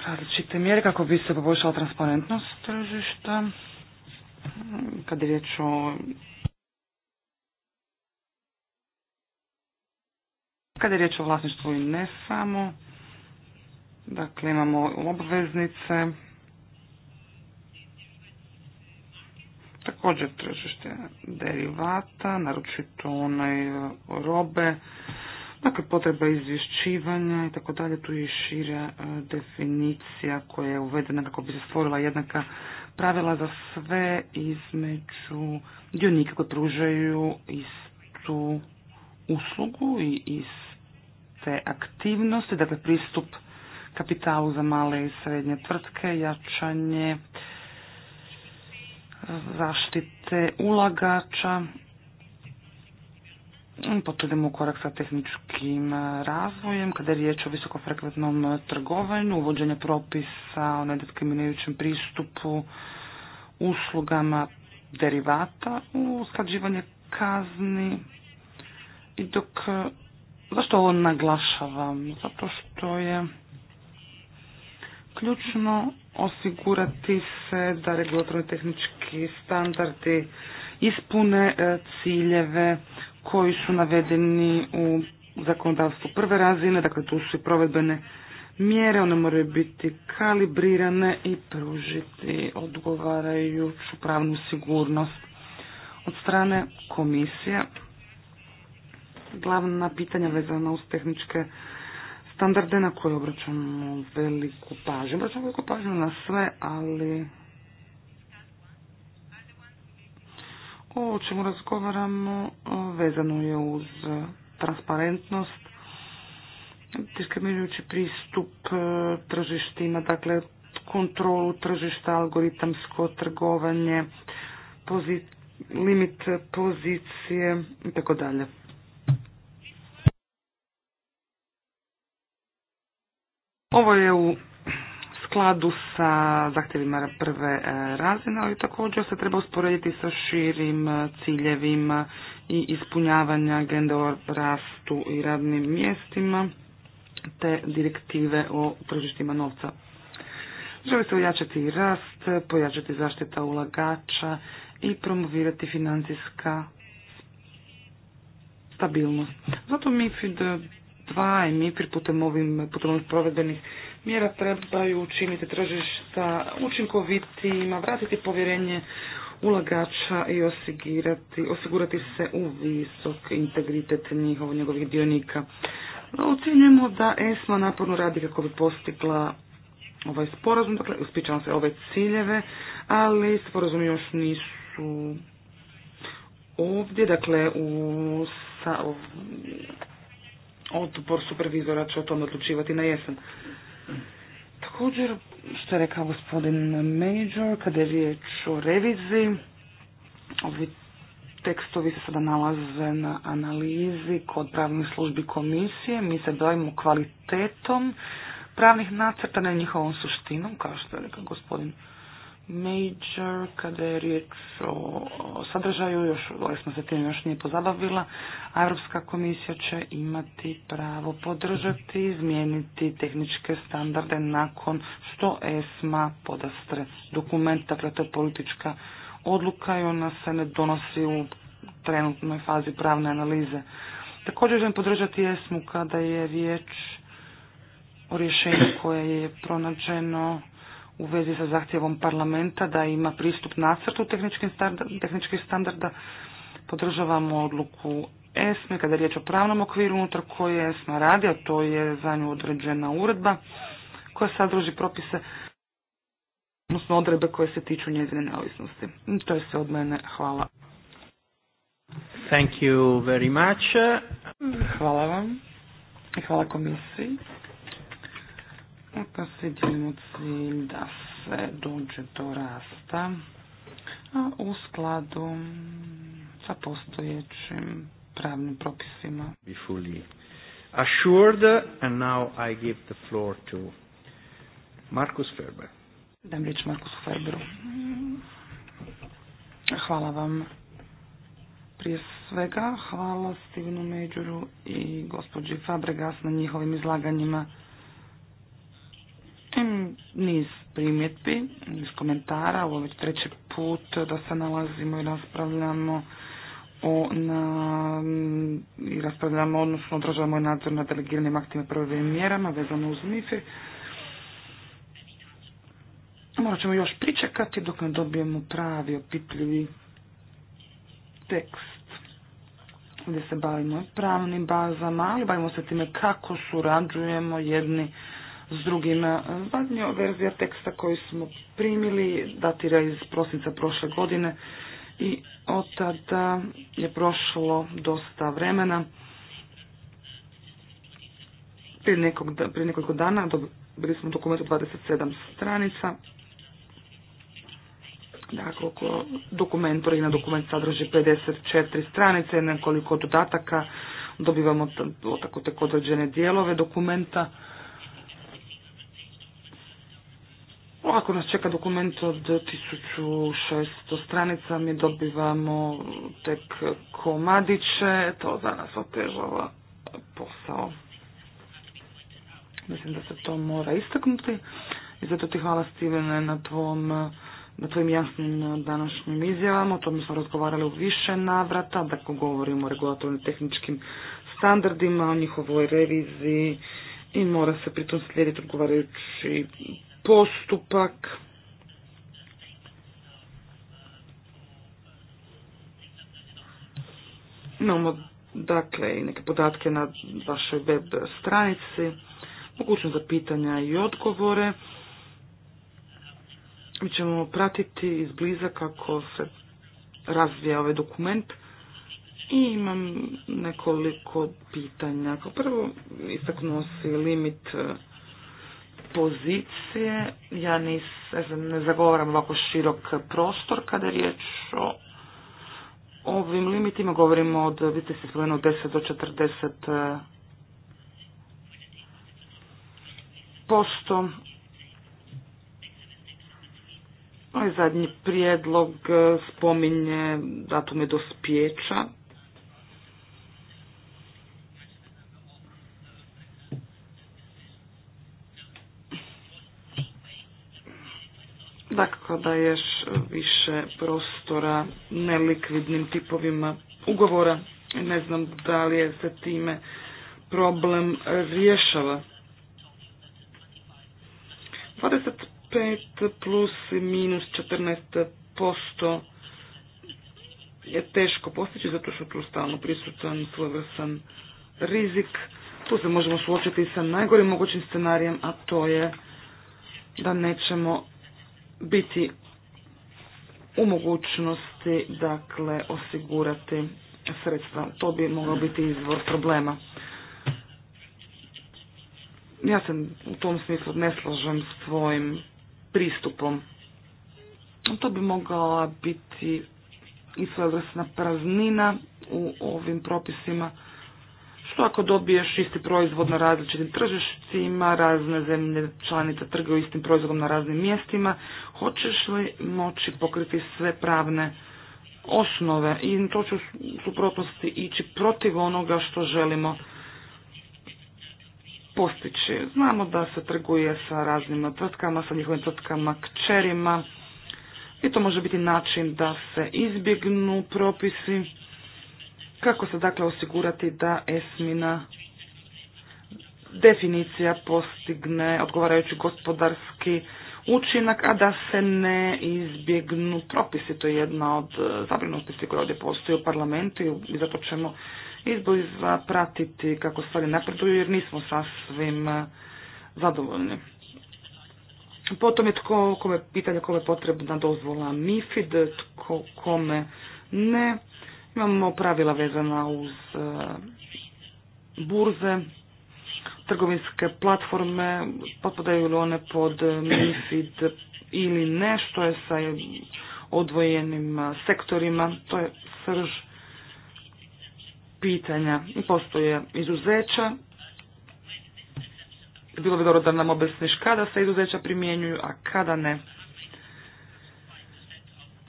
različite mjere kako bi se poboljšala transparentnost tržišta. Kad je riječ o Kada je riječ o vlasništvu i ne samo, dakle imamo obveznice, također tržište derivata, naročito onaj robe Dakle, potreba izvješćivanja i tako dalje, tu je i šira e, definicija koja je uvedena kako bi se stvorila jednaka pravila za sve između dionika koji pružaju istu uslugu i iste aktivnosti, dakle pristup kapitalu za male i srednje tvrtke, jačanje e, zaštite ulagača Mm, Potudimo u korak sa tehničkim e, razvojem, kada je riječ o visokofrekventnom e, trgovanju, uvođenje propisa o nediskriminirajućem pristupu uslugama derivata, usklađivanje kazni. I dok, e, zašto ovo naglašavam? Zato što je ključno osigurati se da regulatorni tehnički standardi ispune ciljeve koji su navedeni u zakonodavstvu prve razine, dakle tu su i provedbene mjere, one moraju biti kalibrirane i pružiti odgovarajuću pravnu sigurnost. Od strane komisije glavna pitanja vezana uz tehničke standarde na koje obraćamo veliku pažnju. Obraćamo veliku pažnju na sve, ali o čemu razgovaramo vezano je uz transparentnost, diskriminujući pristup tržištima, dakle kontrolu tržišta, algoritamsko trgovanje, limit pozicije i tako dalje. Ovo je u skladu sa zahtjevima prve e, razine, ali također se treba usporediti sa širim e, ciljevima i ispunjavanja agenda o rastu i radnim mjestima te direktive o tržištima novca. Želi se ojačati rast, pojačati zaštita ulagača i promovirati financijska stabilnost. Zato MIFID 2 i MIFIR putem ovim, putem provedenih. provedbenih mjera trebaju učiniti tržišta učinkovitijima, vratiti povjerenje ulagača i osigurati, osigurati se u visok integritet njihov, njegovih dionika. Ocjenjujemo da ESMA naporno radi kako bi postigla ovaj sporazum, dakle uspičamo se ove ciljeve, ali sporazum još nisu ovdje, dakle u odbor supervizora će o tom odlučivati na jesen. Također, što je rekao gospodin Major, kada je riječ o reviziji, ovi tekstovi se sada nalaze na analizi kod pravne službi komisije. Mi se bavimo kvalitetom pravnih nacrta, ne njihovom suštinom, kao što je rekao gospodin Major, kada je riječ o sadržaju, još uvijek smo se tim još nije pozabavila, Europska komisija će imati pravo podržati i izmijeniti tehničke standarde nakon što ESMA podastre dokumenta dakle to je politička odluka i ona se ne donosi u trenutnoj fazi pravne analize. Također želim podržati ESMA kada je riječ o rješenju koje je pronađeno u vezi sa zahtjevom parlamenta da ima pristup nacrtu tehničkih standarda. Podržavamo odluku ESME kada je riječ o pravnom okviru unutar koje ESMA radi, a to je za nju određena uredba koja sadrži propise odnosno odredbe koje se tiču njezine neovisnosti. To je sve od mene. Hvala. Thank you very much. Hvala vam. Hvala komisiji. E, pa se cilj da se dođe do rasta a u skladu sa postojećim pravnim propisima. fully assured and now I give the floor to Markus Ferber. Dam riječ Markusu Ferberu. Hvala vam. Prije svega hvala Stevenu Međuru i gospođi Fabregas na njihovim izlaganjima. Međutim, niz primjetbi, niz komentara, ovo već treći put da se nalazimo i raspravljamo o, na, i raspravljamo, odnosno održavamo nadzor na delegiranim aktima provedbenim mjerama vezano uz MIFI. Morat ćemo još pričekati dok ne dobijemo pravi, opipljivi tekst gdje se bavimo pravnim bazama, ali bavimo se time kako surađujemo jedni s drugim, e, Zadnja verzija teksta koju smo primili datira iz prosinca prošle godine i od tada je prošlo dosta vremena. Prije, nekog, prije nekoliko dana dobili smo dokument od 27 stranica. Dakle, dokument, na dokument sadrži 54 stranice, nekoliko dodataka, dobivamo tako tek određene dijelove dokumenta. Ako nas čeka dokument od 1600 stranica, mi dobivamo tek komadiće, to za nas otežava posao. Mislim da se to mora istaknuti i zato ti hvala Steven, na tvom na tvojim jasnim današnjim izjavama, o tome smo razgovarali u više navrata, dakle govorimo o regulatornim tehničkim standardima, o njihovoj reviziji i mora se pritom slijediti odgovarajući postupak Imamo dakle i neke podatke na vašoj web stranici, mogućnost za pitanja i odgovore. Mi ćemo pratiti izbliza kako se razvija ovaj dokument i imam nekoliko pitanja. Kao prvo istaknuo si limit pozicije. Ja nis, ne zagovaram ovako širok prostor kada je riječ o ovim limitima. Govorimo od, vidite se 10 do 40 e, posto. Ovaj zadnji prijedlog e, spominje datume dospjeća. Dakle, da je više prostora nelikvidnim tipovima ugovora. Ne znam da li je se time problem rješava. 25 plus i minus 14 posto je teško postići zato što tu stalno prisutan svojevrstan rizik. Tu se možemo suočiti sa najgorim mogućim scenarijem, a to je da nećemo biti u mogućnosti dakle osigurati sredstva. To bi mogao biti izvor problema. Ja se u tom smislu ne slažem s tvojim pristupom. To bi mogla biti i svojevrsna praznina u ovim propisima što ako dobiješ isti proizvod na različitim tržišcima, razne zemlje članice trguju istim proizvodom na raznim mjestima, hoćeš li moći pokriti sve pravne osnove i to će u suprotnosti ići protiv onoga što želimo postići. Znamo da se trguje sa raznim tvrtkama, sa njihovim tvrtkama kćerima i to može biti način da se izbjegnu propisi kako se dakle osigurati da esmina definicija postigne odgovarajući gospodarski učinak, a da se ne izbjegnu propisi. To je jedna od e, zabrinutosti koja ovdje postoji u parlamentu i zato ćemo izva pratiti kako stvari napreduju jer nismo sasvim e, zadovoljni. Potom je tko, kome, pitanje kome je potrebna dozvola MIFID, tko, kome ne. Imamo pravila vezana uz e, burze, trgovinske platforme, potpadaju li one pod MIFID ili ne, što je sa odvojenim e, sektorima, to je srž pitanja. I postoje izuzeća, bilo bi dobro da nam objasniš kada se izuzeća primjenjuju, a kada ne.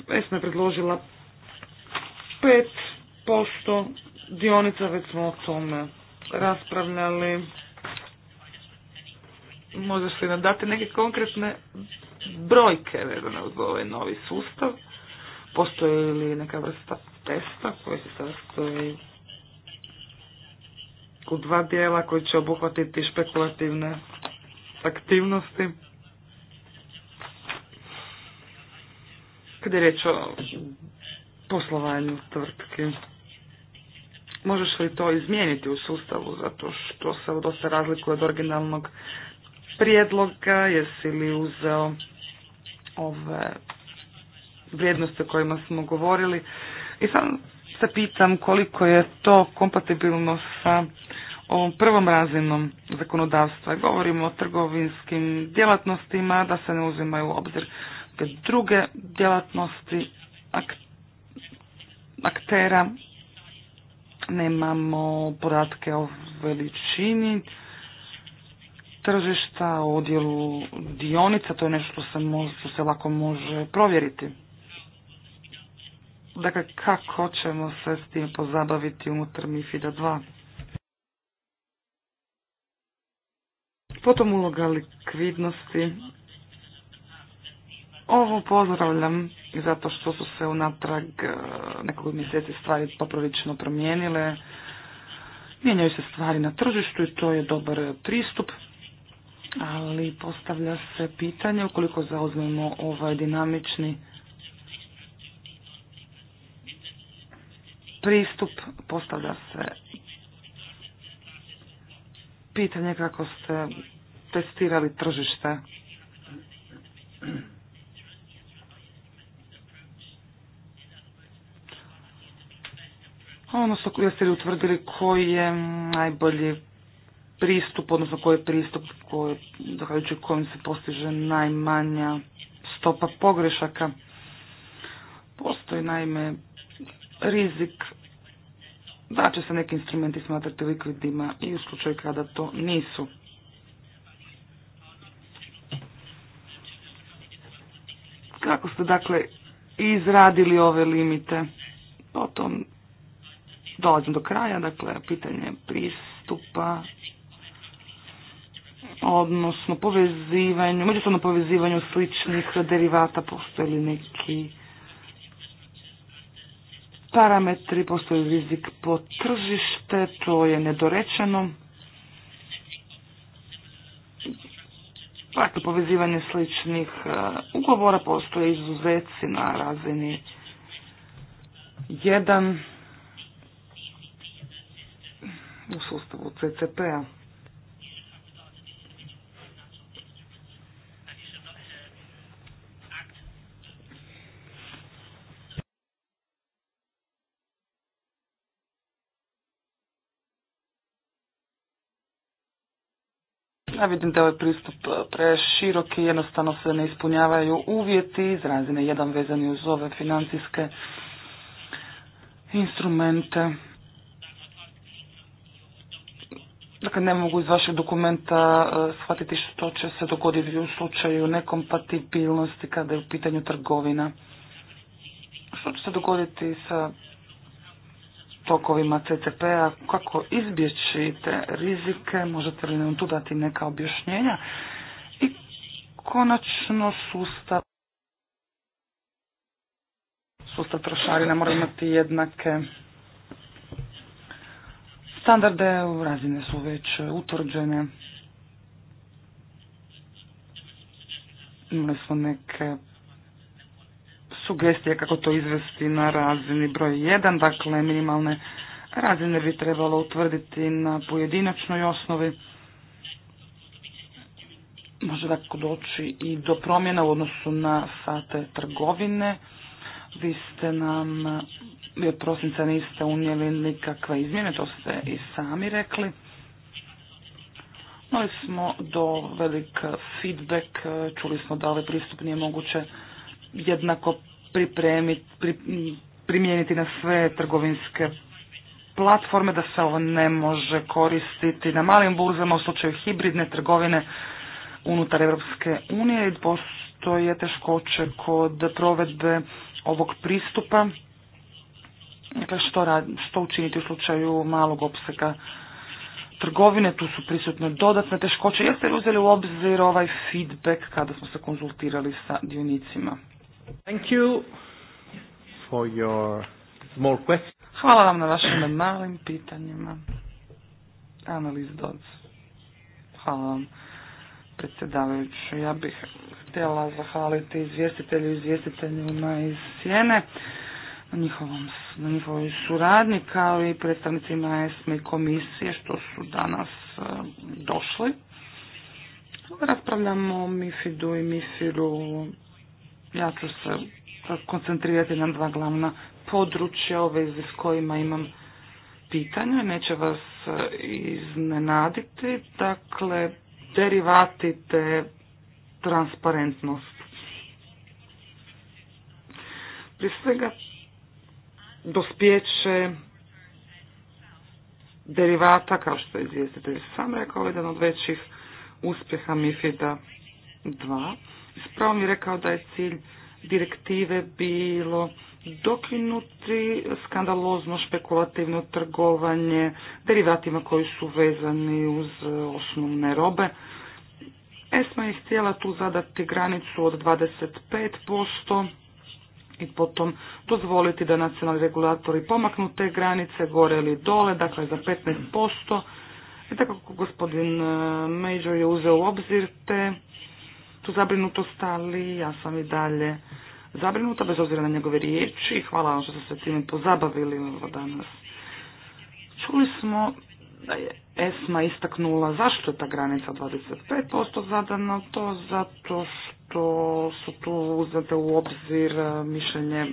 Esma je predložila 5% dionica, već smo o tome raspravljali. Možeš li nam dati neke konkretne brojke vezane uz ovaj novi sustav? Postoji li neka vrsta testa koji se sastoji u dva dijela koji će obuhvatiti špekulativne aktivnosti? Kada je riječ o poslovanju tvrtke. Možeš li to izmijeniti u sustavu zato što se dosta razlikuje od originalnog prijedloga, jesi li uzeo ove vrijednosti o kojima smo govorili i sam se pitam koliko je to kompatibilno sa ovom prvom razinom zakonodavstva. Govorimo o trgovinskim djelatnostima, da se ne uzimaju u obzir druge djelatnosti, aktivnosti aktera, nemamo podatke o veličini tržišta, o odjelu dionica, to je nešto što se, mo se lako može provjeriti. Dakle, kako ćemo se s tim pozabaviti unutar MIFIDA 2? Potom uloga likvidnosti. Ovo pozdravljam zato što su se unatrag e, nekog mjeseci stvari poprilično promijenile. Mijenjaju se stvari na tržištu i to je dobar pristup, ali postavlja se pitanje ukoliko zauzmemo ovaj dinamični pristup, postavlja se pitanje kako ste testirali tržište. Ono su, jeste li utvrdili koji je najbolji pristup, odnosno koji je pristup koji, kojim se postiže najmanja stopa pogrešaka. Postoji naime rizik da će se neki instrumenti smatrati likvidima i u slučaju kada to nisu. Kako ste dakle izradili ove limite? Potom dolazim do kraja, dakle, pitanje pristupa, odnosno povezivanju, međusobno povezivanju sličnih derivata, postoje li neki parametri, postoji rizik po tržište, to je nedorečeno. Dakle, povezivanje sličnih e, ugovora, postoje izuzeci na razini jedan u sustavu CCP-a. Ja vidim da je ovaj pristup e, preširoki, jednostavno se ne ispunjavaju uvjeti iz jedan vezani uz ove financijske instrumente. Dakle, ne mogu iz vašeg dokumenta e, shvatiti što će se dogoditi u slučaju nekompatibilnosti kada je u pitanju trgovina. Što će se dogoditi sa tokovima CCP-a, kako izbjeći te rizike, možete li nam tu dati neka objašnjenja i konačno sustav sustav trošarina mora imati jednake standarde, razine su već e, utvrđene. Imali smo neke sugestije kako to izvesti na razini broj 1, dakle minimalne razine bi trebalo utvrditi na pojedinačnoj osnovi. Može tako dakle doći i do promjena u odnosu na sate trgovine vi ste nam, od prosinca niste unijeli nikakve izmjene, to ste i sami rekli. Mali smo do velik feedback, čuli smo da ovaj pristup nije moguće jednako primijeniti na sve trgovinske platforme, da se ovo ne može koristiti na malim burzama u slučaju hibridne trgovine unutar Europske unije i postoje teškoće kod provedbe ovog pristupa, dakle što, rad, što učiniti u slučaju malog opsega trgovine, tu su prisutne dodatne teškoće. Jeste li uzeli u obzir ovaj feedback kada smo se konzultirali sa dionicima? Thank you for your small Hvala vam na vašim malim pitanjima. Analiz Hvala vam predsjedavajući. Ja bih htjela zahvaliti izvjestitelju i izvjestiteljima iz Sjene na, njihovoj suradnji kao i predstavnicima ESME i komisije što su danas e, došli. Raspravljamo o u i MISIR-u. Ja ću se koncentrirati na dva glavna područja ove vezi s kojima imam pitanja. Neće vas e, iznenaditi. Dakle, derivati te transparentnost. Prije svega dospjeće derivata, kao što je izvjestitelj sam rekao, jedan od većih uspjeha MIFID-a 2. Ispravo mi je rekao da je cilj direktive bilo dokinuti skandalozno špekulativno trgovanje derivatima koji su vezani uz e, osnovne robe. ESMA je htjela tu zadati granicu od 25% i potom dozvoliti da nacionalni regulatori pomaknu te granice gore ili dole, dakle za 15%. I tako kako gospodin e, Major je uzeo u obzir te tu zabrinutost, stali, ja sam i dalje zabrinuta, bez obzira na njegove riječi. Hvala vam što ste se time pozabavili danas. Čuli smo da je ESMA istaknula zašto je ta granica 25% zadana, to zato što su tu uzete u obzir e, mišljenje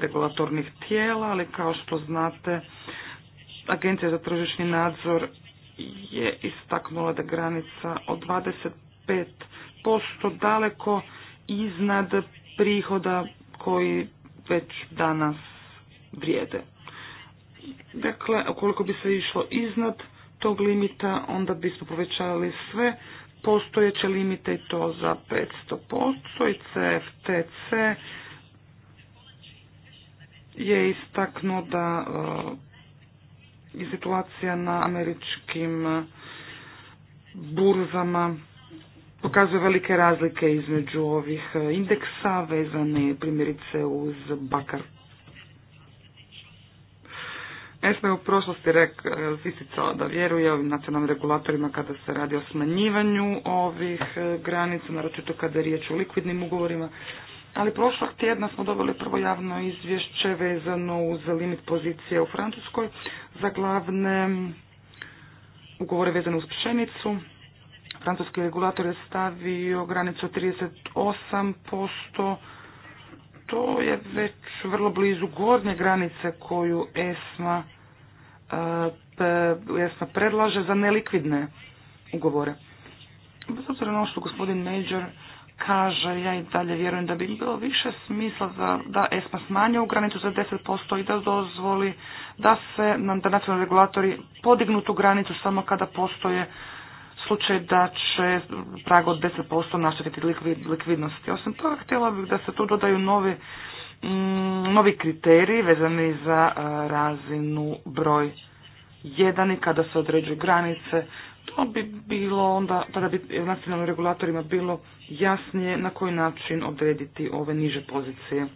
regulatornih tijela, ali kao što znate, Agencija za tržišni nadzor je istaknula da granica od 25% daleko iznad prihoda koji već danas vrijede. Dakle, ukoliko bi se išlo iznad tog limita, onda bismo povećavali sve postojeće limite i to za 500% i CFTC je istaknuo da je situacija na američkim e, burzama pokazuje velike razlike između ovih e, indeksa vezane primjerice uz bakar. ESMA u prošlosti e, isticala da vjeruje ovim nacionalnim regulatorima kada se radi o smanjivanju ovih e, granica, naročito kada je riječ o likvidnim ugovorima, ali prošlog tjedna smo dobili prvo javno izvješće vezano uz limit pozicije u Francuskoj za glavne ugovore vezane uz pšenicu. Francuski regulator je stavio granicu 38%. To je već vrlo blizu gornje granice koju ESMA, e, ESMA predlaže za nelikvidne ugovore. Bez obzira na ono što gospodin Major kaže, ja i dalje vjerujem da bi bilo više smisla da ESMA smanje u granicu za 10% i da dozvoli da se da nacionalni regulatori podignu tu granicu samo kada postoje slučaj da će prag od 10% naštetiti likvidnosti. Osim toga, htjela bih da se tu dodaju novi, mm, novi kriteriji vezani za e, razinu broj jedan i kada se određuju granice. To bi bilo onda, tada bi nacionalnim regulatorima bilo jasnije na koji način odrediti ove niže pozicije.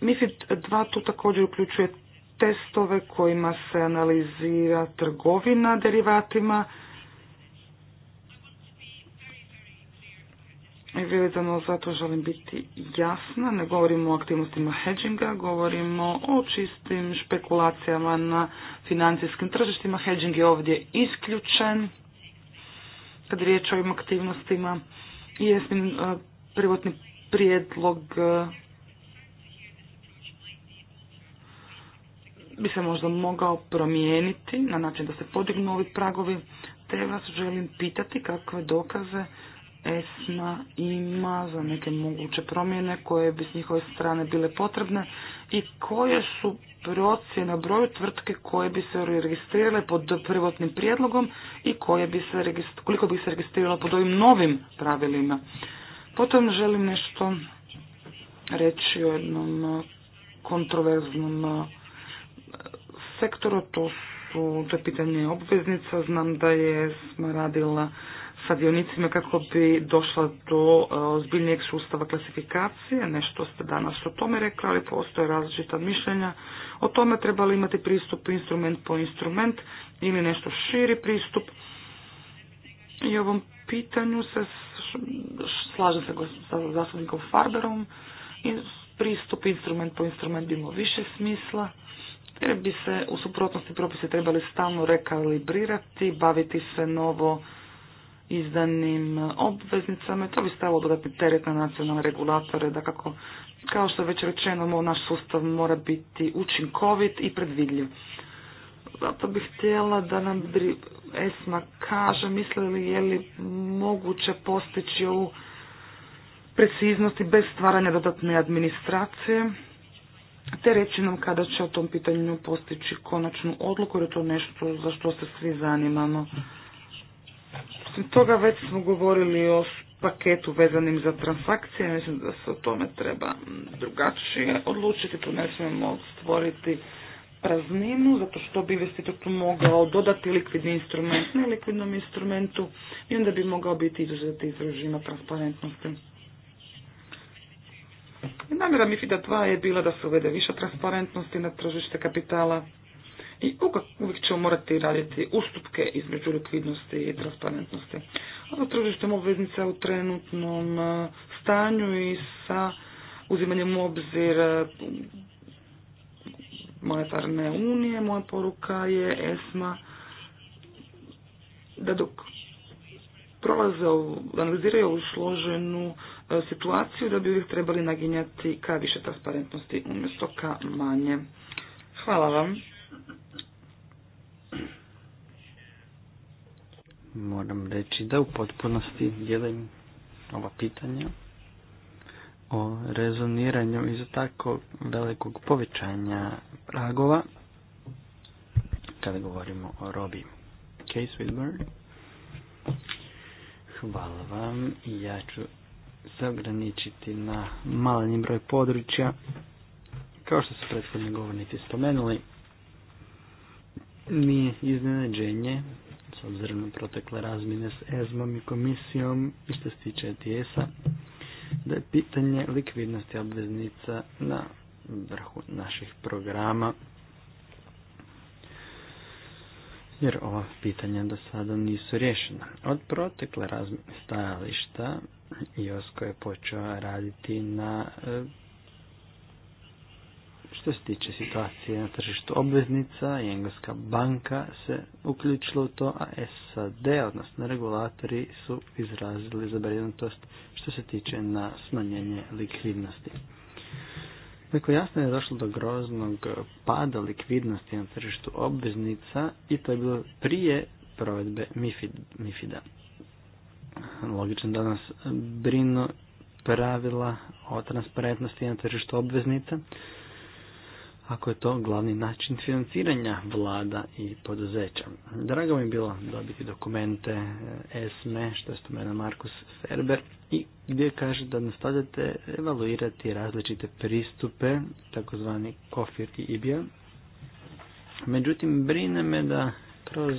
MIFID 2 tu također uključuje testove kojima se analizira trgovina derivatima. I vjerojatno zato želim biti jasna, ne govorimo o aktivnostima hedginga, govorimo o čistim špekulacijama na financijskim tržištima. Hedging je ovdje isključen kad riječ o ovim aktivnostima. I jesmin privatni prijedlog bi se možda mogao promijeniti na način da se podignu ovi pragovi, te vas želim pitati kakve dokaze ESMA ima za neke moguće promjene koje bi s njihove strane bile potrebne i koje su procjene broju tvrtke koje bi se registrirale pod prvotnim prijedlogom i koje bi se, koliko bi se registriralo pod ovim novim pravilima. Potom želim nešto reći o jednom kontroverznom sektoru, to su to je pitanje obveznica, znam da je smo radila sa dionicima kako bi došla do e, ozbiljnijeg sustava klasifikacije, nešto ste danas o tome rekli, ali postoje različita mišljenja o tome treba li imati pristup instrument po instrument ili nešto širi pristup. I ovom pitanju se slažem se sa zastupnikom Farberom i pristup instrument po instrument bi imao više smisla jer bi se u suprotnosti propisi trebali stalno rekalibrirati, baviti se novo izdanim obveznicama i to bi stavilo dodati teret na nacionalne regulatore da kako, kao što je već rečeno, naš sustav mora biti učinkovit i predvidljiv. Zato bih htjela da nam Esma kaže misle li je li moguće postići ovu preciznost bez stvaranja dodatne administracije te reći nam kada će o tom pitanju postići konačnu odluku, jer je to nešto za što se svi zanimamo. Osim toga već smo govorili o paketu vezanim za transakcije, mislim da se o tome treba drugačije odlučiti, tu ne smijemo stvoriti prazninu, zato što bi investitor tu mogao dodati likvidni instrument likvidnom instrumentu i onda bi mogao biti izuzeti iz režima transparentnosti. Namjera mi fida 2 je bila da se uvede više transparentnosti na tržište kapitala i uvijek ćemo morati raditi ustupke između likvidnosti i transparentnosti. Ovo tržištem obveznica u trenutnom e, stanju i sa uzimanjem u obzir e, monetarne unije, moja poruka je ESMA da dok prolaze, analiziraju ovu složenu situaciju da bi uvijek trebali naginjati ka više transparentnosti umjesto ka manje. Hvala vam. Moram reći da u potpunosti dijelim ova pitanja o rezoniranju iz tako velikog povećanja pragova kada govorimo o robi. Case Hvala vam i ja ću se na maleni broj područja. Kao što su prethodni govornici spomenuli, nije iznenađenje, s obzirom na protekle razmine s ESMom i komisijom, što se tiče ETS-a, da je pitanje likvidnosti obveznica na vrhu naših programa, jer ova pitanja do sada nisu rješena. Od protekle stajališta Josko je počeo raditi na e, što se tiče situacije na tržištu obveznica i Engleska banka se uključila u to, a SAD, odnosno regulatori, su izrazili zabrinutost što se tiče na smanjenje likvidnosti. Dakle, jasno je došlo do groznog pada likvidnosti na tržištu obveznica i to je bilo prije provedbe MIFID, MIFID-a logično da nas brinu pravila o transparentnosti na tržištu obveznica, ako je to glavni način financiranja vlada i poduzeća. Drago mi je bilo dobiti dokumente eh, ESME, što je stomena Markus Ferber, i gdje kaže da nastavljate evaluirati različite pristupe, takozvani kofirki i Međutim, brine me da kroz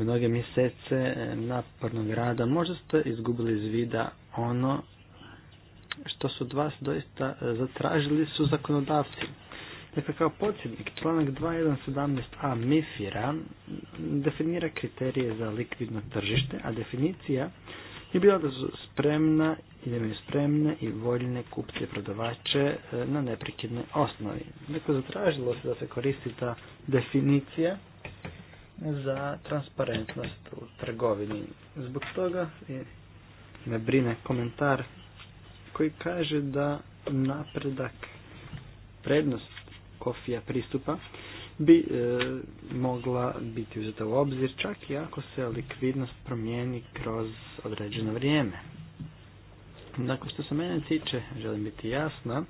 mnoge mjesece e, napornog rada, možda ste izgubili iz vida ono što su od vas doista e, zatražili su zakonodavci. Dakle, kao podsjednik, članak 2.1.17a MIFIRA definira kriterije za likvidno tržište, a definicija je bila da su spremna ili spremne i voljne kupce i prodavače e, na neprekidnoj osnovi. Dakle, zatražilo se da se koristi ta definicija za transparentnost u trgovini. Zbog toga me brine komentar koji kaže da napredak prednost kofija pristupa bi e, mogla biti uzeta u obzir čak i ako se likvidnost promijeni kroz određeno vrijeme. Dakle, što se mene tiče, želim biti jasna,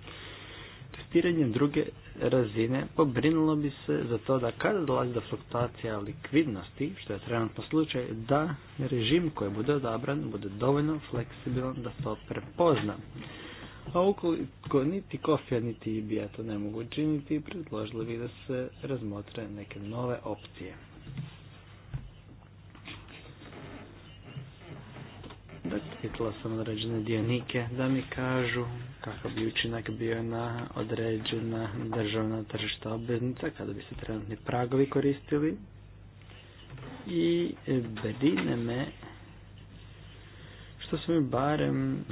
testiranjem druge razine pobrinulo bi se za to da kada dolazi do fluktuacija likvidnosti, što je trenutno slučaj, da režim koji bude odabran bude dovoljno fleksibilan da to prepozna. A ukoliko niti kofija niti ibija to ne mogu učiniti, predložilo bi da se razmotre neke nove opcije. Dakle, pitala sam određene dionike da mi kažu kako bi učinak bio na određena državna tržišta obveznica kada bi se trenutni pragovi koristili i brine me što smo barem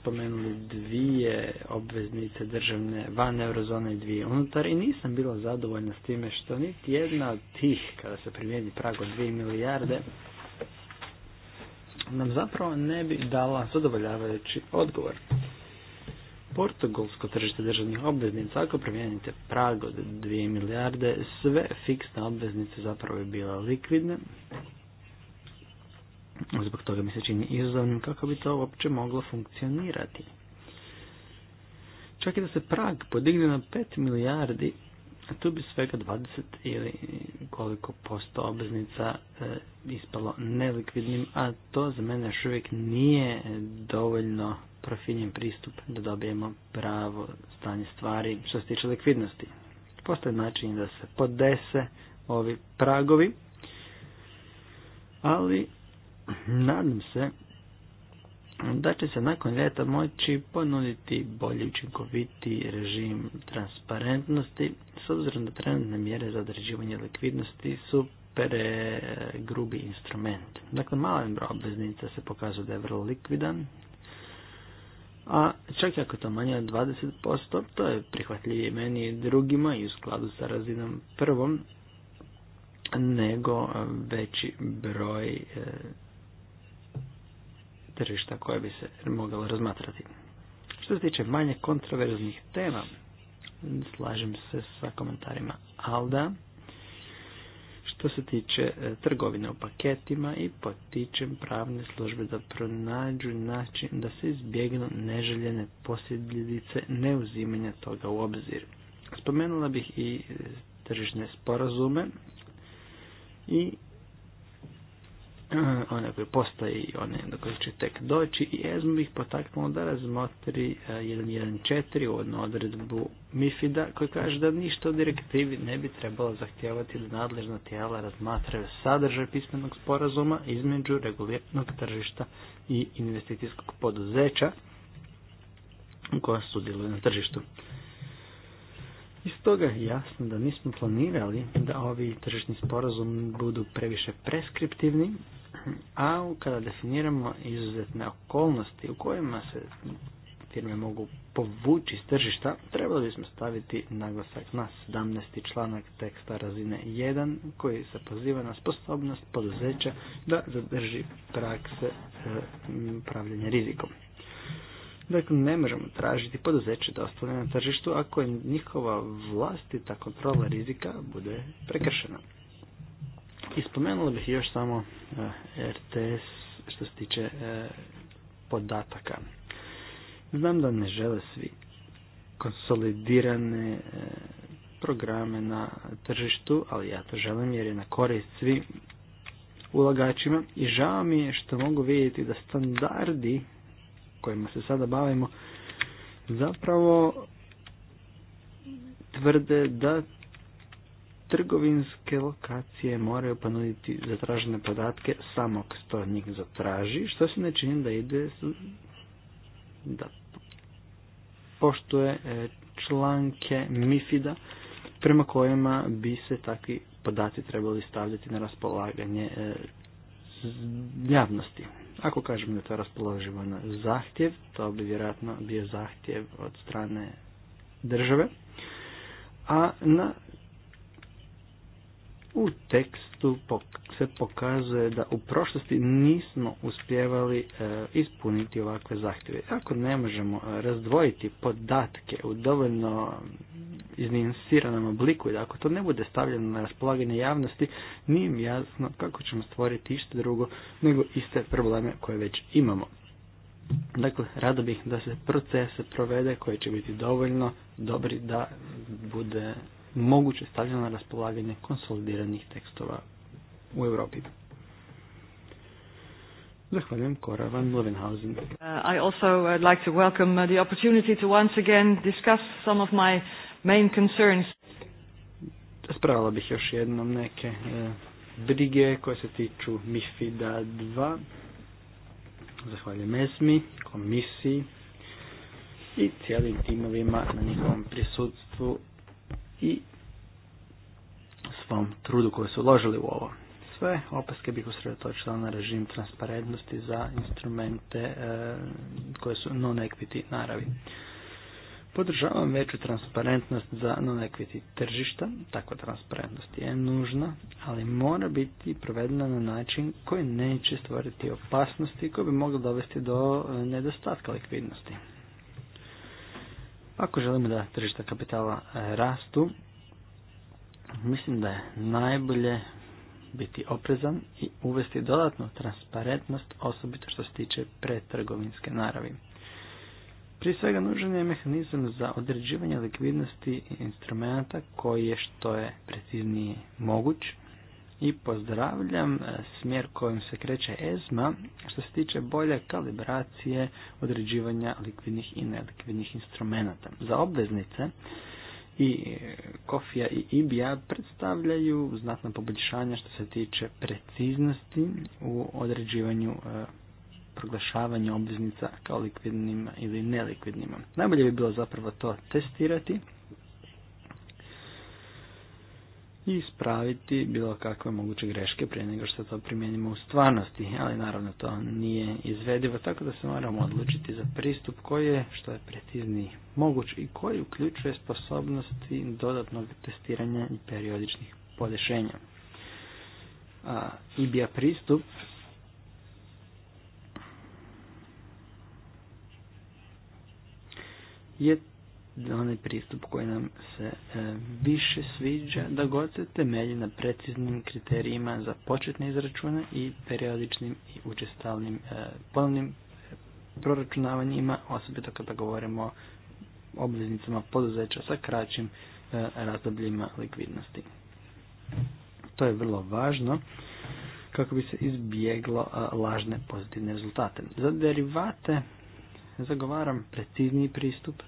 spomenuli dvije obveznice državne van eurozone i dvije unutar i nisam bila zadovoljna s time što niti jedna od tih kada se primijeni prag od 2 milijarde nam zapravo ne bi dala zadovoljavajući odgovor portugalsko tržište državnih obveznica, ako promijenite prag od 2 milijarde, sve fiksne obveznice zapravo je bila likvidne. Zbog toga mi se čini izazovnim kako bi to uopće moglo funkcionirati. Čak i da se prag podigne na 5 milijardi, tu bi svega 20 ili koliko posto obveznica e, ispalo nelikvidnim, a to za mene još uvijek nije dovoljno profinjen pristup da dobijemo pravo stanje stvari što se tiče likvidnosti. Postoje način da se podese ovi pragovi, ali nadam se da će se nakon ljeta moći ponuditi bolji učinkoviti režim transparentnosti s obzirom da trenutne mjere za određivanje likvidnosti su pere grubi instrument. Dakle, malen broj obveznica se pokazuje da je vrlo likvidan, a čak ako to manje od 20%, to je prihvatljivije meni i drugima i u skladu sa razinom prvom, nego e, veći broj e, tržišta koje bi se mogalo razmatrati. Što se tiče manje kontroverznih tema, slažem se sa komentarima Alda što se tiče e, trgovine u paketima i potičem pravne službe da pronađu način da se izbjegnu neželjene posljedice neuzimanja toga u obzir. Spomenula bih i e, tržišne sporazume i [CLEARS THROAT] one koje postoji i one do koje će tek doći i jezmo bih potaknuo da razmotri 1.1.4 e, uvodnu odredbu MIFID-a koji kaže da ništa u direktivi ne bi trebalo zahtijevati da nadležna tijela razmatraju sadržaj pismenog sporazuma između reguliranog tržišta i investicijskog poduzeća koja sudjeluje na tržištu. Iz stoga je jasno da nismo planirali da ovi tržišni sporazum budu previše preskriptivni, a kada definiramo izuzetne okolnosti u kojima se firme mogu povući s tržišta, trebali smo staviti naglasak na 17. članak teksta razine 1 koji se poziva na sposobnost poduzeća da zadrži prakse e, upravljanja rizikom. Dakle, ne možemo tražiti poduzeće da ostane na tržištu ako je njihova vlastita kontrola rizika bude prekršena. Ispomenula bih još samo eh, RTS što se tiče eh, podataka. Znam da ne žele svi konsolidirane eh, programe na tržištu, ali ja to želim jer je na korist svim ulagačima i žao mi je što mogu vidjeti da standardi kojima se sada bavimo zapravo tvrde da trgovinske lokacije moraju ponuditi zatražene podatke samo što njih zatraži, što se ne čini da ide da poštuje e, članke Mifida prema kojima bi se takvi podaci trebali stavljati na raspolaganje e, javnosti. Ako kažemo da je to raspoloživo na zahtjev, to bi vjerojatno bio zahtjev od strane države, a na u tekstu se pokazuje da u prošlosti nismo uspjevali e, ispuniti ovakve zahtjeve. Ako ne možemo e, razdvojiti podatke u dovoljno mm, iznijensiranom obliku i da ako to ne bude stavljeno na raspolaganje javnosti, nije mi jasno kako ćemo stvoriti ište drugo nego iste probleme koje već imamo. Dakle, rado bih da se procese provede koji će biti dovoljno dobri da bude moguće stavljeno na raspolaganje konsolidiranih tekstova u Europi. Zahvaljujem Kora van Lovenhausen. Uh, I also would uh, like to welcome uh, the opportunity to once again discuss some of my main concerns. Spravila bih još jednom neke brige koje se tiču mifida 2. Zahvaljujem ESMI, komisiji i cijelim timovima na njihovom prisutstvu i svom trudu koji su uložili u ovo. Sve opaske bih usredotočila na režim transparentnosti za instrumente e, koje su non-equity naravi. Podržavam veću transparentnost za non-equity tržišta, takva transparentnost je nužna, ali mora biti provedena na način koji neće stvoriti opasnosti koje bi mogli dovesti do e, nedostatka likvidnosti. Ako želimo da tržišta kapitala e, rastu, mislim da je najbolje biti oprezan i uvesti dodatnu transparentnost, osobito što se tiče pretrgovinske naravi. Prije svega nužan je mehanizam za određivanje likvidnosti instrumenta koji je što je precizniji moguć, i pozdravljam e, smjer kojim se kreće ESMA što se tiče bolje kalibracije određivanja likvidnih i nelikvidnih instrumenata. Za obveznice i e, Kofija i IBIA predstavljaju znatna poboljšanja što se tiče preciznosti u određivanju e, proglašavanja obveznica kao likvidnim ili nelikvidnima. Najbolje bi bilo zapravo to testirati i ispraviti bilo kakve moguće greške prije nego što to primijenimo u stvarnosti, ali naravno to nije izvedivo, tako da se moramo odlučiti za pristup koji je što je precizniji moguć i koji uključuje sposobnosti dodatnog testiranja i periodičnih podešenja. A, IBIA pristup je onaj pristup koji nam se e, više sviđa, da god se temelji na preciznim kriterijima za početne izračune i periodičnim i učestalnim e, ponovnim e, proračunavanjima, osobito kada govorimo o obveznicama poduzeća sa kraćim e, razdobljima likvidnosti. To je vrlo važno kako bi se izbjeglo e, lažne pozitivne rezultate. Za derivate zagovaram precizniji pristup,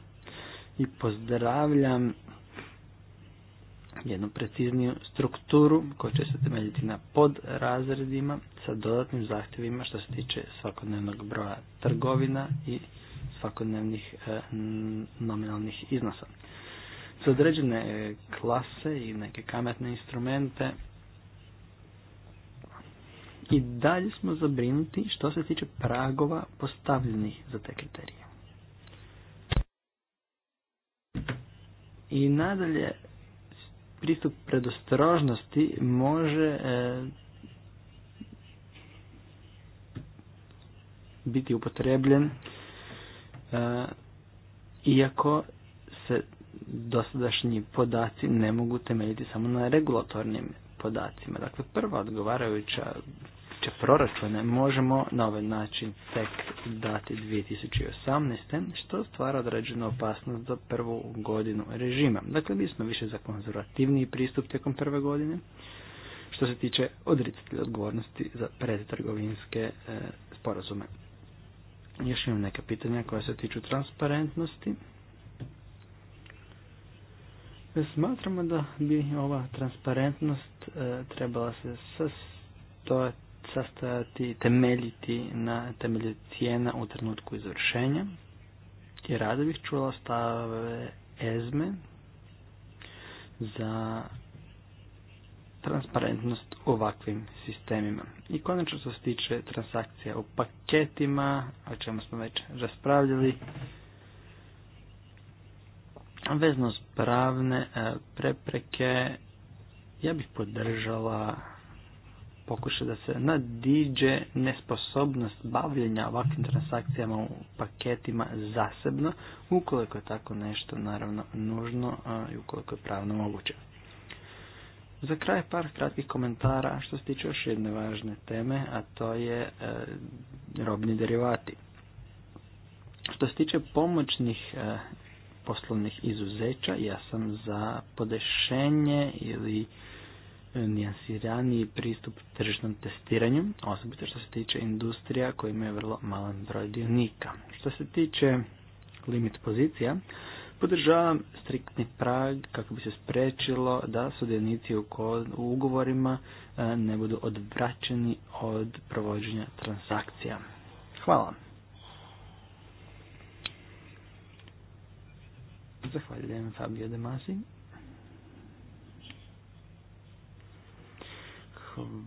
i pozdravljam jednu precizniju strukturu koja će se temeljiti na podrazredima sa dodatnim zahtjevima što se tiče svakodnevnog broja trgovina i svakodnevnih e, nominalnih iznosa. Za određene e, klase i neke kametne instrumente i dalje smo zabrinuti što se tiče pragova postavljenih za te kriterije. I nadalje, pristup predostrožnosti može e, biti upotrebljen e, iako se dosadašnji podaci ne mogu temeljiti samo na regulatornim podacima. Dakle, prva odgovarajuća tiče možemo na ovaj način tek dati 2018. što stvara određenu opasnost za prvu godinu režima. Dakle, mi više za konzervativniji pristup tijekom prve godine, što se tiče odricatelja odgovornosti za predtrgovinske e, sporazume. Još imam neka pitanja koja se tiču transparentnosti. Smatramo da bi ova transparentnost e, trebala se sastojati sastojati, temeljiti na temelju cijena u trenutku izvršenja. I rado bih čula stave EZME za transparentnost u ovakvim sistemima. I konačno što se tiče transakcija u paketima, o čemu smo već raspravljali, veznost pravne e, prepreke, ja bih podržala pokuša da se nadiđe nesposobnost bavljenja ovakvim transakcijama u paketima zasebno, ukoliko je tako nešto naravno nužno i ukoliko je pravno moguće. Za kraj par kratkih komentara što se tiče još jedne važne teme, a to je e, robni derivati. Što se tiče pomoćnih e, poslovnih izuzeća, ja sam za podešenje ili nijansiraniji pristup tržišnom testiranju, osobito što se tiče industrija koji imaju vrlo malan broj dionika. Što se tiče limit pozicija, podržavam striktni prag kako bi se sprečilo da sudionici u, ugovorima e, ne budu odvraćeni od provođenja transakcija. Hvala. Zahvaljujem Fabio Masi.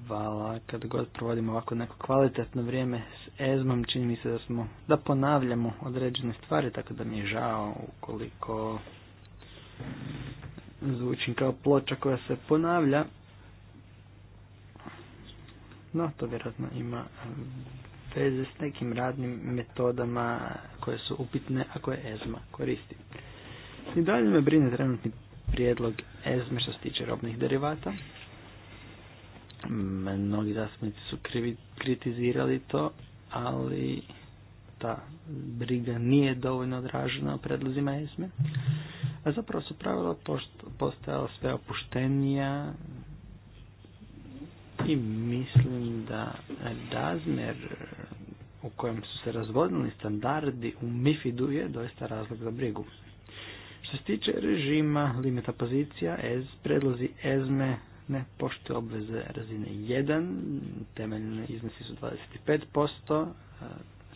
Hvala. Kad god provodimo ovako neko kvalitetno vrijeme s ezmom, čini mi se da smo, da ponavljamo određene stvari, tako da mi je žao ukoliko zvučim kao ploča koja se ponavlja. No, to vjerojatno ima veze s nekim radnim metodama koje su upitne, a koje ezma koristi. I dalje me brine trenutni prijedlog ezme što se tiče robnih derivata. Mnogi zastupnici su krivi, kritizirali to, ali ta briga nije dovoljno odražena u predlozima ESME. A zapravo su pravila postajala sve opuštenija i mislim da razmjer u kojem su se razvodnili standardi u mifid je doista razlog za brigu. Što se tiče režima limita pozicija, EZ, predlozi ESME ne poštuje obveze razine 1, temeljne iznosi su 25%, e,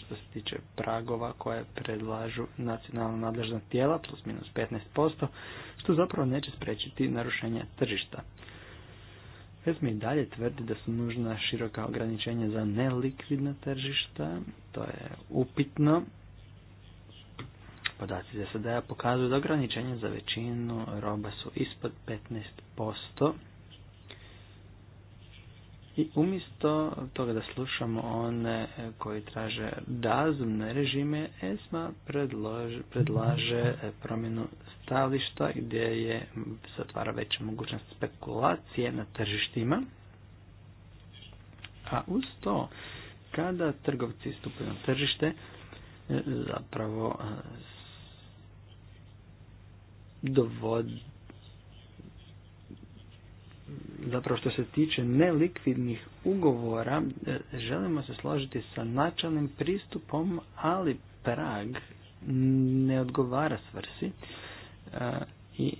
što se tiče pragova koje predlažu nacionalno nadležna tijela, plus minus 15%, što zapravo neće sprečiti narušenje tržišta. ESMI i dalje tvrdi da su nužna široka ograničenja za nelikvidna tržišta, to je upitno. Podaci za SDA pokazuju da ograničenja za većinu roba su ispod 15%, i umjesto toga da slušamo one e, koji traže razumne režime, ESMA predlaže e, promjenu stavišta gdje je, se otvara veća mogućnost spekulacije na tržištima. A uz to, kada trgovci stupaju na tržište, e, zapravo dovodi zapravo što se tiče nelikvidnih ugovora, e, želimo se složiti sa načalnim pristupom, ali prag ne odgovara svrsi e, i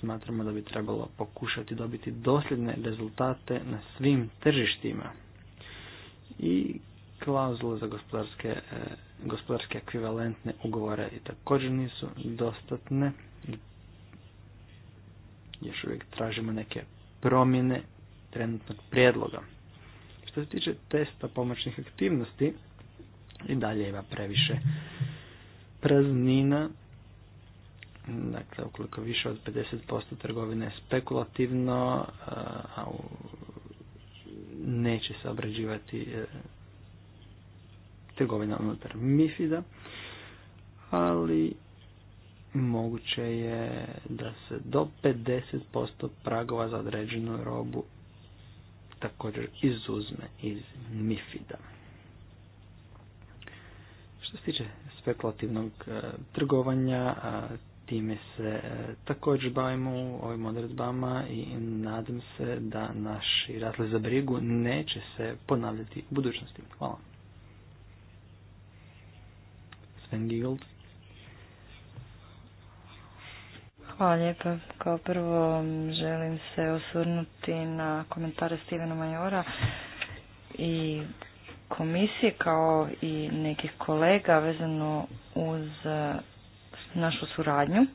smatramo da bi trebalo pokušati dobiti dosljedne rezultate na svim tržištima. I klauzule za gospodarske, e, gospodarske ekvivalentne ugovore i također nisu dostatne još uvijek tražimo neke promjene trenutnog prijedloga. Što se tiče testa pomoćnih aktivnosti, i dalje ima previše praznina. Dakle, ukoliko više od 50% trgovine je spekulativno, a neće se obrađivati e, trgovina unutar Mifida, ali moguće je da se do 50% pragova za određenu robu također izuzme iz mifida. Što se tiče spekulativnog e, trgovanja, time se e, također bavimo u ovim odredbama i nadam se da naši ratli za brigu neće se ponavljati u budućnosti. Hvala. Sven Hvala lijepa. Kao prvo želim se osvrnuti na komentare Stevena Majora i komisije kao i nekih kolega vezano uz e, našu suradnju.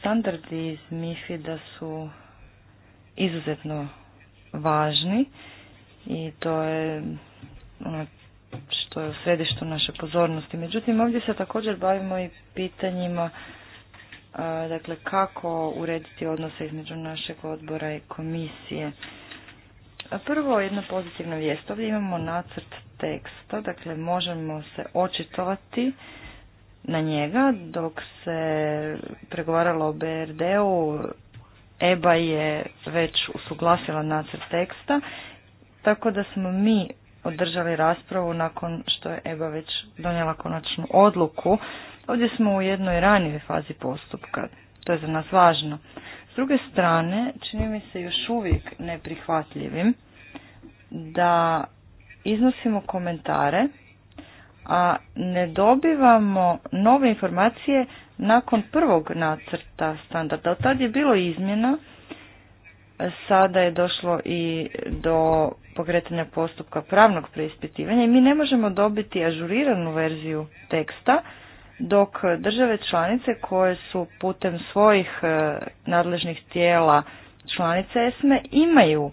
Standardi iz MIFI da su izuzetno važni i to je ono što je u središtu naše pozornosti. Međutim, ovdje se također bavimo i pitanjima dakle kako urediti odnose između našeg odbora i komisije. Prvo jedna pozitivna vijest, ovdje imamo nacrt teksta, dakle možemo se očitovati na njega dok se pregovaralo o BRD-u EBA je već usuglasila nacrt teksta, tako da smo mi održali raspravu nakon što je EBA već donijela konačnu odluku Ovdje smo u jednoj ranijoj fazi postupka. To je za nas važno. S druge strane, čini mi se još uvijek neprihvatljivim da iznosimo komentare, a ne dobivamo nove informacije nakon prvog nacrta standarda. Od tad je bilo izmjena, sada je došlo i do pokretanja postupka pravnog preispitivanja i mi ne možemo dobiti ažuriranu verziju teksta dok države članice koje su putem svojih e, nadležnih tijela članice ESME imaju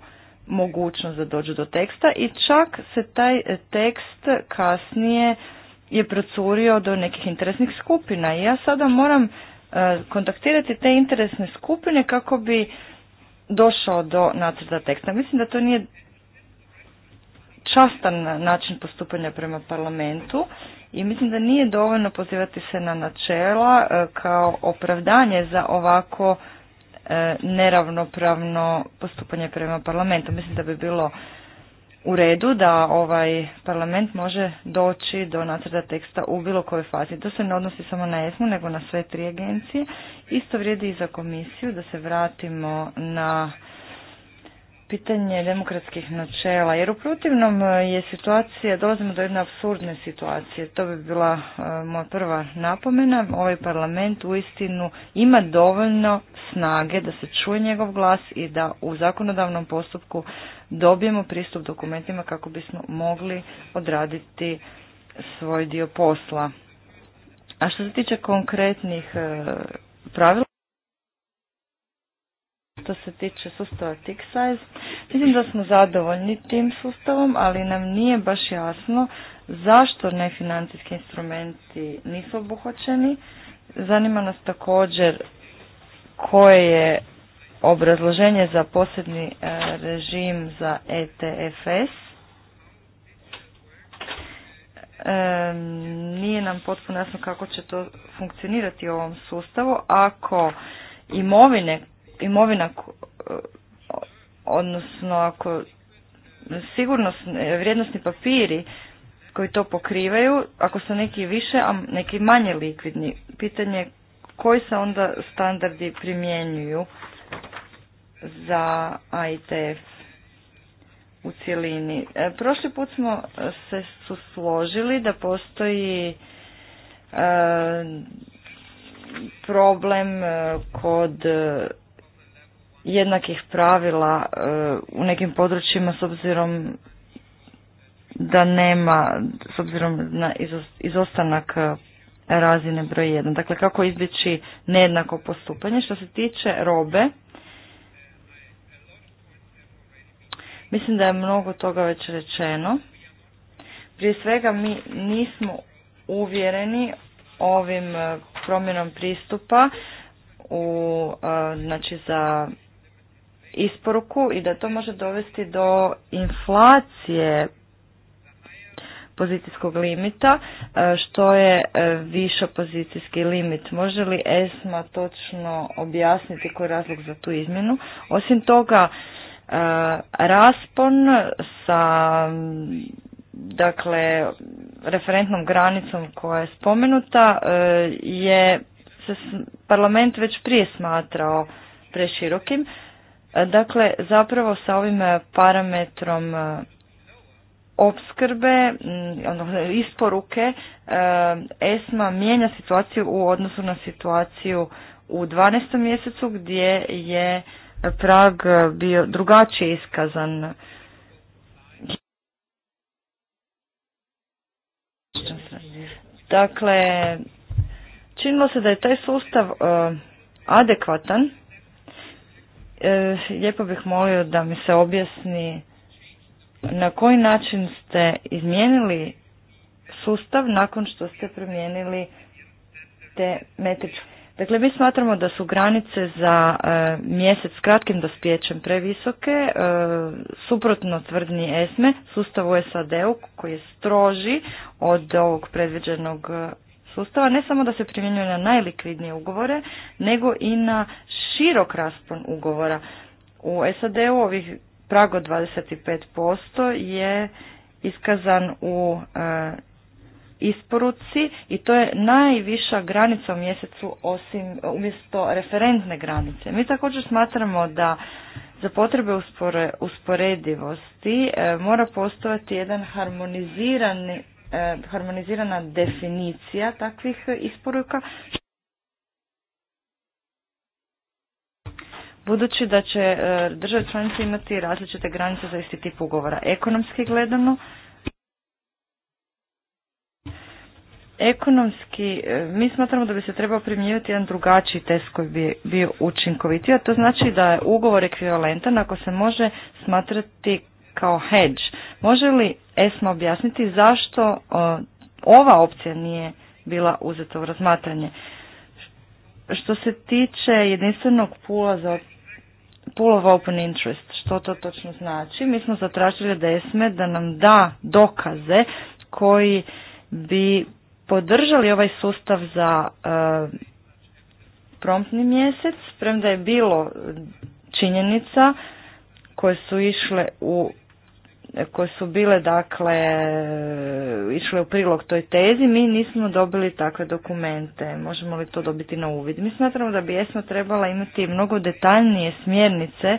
mogućnost da dođu do teksta i čak se taj e, tekst kasnije je procurio do nekih interesnih skupina i ja sada moram e, kontaktirati te interesne skupine kako bi došao do nacrta teksta. Mislim da to nije častan način postupanja prema parlamentu i mislim da nije dovoljno pozivati se na načela e, kao opravdanje za ovako e, neravnopravno postupanje prema parlamentu. Mislim da bi bilo u redu da ovaj parlament može doći do nacrta teksta u bilo kojoj fazi. To se ne odnosi samo na ESMU, nego na sve tri agencije. Isto vrijedi i za komisiju, da se vratimo na pitanje demokratskih načela, jer u protivnom e, je situacija, dolazimo do jedne absurdne situacije. To bi bila e, moja prva napomena. Ovaj parlament uistinu ima dovoljno snage da se čuje njegov glas i da u zakonodavnom postupku dobijemo pristup dokumentima kako bismo mogli odraditi svoj dio posla. A što se tiče konkretnih e, pravila, što se tiče sustava tick size, mislim da smo zadovoljni tim sustavom, ali nam nije baš jasno zašto nefinancijski instrumenti nisu obuhvaćeni. Zanima nas također koje je obrazloženje za posebni e, režim za ETFS. E, nije nam potpuno jasno kako će to funkcionirati u ovom sustavu. Ako imovine imovina, odnosno ako sigurnosni vrijednosni papiri koji to pokrivaju, ako su neki više, a neki manje likvidni, pitanje je koji se onda standardi primjenjuju za AITF u cjelini. E, prošli put smo se susložili da postoji e, problem e, kod jednakih pravila e, u nekim područjima s obzirom da nema, s obzirom na izostanak e, razine broj 1. Dakle, kako izbjeći nejednako postupanje. Što se tiče robe, mislim da je mnogo toga već rečeno. Prije svega mi nismo uvjereni ovim e, promjenom pristupa u, znači za isporuku i da to može dovesti do inflacije pozicijskog limita, e, što je e, viša pozicijski limit. Može li ESMA točno objasniti koji je razlog za tu izmjenu? Osim toga, e, raspon sa dakle referentnom granicom koja je spomenuta je se parlament već prije smatrao preširokim. Dakle, zapravo sa ovim e, parametrom e, opskrbe, mm, isporuke, e, ESMA mijenja situaciju u odnosu na situaciju u 12. mjesecu gdje je prag bio drugačije iskazan. Dakle, činilo se da je taj sustav adekvatan E, lijepo bih molio da mi se objasni na koji način ste izmijenili sustav nakon što ste promijenili te metričke. Dakle, mi smatramo da su granice za e, mjesec e, s kratkim dospjećem previsoke, suprotno tvrdni ESME, sustavu SAD-u koji je stroži od ovog predviđenog sustava, ne samo da se primjenjuje na najlikvidnije ugovore, nego i na širok raspon ugovora. U SAD-u ovih prago 25% je iskazan u e, isporuci i to je najviša granica u mjesecu osim umjesto referentne granice. Mi također smatramo da za potrebe uspore, usporedivosti e, mora postojati jedan harmonizirani e, harmonizirana definicija takvih isporuka Budući da će e, države članice imati različite granice za isti tip ugovora. Ekonomski gledano, ekonomski, e, mi smatramo da bi se trebao primjenjivati jedan drugačiji test koji bi bio učinkovitiji, a to znači da je ugovor ekvivalentan ako se može smatrati kao hedge. Može li ESMA objasniti zašto e, ova opcija nije bila uzeta u razmatranje? Što se tiče jedinstvenog pula za pool of open interest. Što to točno znači? Mi smo zatražili da ESME da nam da dokaze koji bi podržali ovaj sustav za e, promptni mjesec, premda je bilo činjenica koje su išle u koje su bile dakle išle u prilog toj tezi, mi nismo dobili takve dokumente. Možemo li to dobiti na uvid? Mi smatramo da bi jesma trebala imati mnogo detaljnije smjernice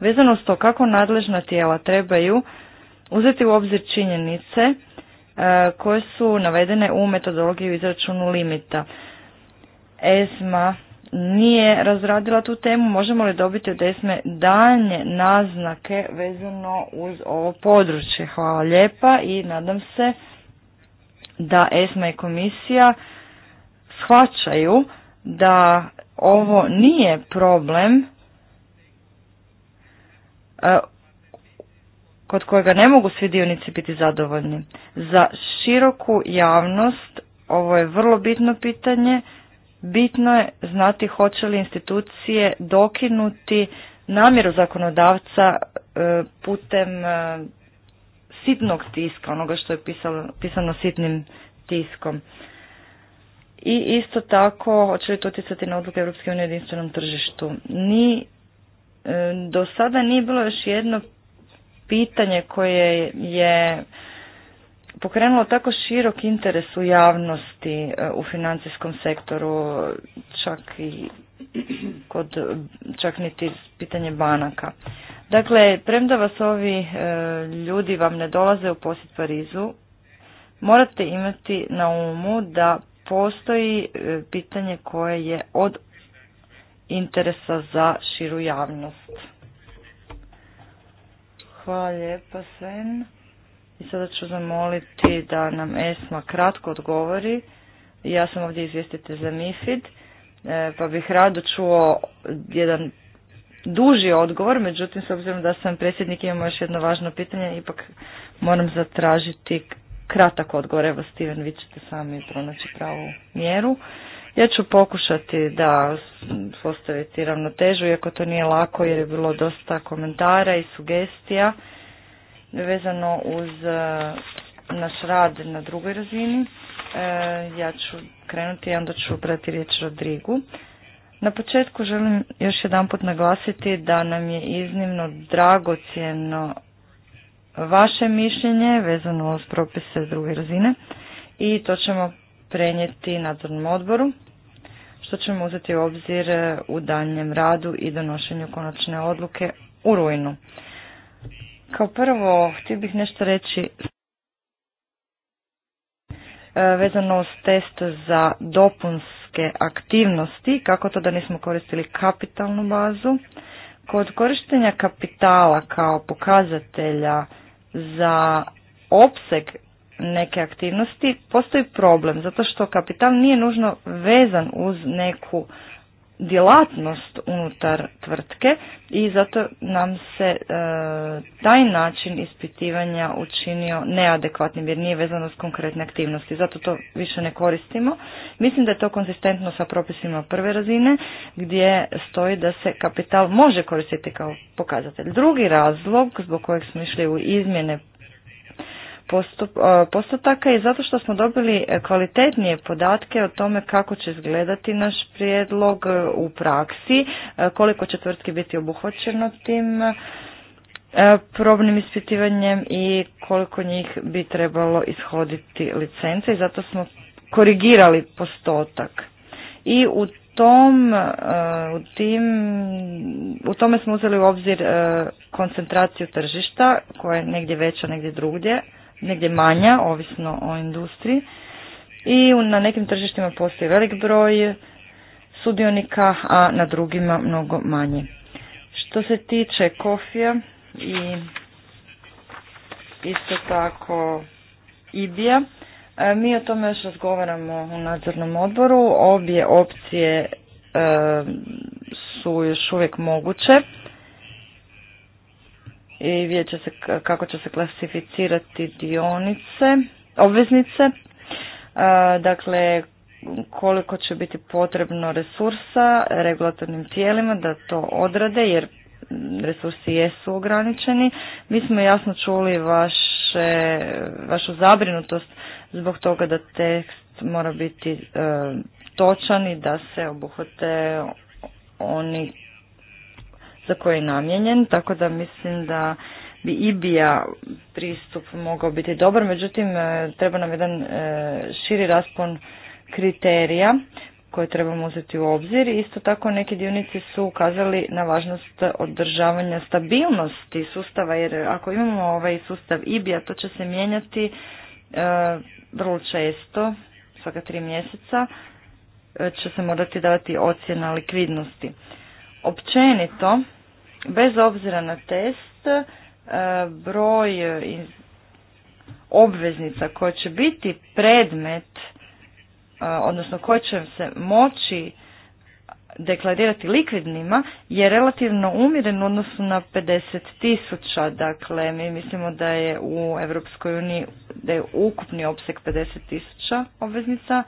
vezano s to kako nadležna tijela trebaju uzeti u obzir činjenice e, koje su navedene u metodologiji izračunu limita. ESMA nije razradila tu temu, možemo li dobiti od ESME daljnje naznake vezano uz ovo područje? Hvala lijepa i nadam se da ESMA i komisija shvaćaju da ovo nije problem e, kod kojega ne mogu svi dionici biti zadovoljni. Za široku javnost ovo je vrlo bitno pitanje bitno je znati hoće li institucije dokinuti namjeru zakonodavca e, putem e, sitnog tiska, onoga što je pisano sitnim tiskom. I isto tako, hoće li to utjecati na odluke Europske unije jedinstvenom tržištu. Ni, e, do sada nije bilo još jedno pitanje koje je pokrenulo tako širok interes u javnosti e, u financijskom sektoru, čak i kod čak niti pitanje banaka. Dakle, premda vas ovi e, ljudi vam ne dolaze u posjet Parizu, morate imati na umu da postoji e, pitanje koje je od interesa za širu javnost. Hvala lijepa Sven. I sada ću zamoliti da nam Esma kratko odgovori. Ja sam ovdje izvjestite za MIFID, e, pa bih rado čuo jedan duži odgovor, međutim s obzirom da sam predsjednik imamo još jedno važno pitanje, ipak moram zatražiti kratak odgovor. Evo Steven, vi ćete sami pronaći pravu mjeru. Ja ću pokušati da postaviti ravnotežu, iako to nije lako jer je bilo dosta komentara i sugestija vezano uz e, naš rad na drugoj razini. E, ja ću krenuti i onda ću obrati riječ Rodrigu. Na početku želim još jedanput naglasiti da nam je iznimno dragocijeno vaše mišljenje vezano uz propise druge razine i to ćemo prenijeti nadzornom odboru što ćemo uzeti u obzir u daljnjem radu i donošenju konačne odluke u rujnu. Kao prvo, htio bih nešto reći e, vezano s test za dopunske aktivnosti, kako to da nismo koristili kapitalnu bazu. Kod korištenja kapitala kao pokazatelja za opseg neke aktivnosti postoji problem, zato što kapital nije nužno vezan uz neku djelatnost unutar tvrtke i zato nam se e, taj način ispitivanja učinio neadekvatnim jer nije vezano s konkretne aktivnosti. Zato to više ne koristimo. Mislim da je to konzistentno sa propisima prve razine gdje stoji da se kapital može koristiti kao pokazatelj. Drugi razlog zbog kojeg smo išli u izmjene E, postotaka i zato što smo dobili kvalitetnije podatke o tome kako će izgledati naš prijedlog e, u praksi, e, koliko će tvrtki biti obuhvaćeno tim probnim ispitivanjem i koliko njih bi trebalo ishoditi licence i zato smo korigirali postotak. I u tom, u tim, u tome smo uzeli u obzir koncentraciju tržišta koja je negdje veća, negdje drugdje, negdje manja, ovisno o industriji. I na nekim tržištima postoji velik broj sudionika, a na drugima mnogo manje. Što se tiče kofija i isto tako ibija, e, mi o tome još razgovaramo u nadzornom odboru. Obje opcije e, su još uvijek moguće i vidjet će se kako će se klasificirati dionice, obveznice, e, dakle koliko će biti potrebno resursa regulatornim tijelima da to odrade jer resursi jesu ograničeni. Mi smo jasno čuli vaše, vašu zabrinutost zbog toga da tekst mora biti e, točan i da se obuhvate oni za koje je namijenjen, tako da mislim da bi IBIA pristup mogao biti dobar, međutim e, treba nam jedan e, širi raspon kriterija koje trebamo uzeti u obzir. Isto tako neki dionici su ukazali na važnost održavanja stabilnosti sustava, jer ako imamo ovaj sustav IBIA, to će se mijenjati e, vrlo često, svaka tri mjeseca, će se morati davati ocjena likvidnosti. Općenito, bez obzira na test, e, broj obveznica koje će biti predmet, e, odnosno koje će se moći deklarirati likvidnima je relativno umiren u odnosu na 50 tisuća. Dakle, mi mislimo da je u Europskoj uniji da je ukupni opseg 50 tisuća obveznica,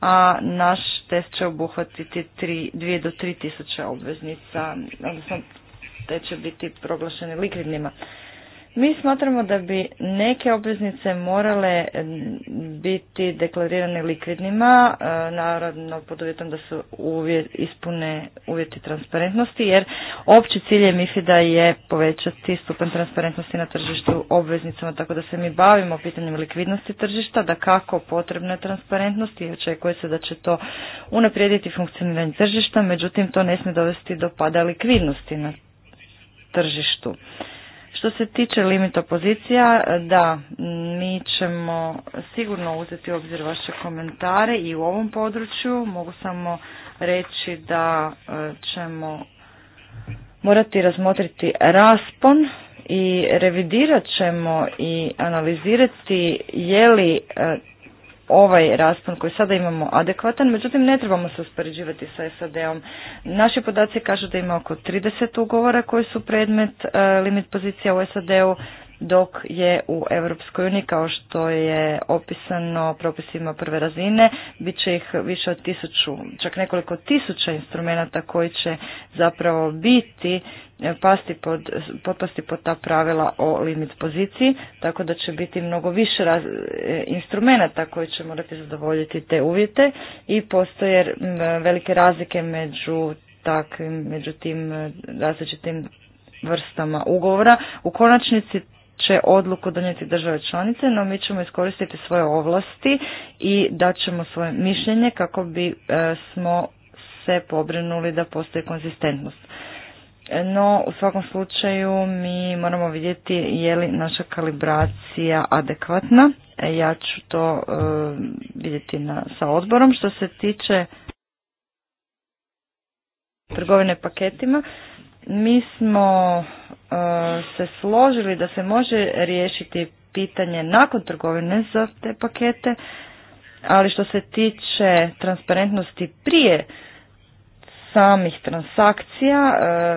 a naš test će obuhvatiti 2 do 3 tisuće obveznica, odnosno te će biti proglašene likvidnima. Mi smatramo da bi neke obveznice morale biti deklarirane likvidnima, e, naravno pod uvjetom da se uvjet, ispune uvjeti transparentnosti, jer opći cilj je mifid da je povećati stupan transparentnosti na tržištu obveznicama, tako da se mi bavimo pitanjem likvidnosti tržišta, da kako potrebna je transparentnost i očekuje se da će to unaprijediti funkcioniranje tržišta, međutim to ne smije dovesti do pada likvidnosti na tržištu. Što se tiče limita opozicija, da, mi ćemo sigurno uzeti obzir vaše komentare i u ovom području. Mogu samo reći da e, ćemo morati razmotriti raspon i revidirat ćemo i analizirati je li e, ovaj raspon koji sada imamo adekvatan, međutim ne trebamo se uspoređivati sa SAD-om. Naši podaci kažu da ima oko 30 ugovora koji su predmet e, limit pozicija u SAD-u, dok je u Europskoj uniji, kao što je opisano propisima prve razine, bit će ih više od tisuću, čak nekoliko tisuća instrumenta koji će zapravo biti pasti pod, potpasti pod ta pravila o limit poziciji, tako da će biti mnogo više raz, e, instrumenta koji će morati zadovoljiti te uvjete i postoje velike razlike među takvim, među tim e, različitim vrstama ugovora. U konačnici će odluku donijeti države članice, no mi ćemo iskoristiti svoje ovlasti i daćemo svoje mišljenje kako bi e, smo se pobrinuli da postoji konzistentnost. No, u svakom slučaju mi moramo vidjeti je li naša kalibracija adekvatna. E, ja ću to e, vidjeti na, sa odborom. Što se tiče trgovine paketima, mi smo e, se složili da se može riješiti pitanje nakon trgovine za te pakete, ali što se tiče transparentnosti prije samih transakcija. E,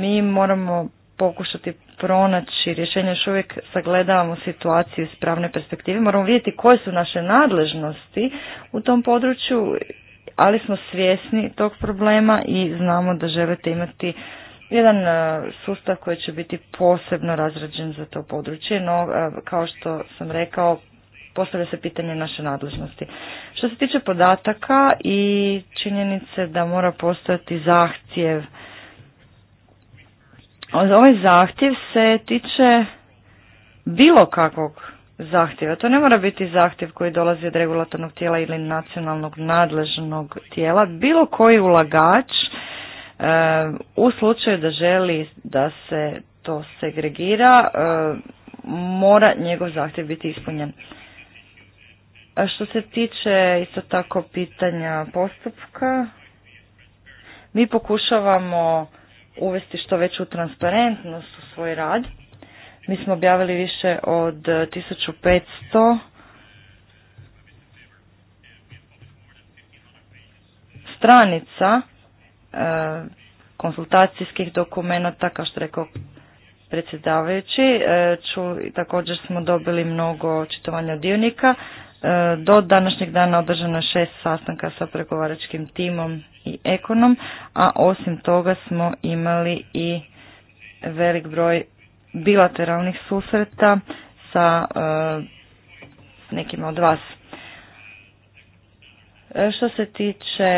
mi moramo pokušati pronaći rješenje, još uvijek sagledavamo situaciju iz pravne perspektive, moramo vidjeti koje su naše nadležnosti u tom području, ali smo svjesni tog problema i znamo da želite imati jedan e, sustav koji će biti posebno razrađen za to područje, no e, kao što sam rekao, postavlja se pitanje naše nadležnosti. Što se tiče podataka i činjenice da mora postojati zahtjev, ovaj zahtjev se tiče bilo kakvog zahtjeva. To ne mora biti zahtjev koji dolazi od regulatornog tijela ili nacionalnog nadležnog tijela. Bilo koji ulagač eh, u slučaju da želi da se to segregira, eh, mora njegov zahtjev biti ispunjen što se tiče isto tako pitanja postupka, mi pokušavamo uvesti što veću transparentnost u svoj rad. Mi smo objavili više od 1500 stranica e, konsultacijskih dokumenata, kao što rekao predsjedavajući. E, također smo dobili mnogo očitovanja dionika. E, do današnjeg dana održano je šest sastanka sa pregovaračkim timom i ekonom, a osim toga smo imali i velik broj bilateralnih susreta sa e, nekim od vas. E, što se tiče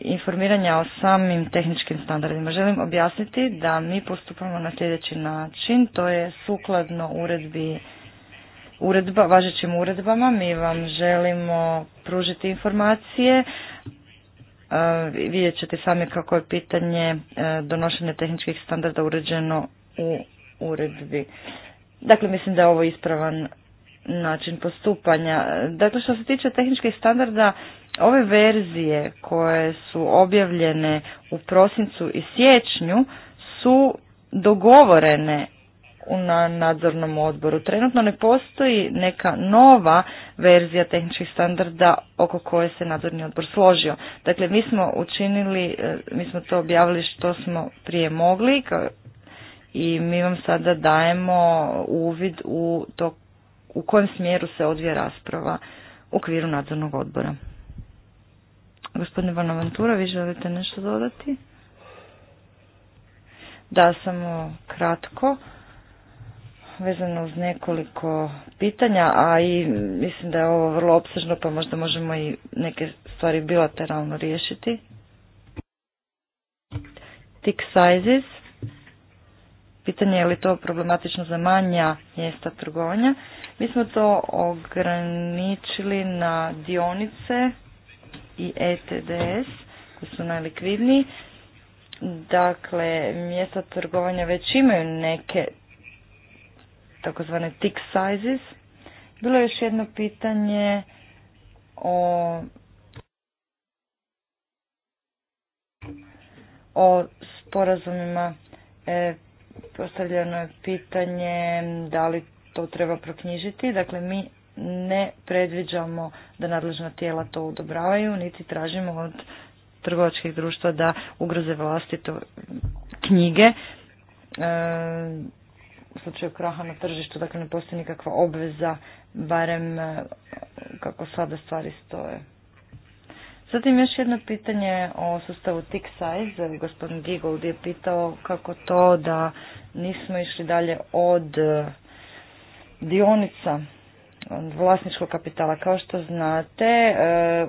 informiranja o samim tehničkim standardima, želim objasniti da mi postupamo na sljedeći način, to je sukladno uredbi važećim uredbama. Mi vam želimo pružiti informacije. E, vidjet ćete sami kako je pitanje e, donošenja tehničkih standarda uređeno u uredbi. Dakle, mislim da je ovo ispravan način postupanja. Dakle, što se tiče tehničkih standarda, ove verzije koje su objavljene u prosincu i siječnju su dogovorene na nadzornom odboru. Trenutno ne postoji neka nova verzija tehničkih standarda oko koje se nadzorni odbor složio. Dakle, mi smo učinili, e, mi smo to objavili što smo prije mogli i mi vam sada dajemo uvid u to u kojem smjeru se odvija rasprava u okviru nadzornog odbora. Gospodine Bonaventura, vi želite nešto dodati? Da, samo kratko vezano uz nekoliko pitanja, a i mislim da je ovo vrlo opsežno pa možda možemo i neke stvari bilateralno riješiti. Tick sizes. Pitanje je li to problematično za manja mjesta trgovanja. Mi smo to ograničili na dionice i ETDS koji su najlikvidniji. Dakle, mjesta trgovanja već imaju neke takozvane tick sizes. Bilo je još jedno pitanje o o sporazumima e, postavljeno je pitanje da li to treba proknjižiti. Dakle, mi ne predviđamo da nadležna tijela to odobravaju, niti tražimo od trgovačkih društva da ugroze vlastito knjige. E, u slučaju kraha na tržištu, dakle ne postoji nikakva obveza, barem e, kako sada stvari stoje. Zatim još jedno pitanje o sustavu tick size. Gospodin Gigold je pitao kako to da nismo išli dalje od e, dionica od vlasničkog kapitala. Kao što znate, e,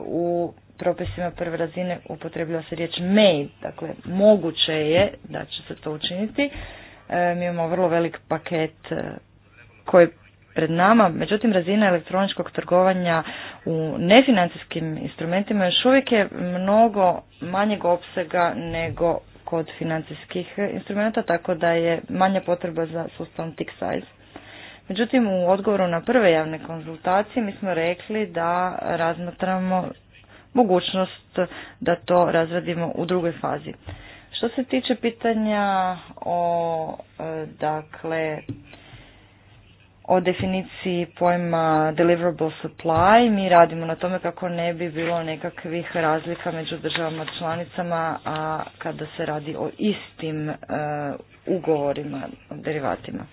u propisima prve razine upotrebljava se riječ made. dakle moguće je da će se to učiniti. E, mi imamo vrlo velik paket e, koji pred nama, međutim razina elektroničkog trgovanja u nefinancijskim instrumentima još uvijek je mnogo manjeg opsega nego kod financijskih instrumenta, tako da je manja potreba za sustavom tick size. Međutim, u odgovoru na prve javne konzultacije mi smo rekli da razmatramo mogućnost da to razradimo u drugoj fazi. Što se tiče pitanja o e, dakle o definiciji pojma deliverable supply, mi radimo na tome kako ne bi bilo nekakvih razlika među državama članicama, a kada se radi o istim e, ugovorima, o derivatima.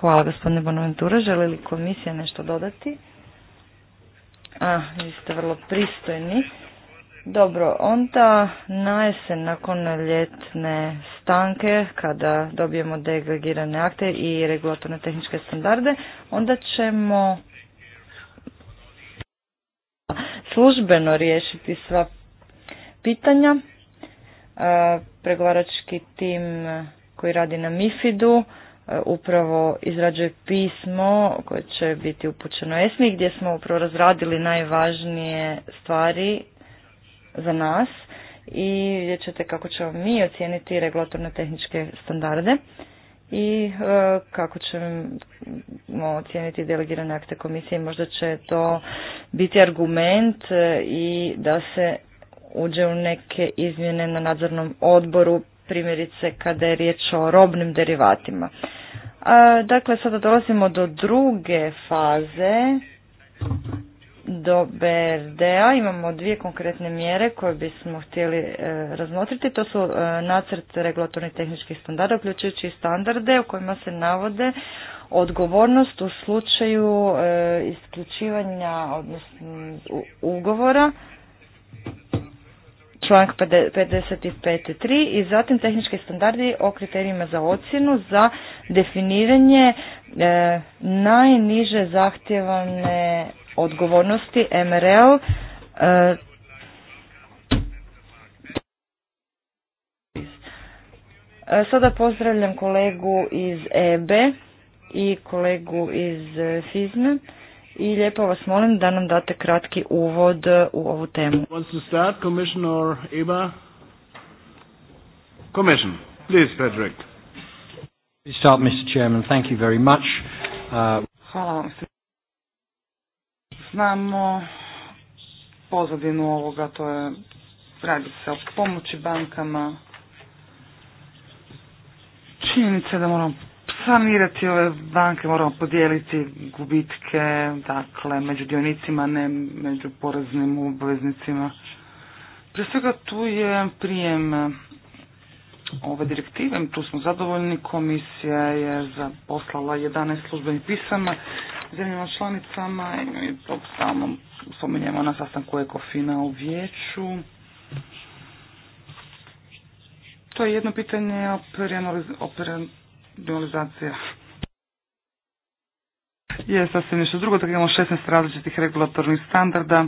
Hvala gospodine Bonaventura. Želi li komisija nešto dodati? A, vi ste vrlo pristojni. Dobro, onda jesen, nakon ljetne stanke, kada dobijemo delegirane akte i regulatorne tehničke standarde, onda ćemo službeno riješiti sva pitanja. E, pregovarački tim koji radi na MIFID-u e, upravo izrađuje pismo koje će biti upućeno ESMI gdje smo upravo razradili najvažnije stvari za nas i vidjet ćete kako ćemo mi ocijeniti regulatorne tehničke standarde i e, kako ćemo ocijeniti delegirane akte komisije. Možda će to biti argument e, i da se uđe u neke izmjene na nadzornom odboru, primjerice kada je riječ o robnim derivatima. Dakle, sada dolazimo do druge faze do BRD-a imamo dvije konkretne mjere koje bismo htjeli e, razmotriti. To su e, nacrt regulatornih tehničkih standarda, uključujući i standarde u kojima se navode odgovornost u slučaju e, isključivanja odnosno ugovora članak 55.3 i zatim tehnički standardi o kriterijima za ocjenu za definiranje najniže zahtjevane odgovornosti MRL e, Sada pozdravljam kolegu iz EBE i kolegu iz FIZME i lijepo vas molim da nam date kratki uvod u ovu temu. Wants to start, Commissioner EBA? Commission, please, Patrick. Start, Mr. Chairman. Thank you very much. Uh... Hvala vam. Znamo pozadinu ovoga, to je radi se o pomoći bankama. Činjenica da moramo sanirati ove banke, moramo podijeliti gubitke, dakle, među dionicima, ne među poreznim obveznicima. Prije svega tu je prijem ove direktive. Tu smo zadovoljni. Komisija je poslala 11 službenih pisama zemljama članicama i to stalno spominjemo na sastanku Ekofina u vijeću. To je jedno pitanje operacionalizacija. Je sasvim nešto drugo, tako imamo 16 različitih regulatornih standarda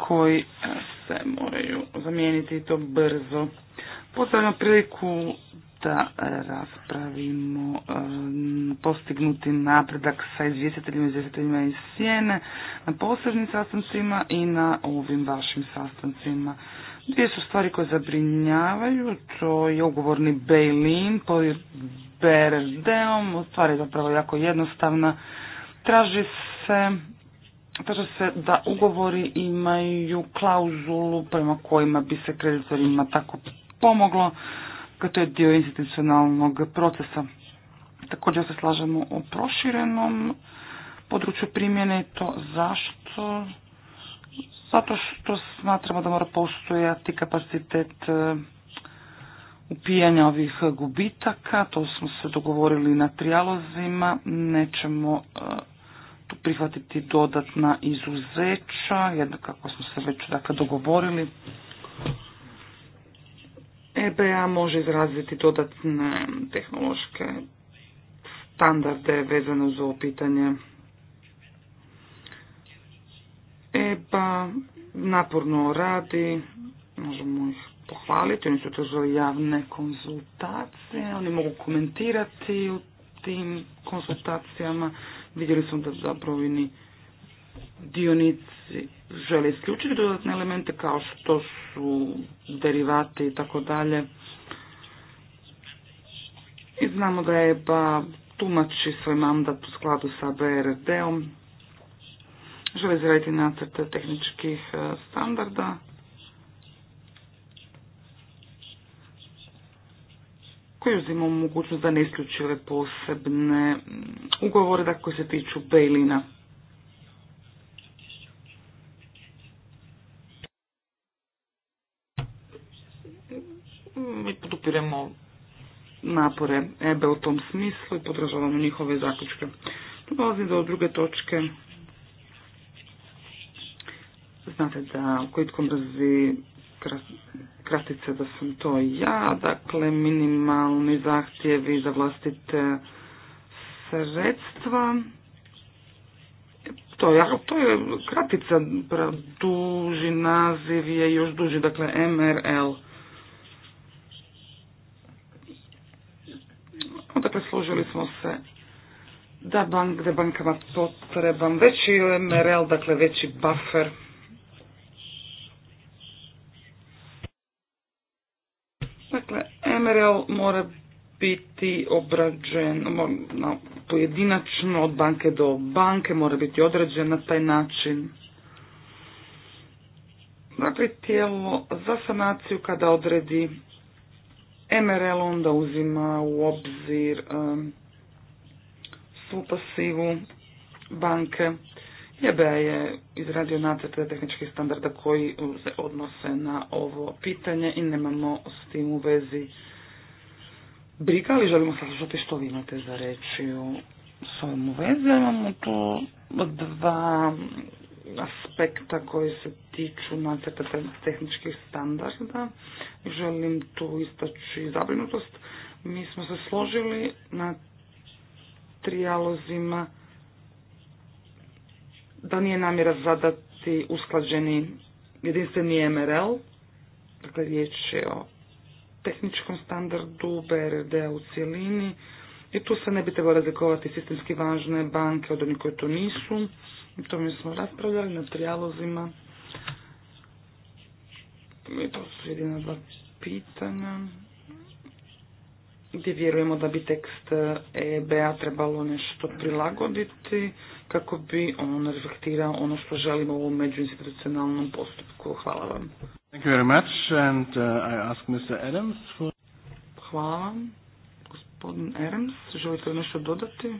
koji se moraju zamijeniti i to brzo. Postavljamo priliku da raspravimo eh, postignuti napredak sa izvjestiteljima i izvjestiteljima iz Sijene na posebnim sastancima i na ovim vašim sastancima. Dvije su stvari koje zabrinjavaju, to je ugovorni Bejlin pod stvar je zapravo jako jednostavna. Traži se Kaže se da ugovori imaju klauzulu prema kojima bi se kreditorima tako pomoglo, kad to je dio institucionalnog procesa. Također se slažemo o proširenom području primjene to zašto? Zato što smatramo da mora postojati kapacitet e, upijanja ovih gubitaka, to smo se dogovorili na trijalozima, nećemo e, prihvatiti dodatna izuzeća, jednako kako smo se već dakle, dogovorili. EBA može izraziti dodatne tehnološke standarde vezano za ovo pitanje. EBA naporno radi, možemo ih pohvaliti, oni su držali javne konzultacije, oni mogu komentirati u tim konzultacijama. Vidjeli smo da zapravo ni dionici žele isključiti dodatne elemente kao što su derivati i tako dalje. I znamo da je pa tumači svoj mandat u skladu sa BRD-om. Žele izraditi nacrte tehničkih e, standarda koji uzima mogućnost da ne posebne mm, ugovore da koji se tiču Bejlina. Mi podupiremo napore EBE u tom smislu i podržavamo njihove zaključke. Dolazim do druge točke. Znate da u Kojitkom brzi kratica da sam to ja, dakle minimalni zahtjevi za vlastite sredstva. To, ja, to je kratica, duži naziv je još duži, dakle MRL. Dakle, služili smo se da bank, da bankama potrebam veći MRL, dakle veći buffer. Dakle, MRL mora biti obrađen pojedinačno od banke do banke, mora biti određen na taj način. Dakle, tijelo za sanaciju kada odredi MRL onda uzima u obzir um, svu pasivu banke. JBA e je izradio nacrte tehničkih standarda koji se odnose na ovo pitanje i nemamo s tim u vezi briga, ali želimo saslušati što vi imate za reći u svojom u vezi. Imamo tu dva aspekta koji se tiču nacrta tehničkih standarda. Želim tu istaći zabrinutost. Mi smo se složili na trijalozima da nije namjera zadati usklađeni jedinstveni MRL, dakle riječ je o tehničkom standardu BRD u cjelini i tu se ne bi trebalo razlikovati sistemski važne banke od onih koje to nisu. I to mi smo raspravljali na trijalozima. I to su jedina dva pitanja gdje vjerujemo da bi tekst EBA trebalo nešto prilagoditi kako bi on reflektirao ono što želimo u međuinstitucionalnom postupku. Hvala vam. Thank you very much and uh, I ask Mr. Adams for... Hvala vam. Gospodin Adams, želite li nešto dodati?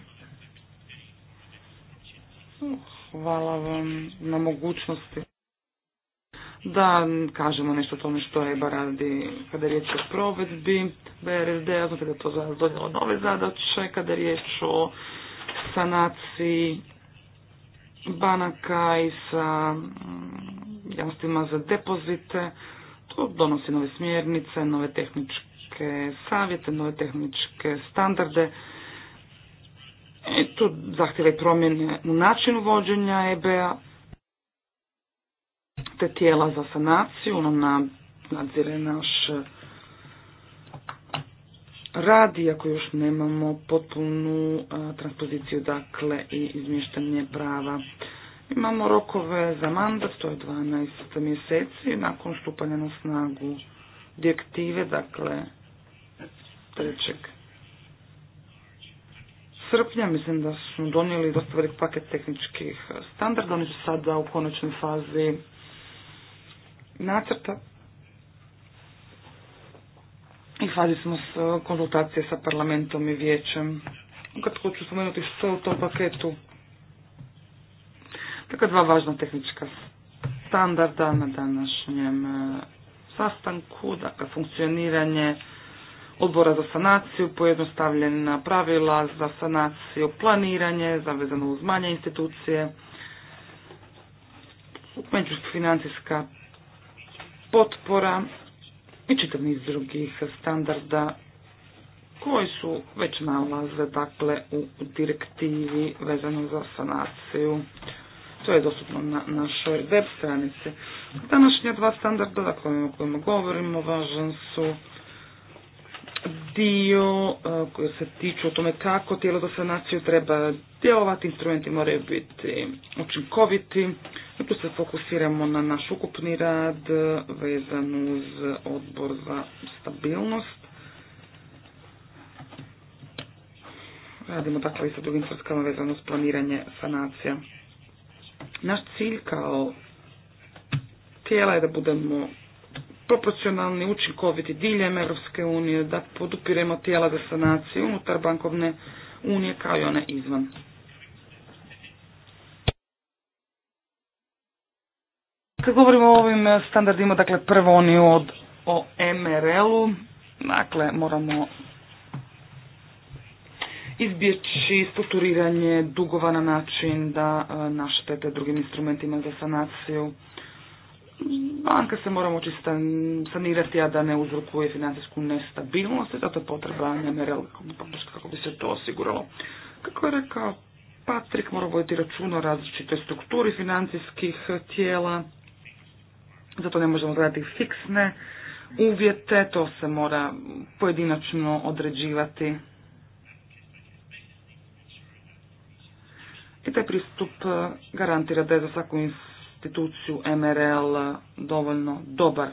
Hvala vam na mogućnosti da kažemo nešto o tome što EBA radi kada je riječ o provedbi BRSD-a, znate da je to donijelo nove zadaće, kada je riječ o sanaciji banaka i sa mm, jamstvima za depozite. To donosi nove smjernice, nove tehničke savjete, nove tehničke standarde. I e, tu zahtjeva i promjene u načinu vođenja EBA, te tijela za sanaciju, Ono nadzire naš radi, ako još nemamo potpunu transpoziciju, dakle, i izmještanje prava. Imamo rokove za mandat, to je 12 mjeseci, nakon stupanja na snagu direktive, dakle, 3. srpnja. Mislim da su donijeli dosta velik paket tehničkih standarda, oni su sada u konačnoj fazi nacrta i fazi smo s e, konzultacije sa parlamentom i vijećem. Kratko ću spomenuti što u tom paketu. Dakle, dva važna tehnička standarda na današnjem e, sastanku, dakle, funkcioniranje odbora za sanaciju, pojednostavljena pravila za sanaciju, planiranje, zavezano uz manje institucije, financijska potpora i čitav niz drugih standarda koji su već nalaze dakle u direktivi vezano za sanaciju. To je dostupno na našoj web stranici. Današnja dva standarda dakle, o kojima govorimo važan su dio e, koji se tiču o tome kako tijelo za sanaciju treba djelovati, instrumenti moraju biti učinkoviti. tu se fokusiramo na naš ukupni rad vezan uz odbor za stabilnost. Radimo dakle i sa drugim tvrtkama vezano uz planiranje sanacija. Naš cilj kao tijela je da budemo proporcionalni, učinkoviti diljem Europske unije, da podupiremo tijela za sanaciju unutar bankovne unije kao i one izvan. Kad govorimo o ovim standardima, dakle prvo oni od, o MRL-u, dakle moramo izbjeći strukturiranje dugova na način da e, naštete drugim instrumentima za sanaciju banka se mora moći sanirati, a da ne uzrokuje financijsku nestabilnost zato je potreba MRL kako bi se to osiguralo. Kako je rekao Patrik, mora voditi računa o različitoj strukturi financijskih tijela, zato ne možemo gledati fiksne uvjete, to se mora pojedinačno određivati. I taj pristup garantira da je za svaku instituciju MRL dovoljno dobar.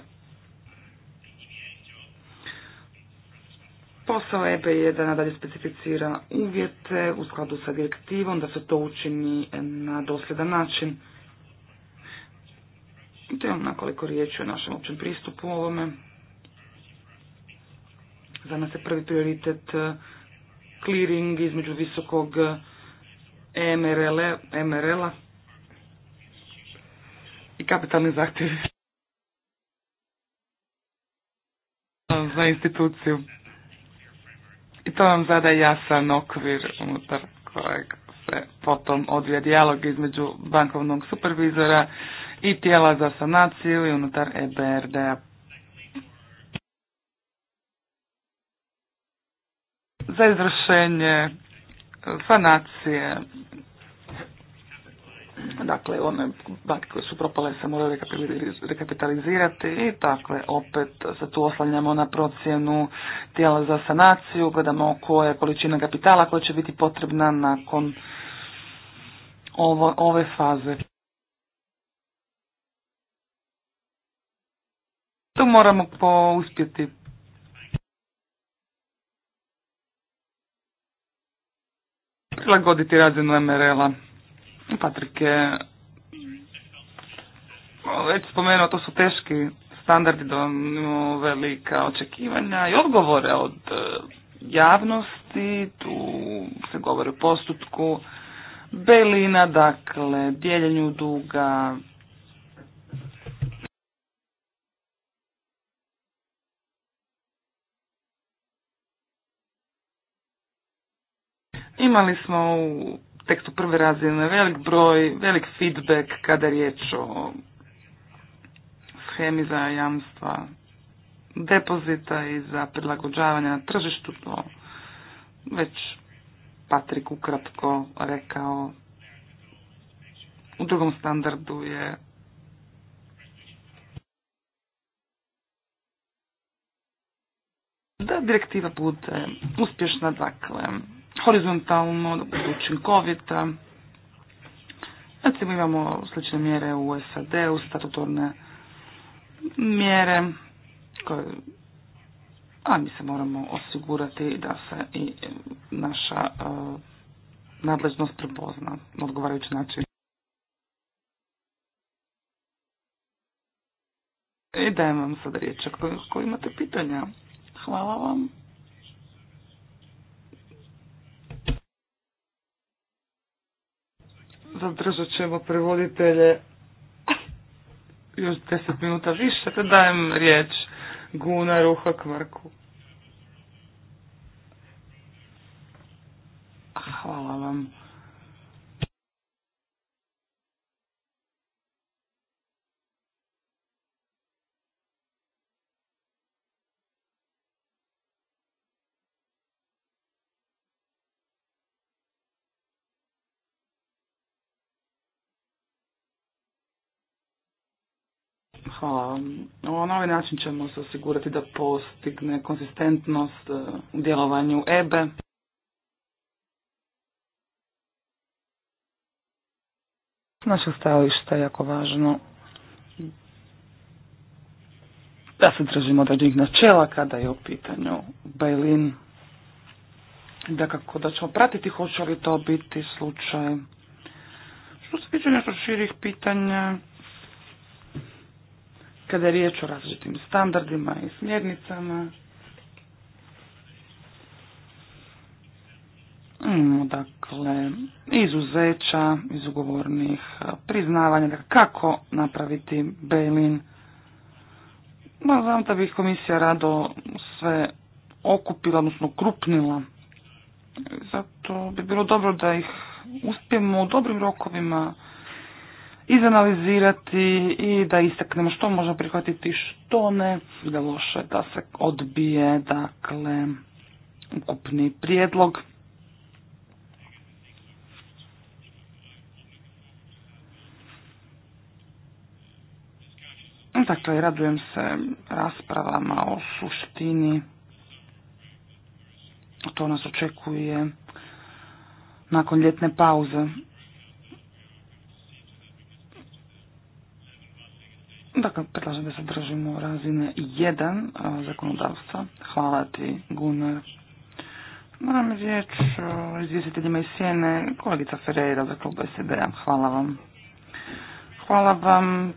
Posao EBE je da nadalje specificira uvjete u skladu sa direktivom, da se to učini na dosljedan način. I to je nekoliko riječi o našem općem pristupu ovome. Za nas je prvi prioritet clearing između visokog MRL-a, mrl a kapitalni zahtjev za instituciju. I to vam zada jasan okvir unutar kojeg se potom odvija dijalog između bankovnog supervizora i tijela za sanaciju i unutar EBRD-a. Za izvršenje sanacije Dakle, one banke koje su propale se moraju rekapitalizirati i dakle, opet se tu oslanjamo na procjenu tijela za sanaciju, gledamo koja je količina kapitala koja će biti potrebna nakon ovo, ove faze. Tu moramo uspjeti prilagoditi razinu MRL-a. Patrike, već spomenuo, to su teški standardi, da velika očekivanja i odgovore od e, javnosti, tu se govori o postupku, belina, dakle, dijeljenju duga, Imali smo u tekstu prve razine, velik broj, velik feedback kada je riječ o schemi za jamstva depozita i za prilagođavanje na tržištu, to već Patrik ukratko rekao. U drugom standardu je da direktiva bude uspješna, dakle, horizontalno, da budu učinkovita. Recimo imamo slične mjere u SAD-u, statutorne mjere koje a mi se moramo osigurati da se i naša uh, nadležnost prepozna na odgovarajući način. I dajem vam sad riječ ako, ako imate pitanja. Hvala vam. zadržat ćemo prevoditelje još deset minuta više, te dajem riječ Guna ruha Hakmarku. Hvala vam. Hvala Na ovaj način ćemo se osigurati da postigne konsistentnost e, u djelovanju EBE. Naše stajalište je jako važno da se držimo određenih načela kada je u pitanju Bailin. Da kako da ćemo pratiti hoće li to biti slučaj. Što se tiče nešto širih pitanja, kada je riječ o različitim standardima i smjernicama. Mm, dakle izuzeća iz ugovornih priznavanja, dakle, kako napraviti Bejlin. Ma znam da bi komisija rado sve okupila, odnosno krupnila. Zato bi bilo dobro da ih uspijemo u dobrim rokovima izanalizirati i da istaknemo što možemo prihvatiti, što ne, da loše da se odbije, dakle, ukupni prijedlog. Dakle, radujem se raspravama o suštini. To nas očekuje nakon ljetne pauze. Dakle, predlažem da se držimo razine 1 zakonodavstva. Hvala ti, Gunnar. Moram riječ izvjestiteljima iz Sjene, kolegica Ferreira za klub SED-a. Hvala vam. Hvala vam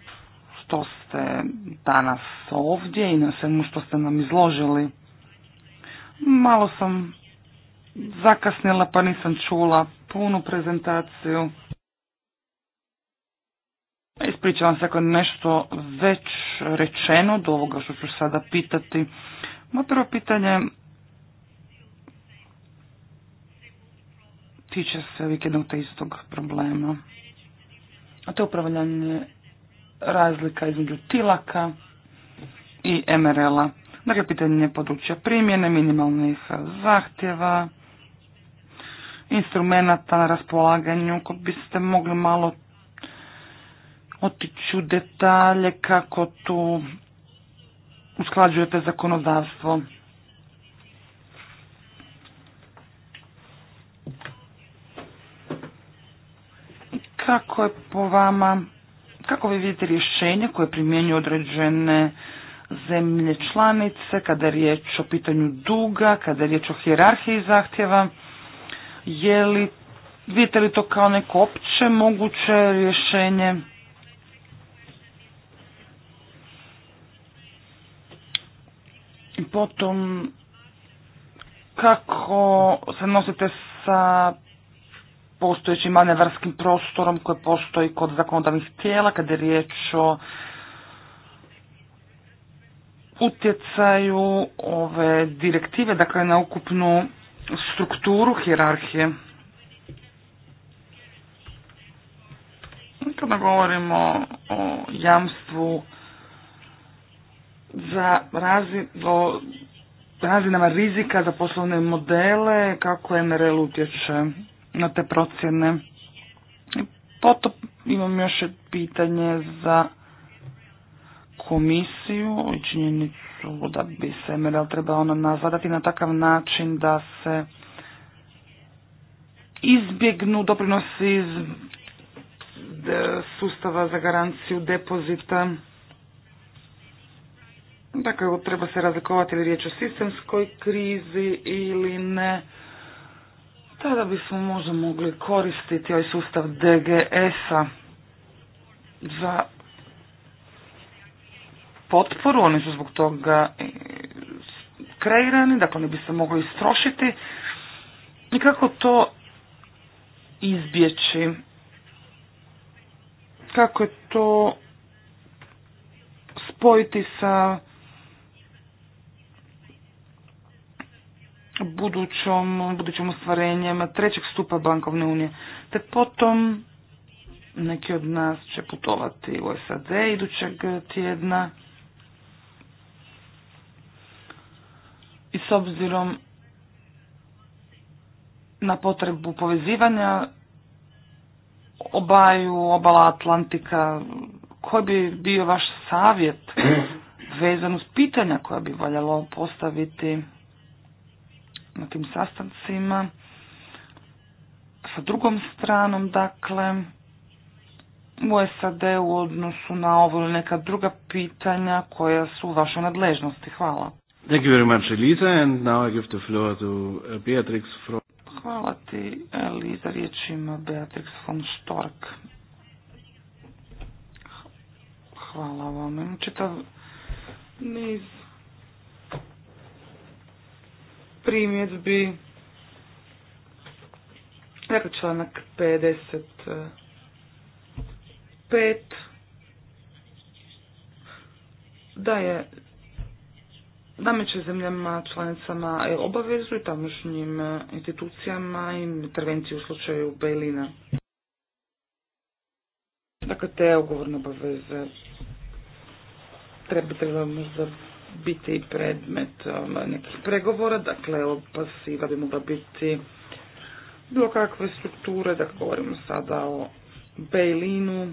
što ste danas ovdje i na svemu što ste nam izložili. Malo sam zakasnila pa nisam čula punu prezentaciju. Pa ispričavam se ako je nešto već rečeno do ovoga što ću sada pitati. Moje prvo pitanje tiče se uvijek jednog te istog problema. A to je upravljanje razlika između tilaka i MRL-a. Dakle, pitanje je područja primjene, minimalnih zahtjeva, instrumenta na raspolaganju, ko biste mogli malo otiću detalje kako tu usklađujete zakonodavstvo. Kako je po vama, kako vi vidite rješenje koje primjenjuju određene zemlje članice, kada je riječ o pitanju duga, kada je riječ o hjerarhiji zahtjeva, je li, vidite li to kao neko opće moguće rješenje? I potom, kako se nosite sa postojećim manevarskim prostorom koji postoji kod zakonodavnih tijela kada je riječ o utjecaju ove direktive, dakle na ukupnu strukturu hjerarhije. Kada govorimo o jamstvu za razinama rizika za poslovne modele, kako MRL utječe na te procjene. Potop imam još pitanje za komisiju i činjenicu da bi se MRL trebao ona nazvadati na takav način da se izbjegnu doprinosi iz e, sustava za garanciju depozita. Dakle, treba se razlikovati li riječ o sistemskoj krizi ili ne. Tada bismo možda mogli koristiti ovaj sustav DGS-a za potporu. Oni su zbog toga kreirani, dakle oni bi se mogli istrošiti. I kako to izbjeći? Kako je to spojiti sa budućom, budućom ostvarenjem trećeg stupa bankovne unije. Te potom neki od nas će putovati u SAD idućeg tjedna. I s obzirom na potrebu povezivanja obaju obala Atlantika, koji bi bio vaš savjet vezan uz pitanja koja bi valjalo postaviti na tim sastancima sa drugom stranom, dakle, u SAD u odnosu na ovo ili neka druga pitanja koja su u vašoj nadležnosti. Hvala. I give uh, Beatrix from... Hvala ti, Eliza, riječ ima Beatrix von Stork. Hvala vam. Imam čitav niz primjedbi. Dakle, članak 55. Da je nameće zemljama članicama obavezu i tamošnjim e, institucijama i intervenciju u slučaju Bejlina. Dakle, te ugovorne obaveze treba, treba možda biti predmet um, nekih pregovora, dakle opasiva bi mogla biti bilo kakve strukture, da govorimo sada o Bejlinu,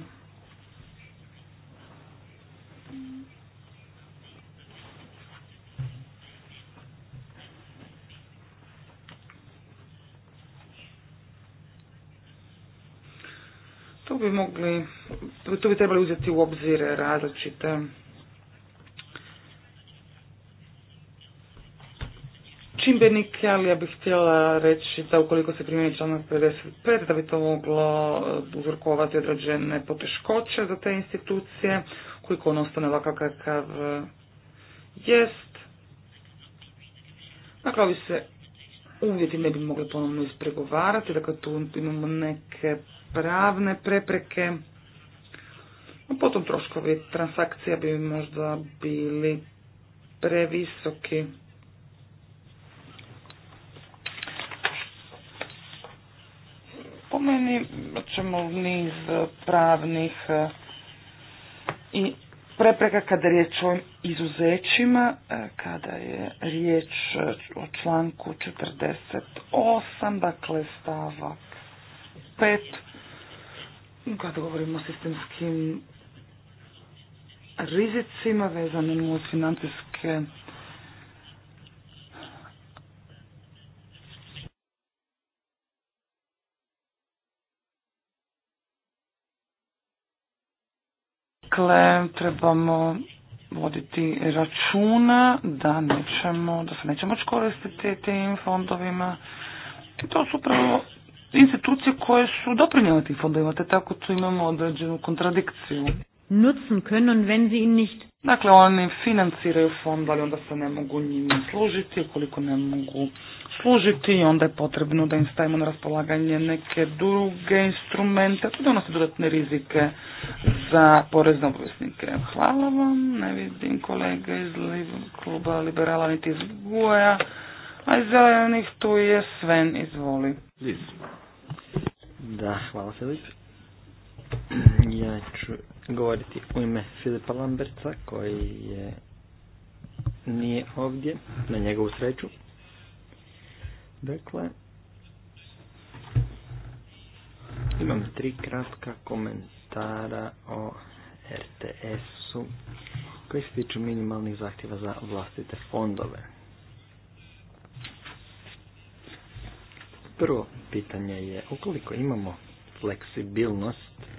Tu bi mogli, tu bi trebali uzeti u obzir različite čimbenike, ali ja bih htjela reći da ukoliko se primjeni članak 55, da bi to moglo eh, uzrokovati određene poteškoće za te institucije, koliko ono ostane ovakav kakav eh, jest. Dakle, ovi se uvjeti ne bi mogli ponovno ispregovarati, dakle tu imamo neke pravne prepreke, a potom troškovi transakcija bi možda bili previsoki. meni ćemo niz e, pravnih e, i prepreka kada je riječ o izuzećima, e, kada je riječ o članku 48, dakle stavak 5, kada govorimo o sistemskim rizicima vezanim uz financijske Dakle, trebamo voditi računa da nećemo, da se nećemo koristiti tim fondovima. I to su upravo institucije koje su doprinjele tim fondovima, te tako tu imamo određenu kontradikciju. Nutzen können, wenn sie ihn nicht Dakle, oni financiraju fond, ali onda se ne mogu njim služiti. Ukoliko ne mogu služiti, onda je potrebno da im stavimo na raspolaganje neke druge instrumente. To pa donose dodatne rizike za porezne obveznike. Hvala vam. Ne vidim kolege iz kluba liberala niti iz Guaja, A iz zelenih tu je Sven. Izvoli. Da, hvala se ja ću govoriti u ime Filipa Lamberca koji je nije ovdje, na njegovu sreću. Dakle, imam tri kratka komentara o RTS-u koji se tiču minimalnih zahtjeva za vlastite fondove. Prvo pitanje je, ukoliko imamo fleksibilnost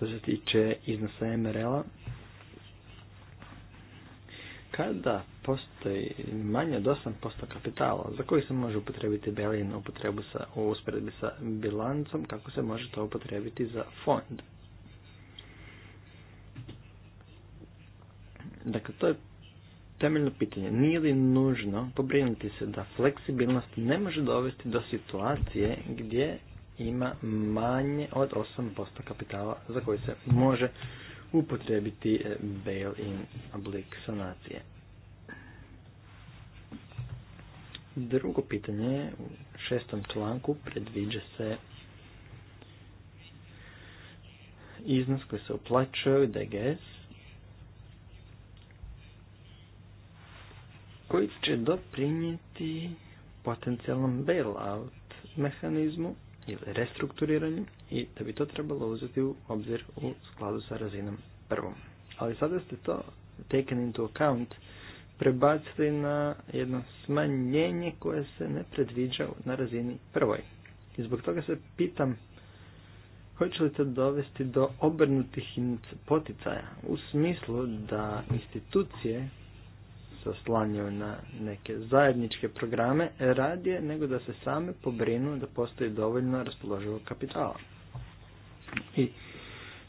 što se tiče iznosa MRL-a. Kada postoji manje od 8% kapitala za koji se može upotrebiti Belin upotrebu sa, u usporedbi sa bilancom, kako se može to upotrebiti za fond? Dakle, to je temeljno pitanje. Nije li nužno pobrinuti se da fleksibilnost ne može dovesti do situacije gdje ima manje od 8% kapitala za koji se može upotrebiti e, bail-in oblik sanacije. Drugo pitanje u šestom članku predviđa se iznos koji se uplaćuje DGS koji će doprinijeti potencijalnom bail-out mehanizmu ili restrukturiranju i da bi to trebalo uzeti u obzir u skladu sa razinom prvom. Ali sada ste to taken into account prebacili na jedno smanjenje koje se ne predviđa na razini prvoj. I zbog toga se pitam hoće li to dovesti do obrnutih poticaja u smislu da institucije se na neke zajedničke programe radije nego da se same pobrinu da postoji dovoljno raspoloživog kapitala. I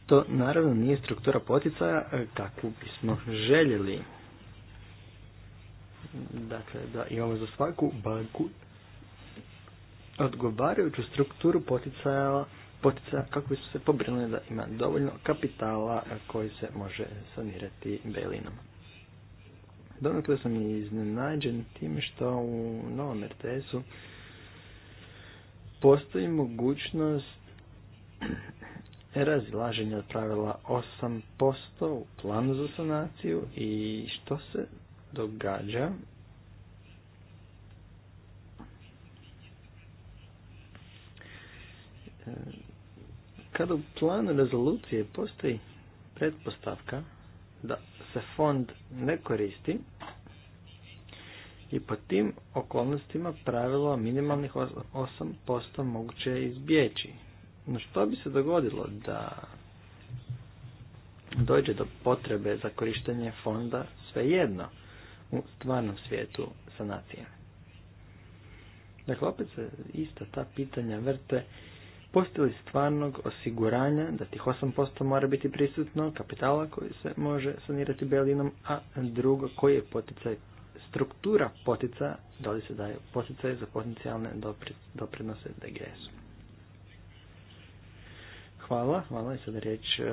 to naravno nije struktura poticaja e, kakvu bismo željeli. Dakle, da imamo za svaku banku odgovarajuću strukturu poticaja poticaja kako bi su se pobrinuli da ima dovoljno kapitala e, koji se može sanirati belinom. Donekle sam iznenađen time što u novom RTS-u postoji mogućnost [CLEARS THROAT] razilaženja od pravila 8% u planu za sanaciju i što se događa kada u planu rezolucije postoji pretpostavka da se fond ne koristi i po tim okolnostima pravilo minimalnih 8% moguće je izbjeći. No što bi se dogodilo da dođe do potrebe za korištenje fonda svejedno u stvarnom svijetu sanacije? Dakle, opet se ista ta pitanja vrte Postoji li stvarnog osiguranja da tih 8% mora biti prisutno kapitala koji se može sanirati Belinom, a drugo koji je poticaj struktura potica, da li se daje poticaj za potencijalne doprinose DGS-u. Hvala, hvala i sada riječ e,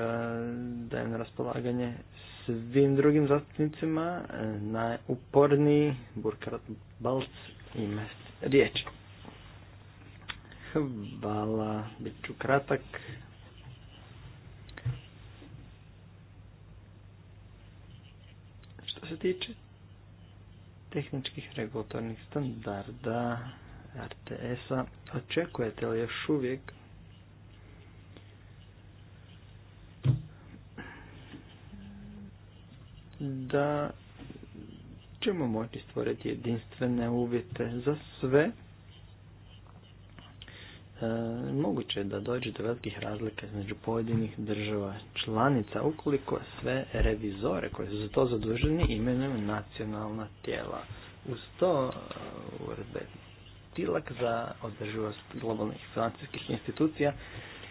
dajem na raspolaganje svim drugim zastupnicima, e, najuporniji Burkard Balc ima riječ. Hvala, bit ću kratak. Što se tiče tehničkih regulatornih standarda RTS-a, očekujete li još uvijek da ćemo moći stvoriti jedinstvene uvjete za sve E, moguće je da dođe do velikih razlika između pojedinih država članica ukoliko sve revizore koji su za to zaduženi imenuju nacionalna tijela. Uz to e, uredbe tilak za održivost globalnih financijskih institucija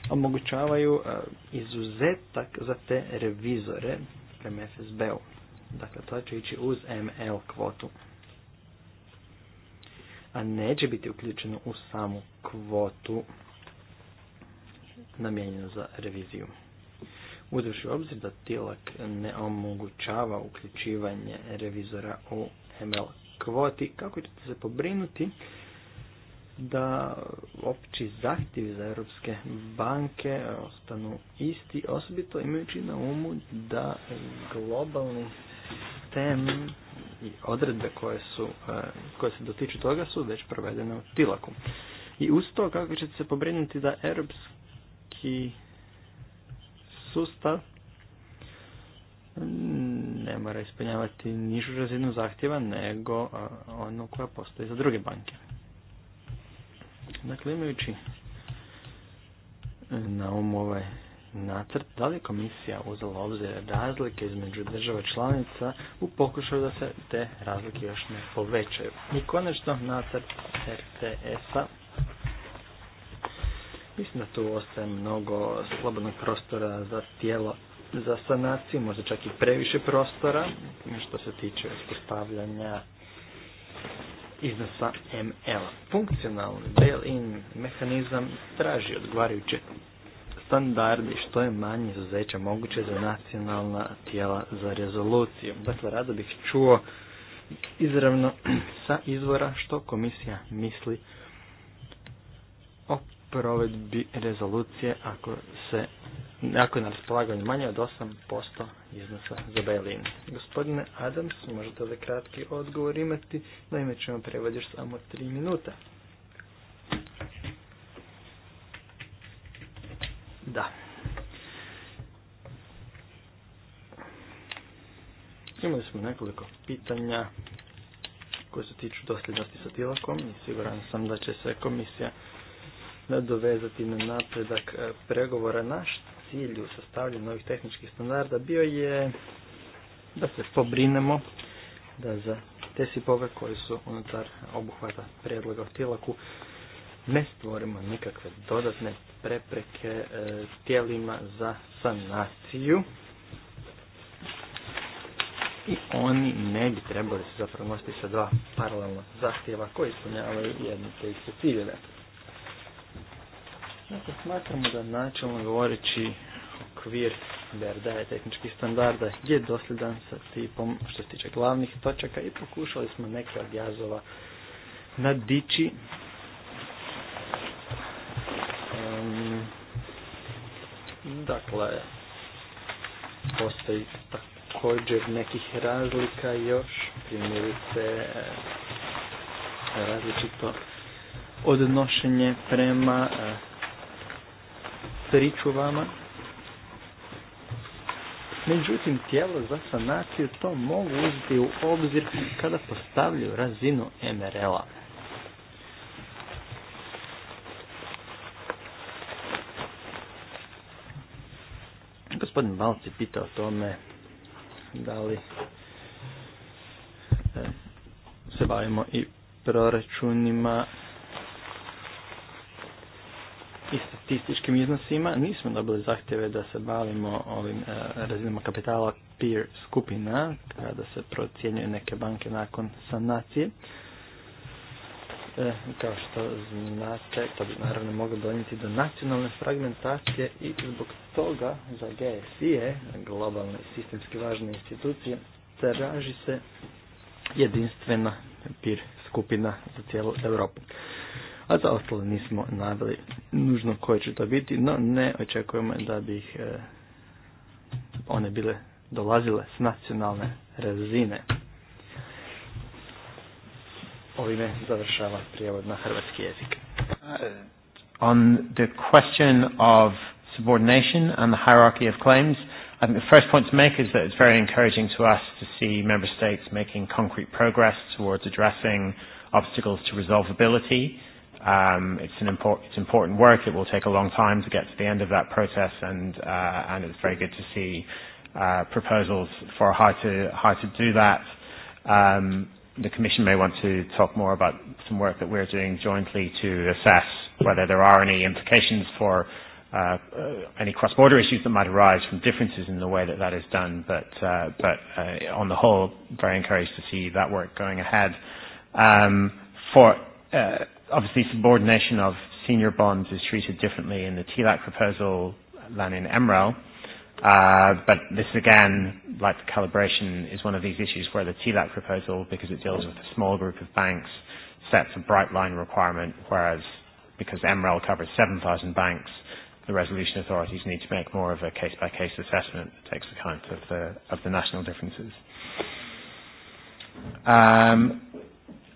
omogućavaju e, izuzetak za te revizore prema FSB-u. Dakle, to će ići uz ML kvotu. A neće biti uključeno u samu kvotu namijenjenu za reviziju. Uzvrši obzir da tilak ne omogućava uključivanje revizora u ML kvoti, kako ćete se pobrinuti da opći zahtjevi za europske banke ostanu isti, osobito imajući na umu da globalni tem i odredbe koje, su, eh, koje se dotiču toga su već provedene u tilaku. I uz to kako ćete se pobrinuti da europski sustav ne mora ispunjavati nižu razinu zahtjeva nego onu koja postoji za druge banke. Dakle, imajući na umu ovaj nacrt, da li komisija uzela obzir razlike između država članica u pokušaju da se te razlike još ne povećaju. I konačno nacrt RTS-a Mislim da tu ostaje mnogo slobodnog prostora za tijelo za sanaciju, možda čak i previše prostora što se tiče uspostavljanja iznosa ML. Funkcionalni bail-in mehanizam traži odgovarajuće standardi što je manje izuzeća moguće za nacionalna tijela za rezoluciju. Dakle, rado bih čuo izravno [CLEARS THROAT] sa izvora što komisija misli provedbi rezolucije ako se ako je na raspolaganju manje od 8% iznosa za Gospodine Adams, možete li kratki odgovor imati? Naime, ćemo prevodiš samo 3 minuta. Da. Imali smo nekoliko pitanja koje se tiču dosljednosti sa tilakom i siguran sam da će se komisija nadovezati na napredak e, pregovora. Naš cilj u sastavljanju novih tehničkih standarda bio je da se pobrinemo da za te sipove koji su unutar obuhvata predloga u tilaku ne stvorimo nikakve dodatne prepreke e, tijelima za sanaciju i oni ne bi trebali se zapravo sa dva paralelna zahtjeva koji ispunjavaju jedne te iste ciljeve. Dakle, smatramo da načelno govoreći okvir BRD je tehničkih standarda je dosljedan sa tipom što se tiče glavnih točaka i pokušali smo neke od jazova nadići um, dakle postoji također nekih razlika još primjerice različito odnošenje prema priču vama. Međutim, tijelo za sanaciju to mogu uzeti u obzir kada postavljaju razinu MRL-a. Gospodin Balc je pitao o tome da li e, se bavimo i proračunima i statističkim iznosima nismo dobili zahtjeve da se bavimo ovim e, razinama kapitala peer skupina kada se procjenjuje neke banke nakon sanacije. E, kao što znate, to bi naravno moglo donijeti do nacionalne fragmentacije i zbog toga za gsi globalne sistemski važne institucije, traži se jedinstvena peer skupina za cijelu Europu a za ostalo nismo naveli nužno koje će to biti, no ne očekujemo da bi ih e, one bile dolazile s nacionalne razine. Ovime završava prijevod na hrvatski jezik. Uh, on the question of subordination and the hierarchy of claims, I think the first point to make is that it's very encouraging to us to see member states making concrete progress towards addressing obstacles to resolvability Um, it's an important it's important work. It will take a long time to get to the end of that process, and uh, and it's very good to see uh, proposals for how to how to do that. Um, the Commission may want to talk more about some work that we're doing jointly to assess whether there are any implications for uh, uh, any cross-border issues that might arise from differences in the way that that is done. But uh, but uh, on the whole, very encouraged to see that work going ahead. Um, for uh, obviously subordination of senior bonds is treated differently in the TLAC proposal than in MREL. Uh, but this again, like the calibration, is one of these issues where the TLAC proposal, because it deals with a small group of banks, sets a bright line requirement, whereas because MREL covers 7,000 banks, the resolution authorities need to make more of a case-by-case -case assessment that takes account of the, of the national differences. Um,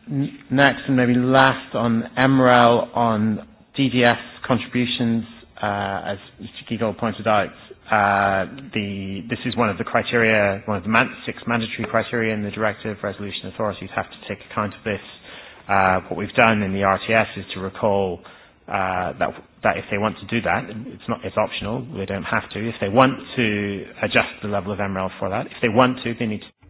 next and maybe last on MREL, on DDS contributions, uh, as Mr. Giegel pointed out, uh, the, this is one of the criteria, one of the man six mandatory criteria in the directive. Resolution authorities have to take account of this. Uh, what we've done in the RTS is to recall uh, that, that if they want to do that, it's, not, it's optional, they don't have to. If they want to adjust the level of MREL for that, if they want to, they need to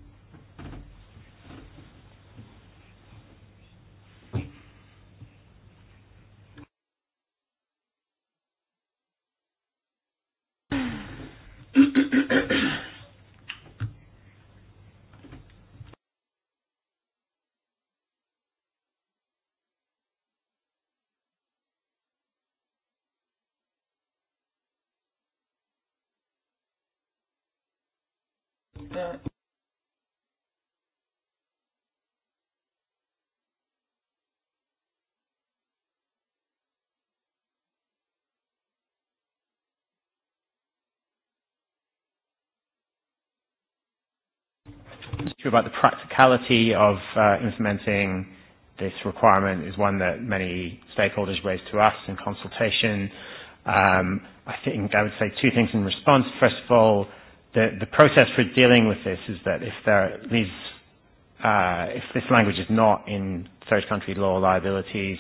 Thank about the practicality of uh, implementing this requirement is one that many stakeholders raised to us in consultation. Um, I think I would say two things in response. First of all, the, the process for dealing with this is that if there these, uh, if this language is not in third country law liabilities,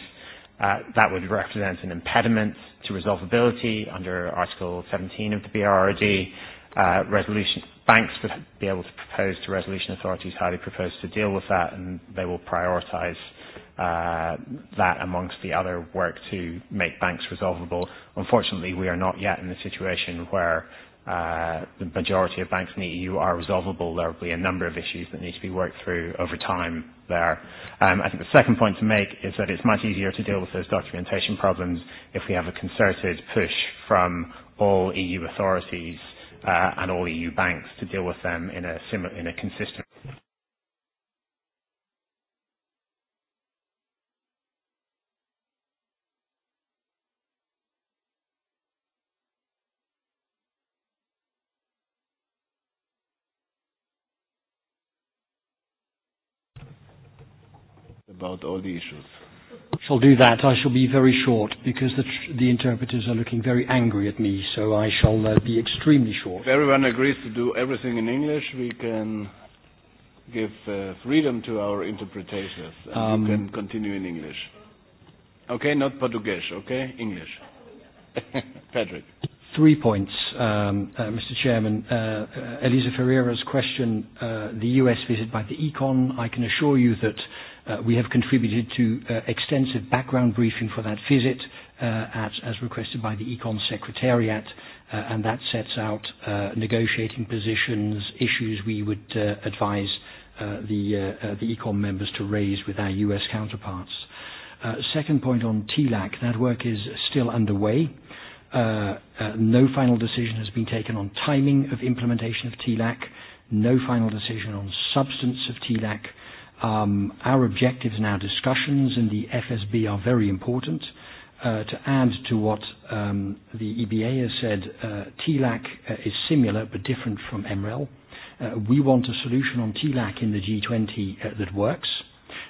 uh, that would represent an impediment to resolvability under Article 17 of the BRRD. Uh, resolution banks would be able to propose to resolution authorities how they propose to deal with that, and they will prioritise uh, that amongst the other work to make banks resolvable. Unfortunately, we are not yet in the situation where uh, the majority of banks in the EU are resolvable. There will be a number of issues that need to be worked through over time there. Um, I think the second point to make is that it's much easier to deal with those documentation problems if we have a concerted push from all EU authorities uh, and all EU banks to deal with them in a, similar in a consistent about all the issues shall do that. I shall be very short because the, tr the interpreters are looking very angry at me, so I shall uh, be extremely short. If everyone agrees to do everything in English, we can give uh, freedom to our interpreters and um, you can continue in English. Okay, not Portuguese, okay? English. [LAUGHS] Patrick. Three points, um, uh, Mr. Chairman. Uh, uh, Elisa Ferreira's question, uh, the US visit by the Econ, I can assure you that Uh, we have contributed to uh, extensive background briefing for that visit, uh, at, as requested by the Econ Secretariat, uh, and that sets out uh, negotiating positions, issues we would uh, advise uh, the, uh, uh, the Econ members to raise with our US counterparts. Uh, second point on TLAC, that work is still underway. Uh, uh, no final decision has been taken on timing of implementation of TLAC, no final decision on substance of TLAC, Um, our objectives and our discussions in the FSB are very important. Uh, to add to what um, the EBA has said, uh, TLAC uh, is similar but different from MREL. Uh, we want a solution on TLAC in the G20 uh, that works.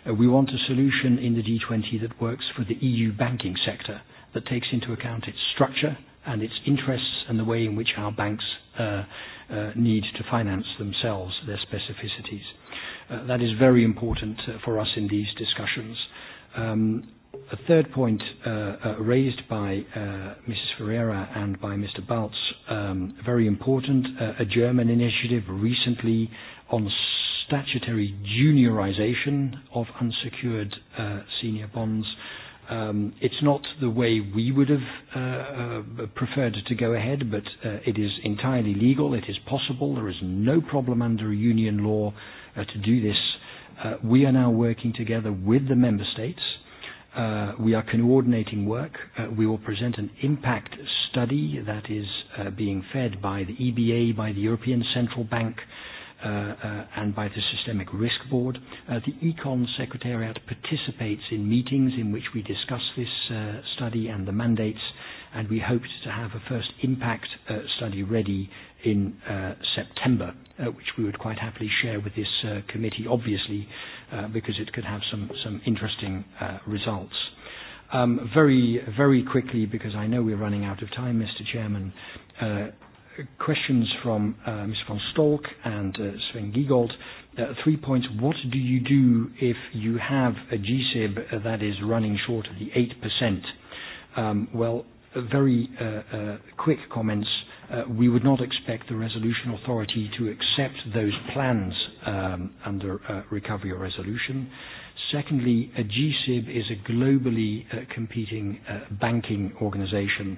Uh, we want a solution in the G20 that works for the EU banking sector, that takes into account its structure and its interests and the way in which our banks uh, uh, need to finance themselves, their specificities. Uh, that is very important uh, for us in these discussions. Um, a third point uh, raised by uh, Mrs. Ferreira and by Mr. Baltz, um, very important, uh, a German initiative recently on statutory juniorization of unsecured uh, senior bonds. Um, it's not the way we would have uh, uh, preferred to go ahead, but uh, it is entirely legal. It is possible. There is no problem under union law to do this. we are now working together with the member states. we are coordinating work. we will present an impact study that is being fed by the EBA, by the European Central Bank, Uh, uh, and by the Systemic Risk Board. Uh, the Econ Secretariat participates in meetings in which we discuss this uh, study and the mandates, and we hope to have a first impact uh, study ready in uh, September, uh, which we would quite happily share with this uh, committee, obviously, uh, because it could have some, some interesting uh, results. Um, very, very quickly, because I know we're running out of time, Mr. Chairman, uh, questions from uh, Ms. van Stolk and uh, Sven Giegold. Uh, three points. What do you do if you have a GSIB that is running short of the 8%? Um, well, very quick comments. we would not expect the resolution authority to accept those plans um, under recovery or resolution. Secondly, a GSIB is a globally competing banking organization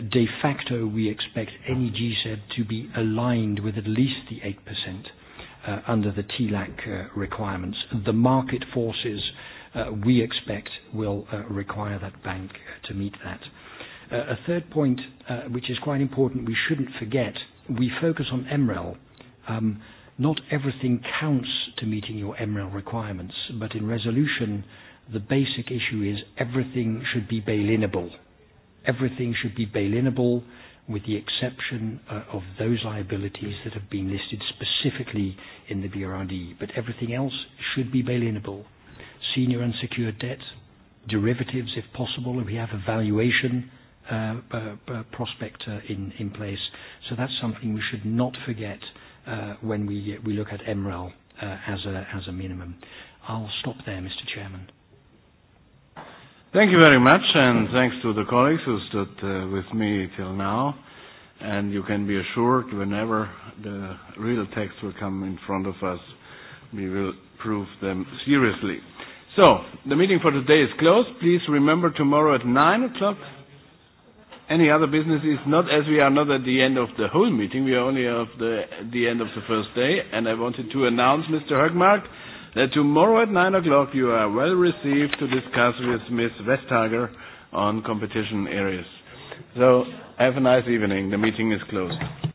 de facto, we expect any GSEP to be aligned with at least the 8% uh, under the TLAC uh, requirements. The market forces uh, we expect will uh, require that bank uh, to meet that. Uh, a third point, uh, which is quite important, we shouldn't forget, we focus on MREL. Um, not everything counts to meeting your MREL requirements, but in resolution, the basic issue is everything should be bail-inable. Everything should be bail-inable with the exception uh, of those liabilities that have been listed specifically in the BRRD, but everything else should be bail-inable. Senior unsecured debt, derivatives if possible, and we have a valuation uh, uh, prospect uh, in, in place. So that's something we should not forget uh, when we, we look at MREL uh, as, a, as a minimum. I'll stop there, Mr. Chairman. Thank you very much, and thanks to the colleagues who stood uh, with me till now. And you can be assured whenever the real text will come in front of us, we will prove them seriously. So, the meeting for today is closed. Please remember tomorrow at 9 o'clock. Any other business is not as we are not at the end of the whole meeting, we are only at the, the end of the first day. And I wanted to announce, Mr. Hergmark, that uh, tomorrow at nine o'clock you are well received to discuss with Ms. Vestager on competition areas. So have a nice evening. The meeting is closed.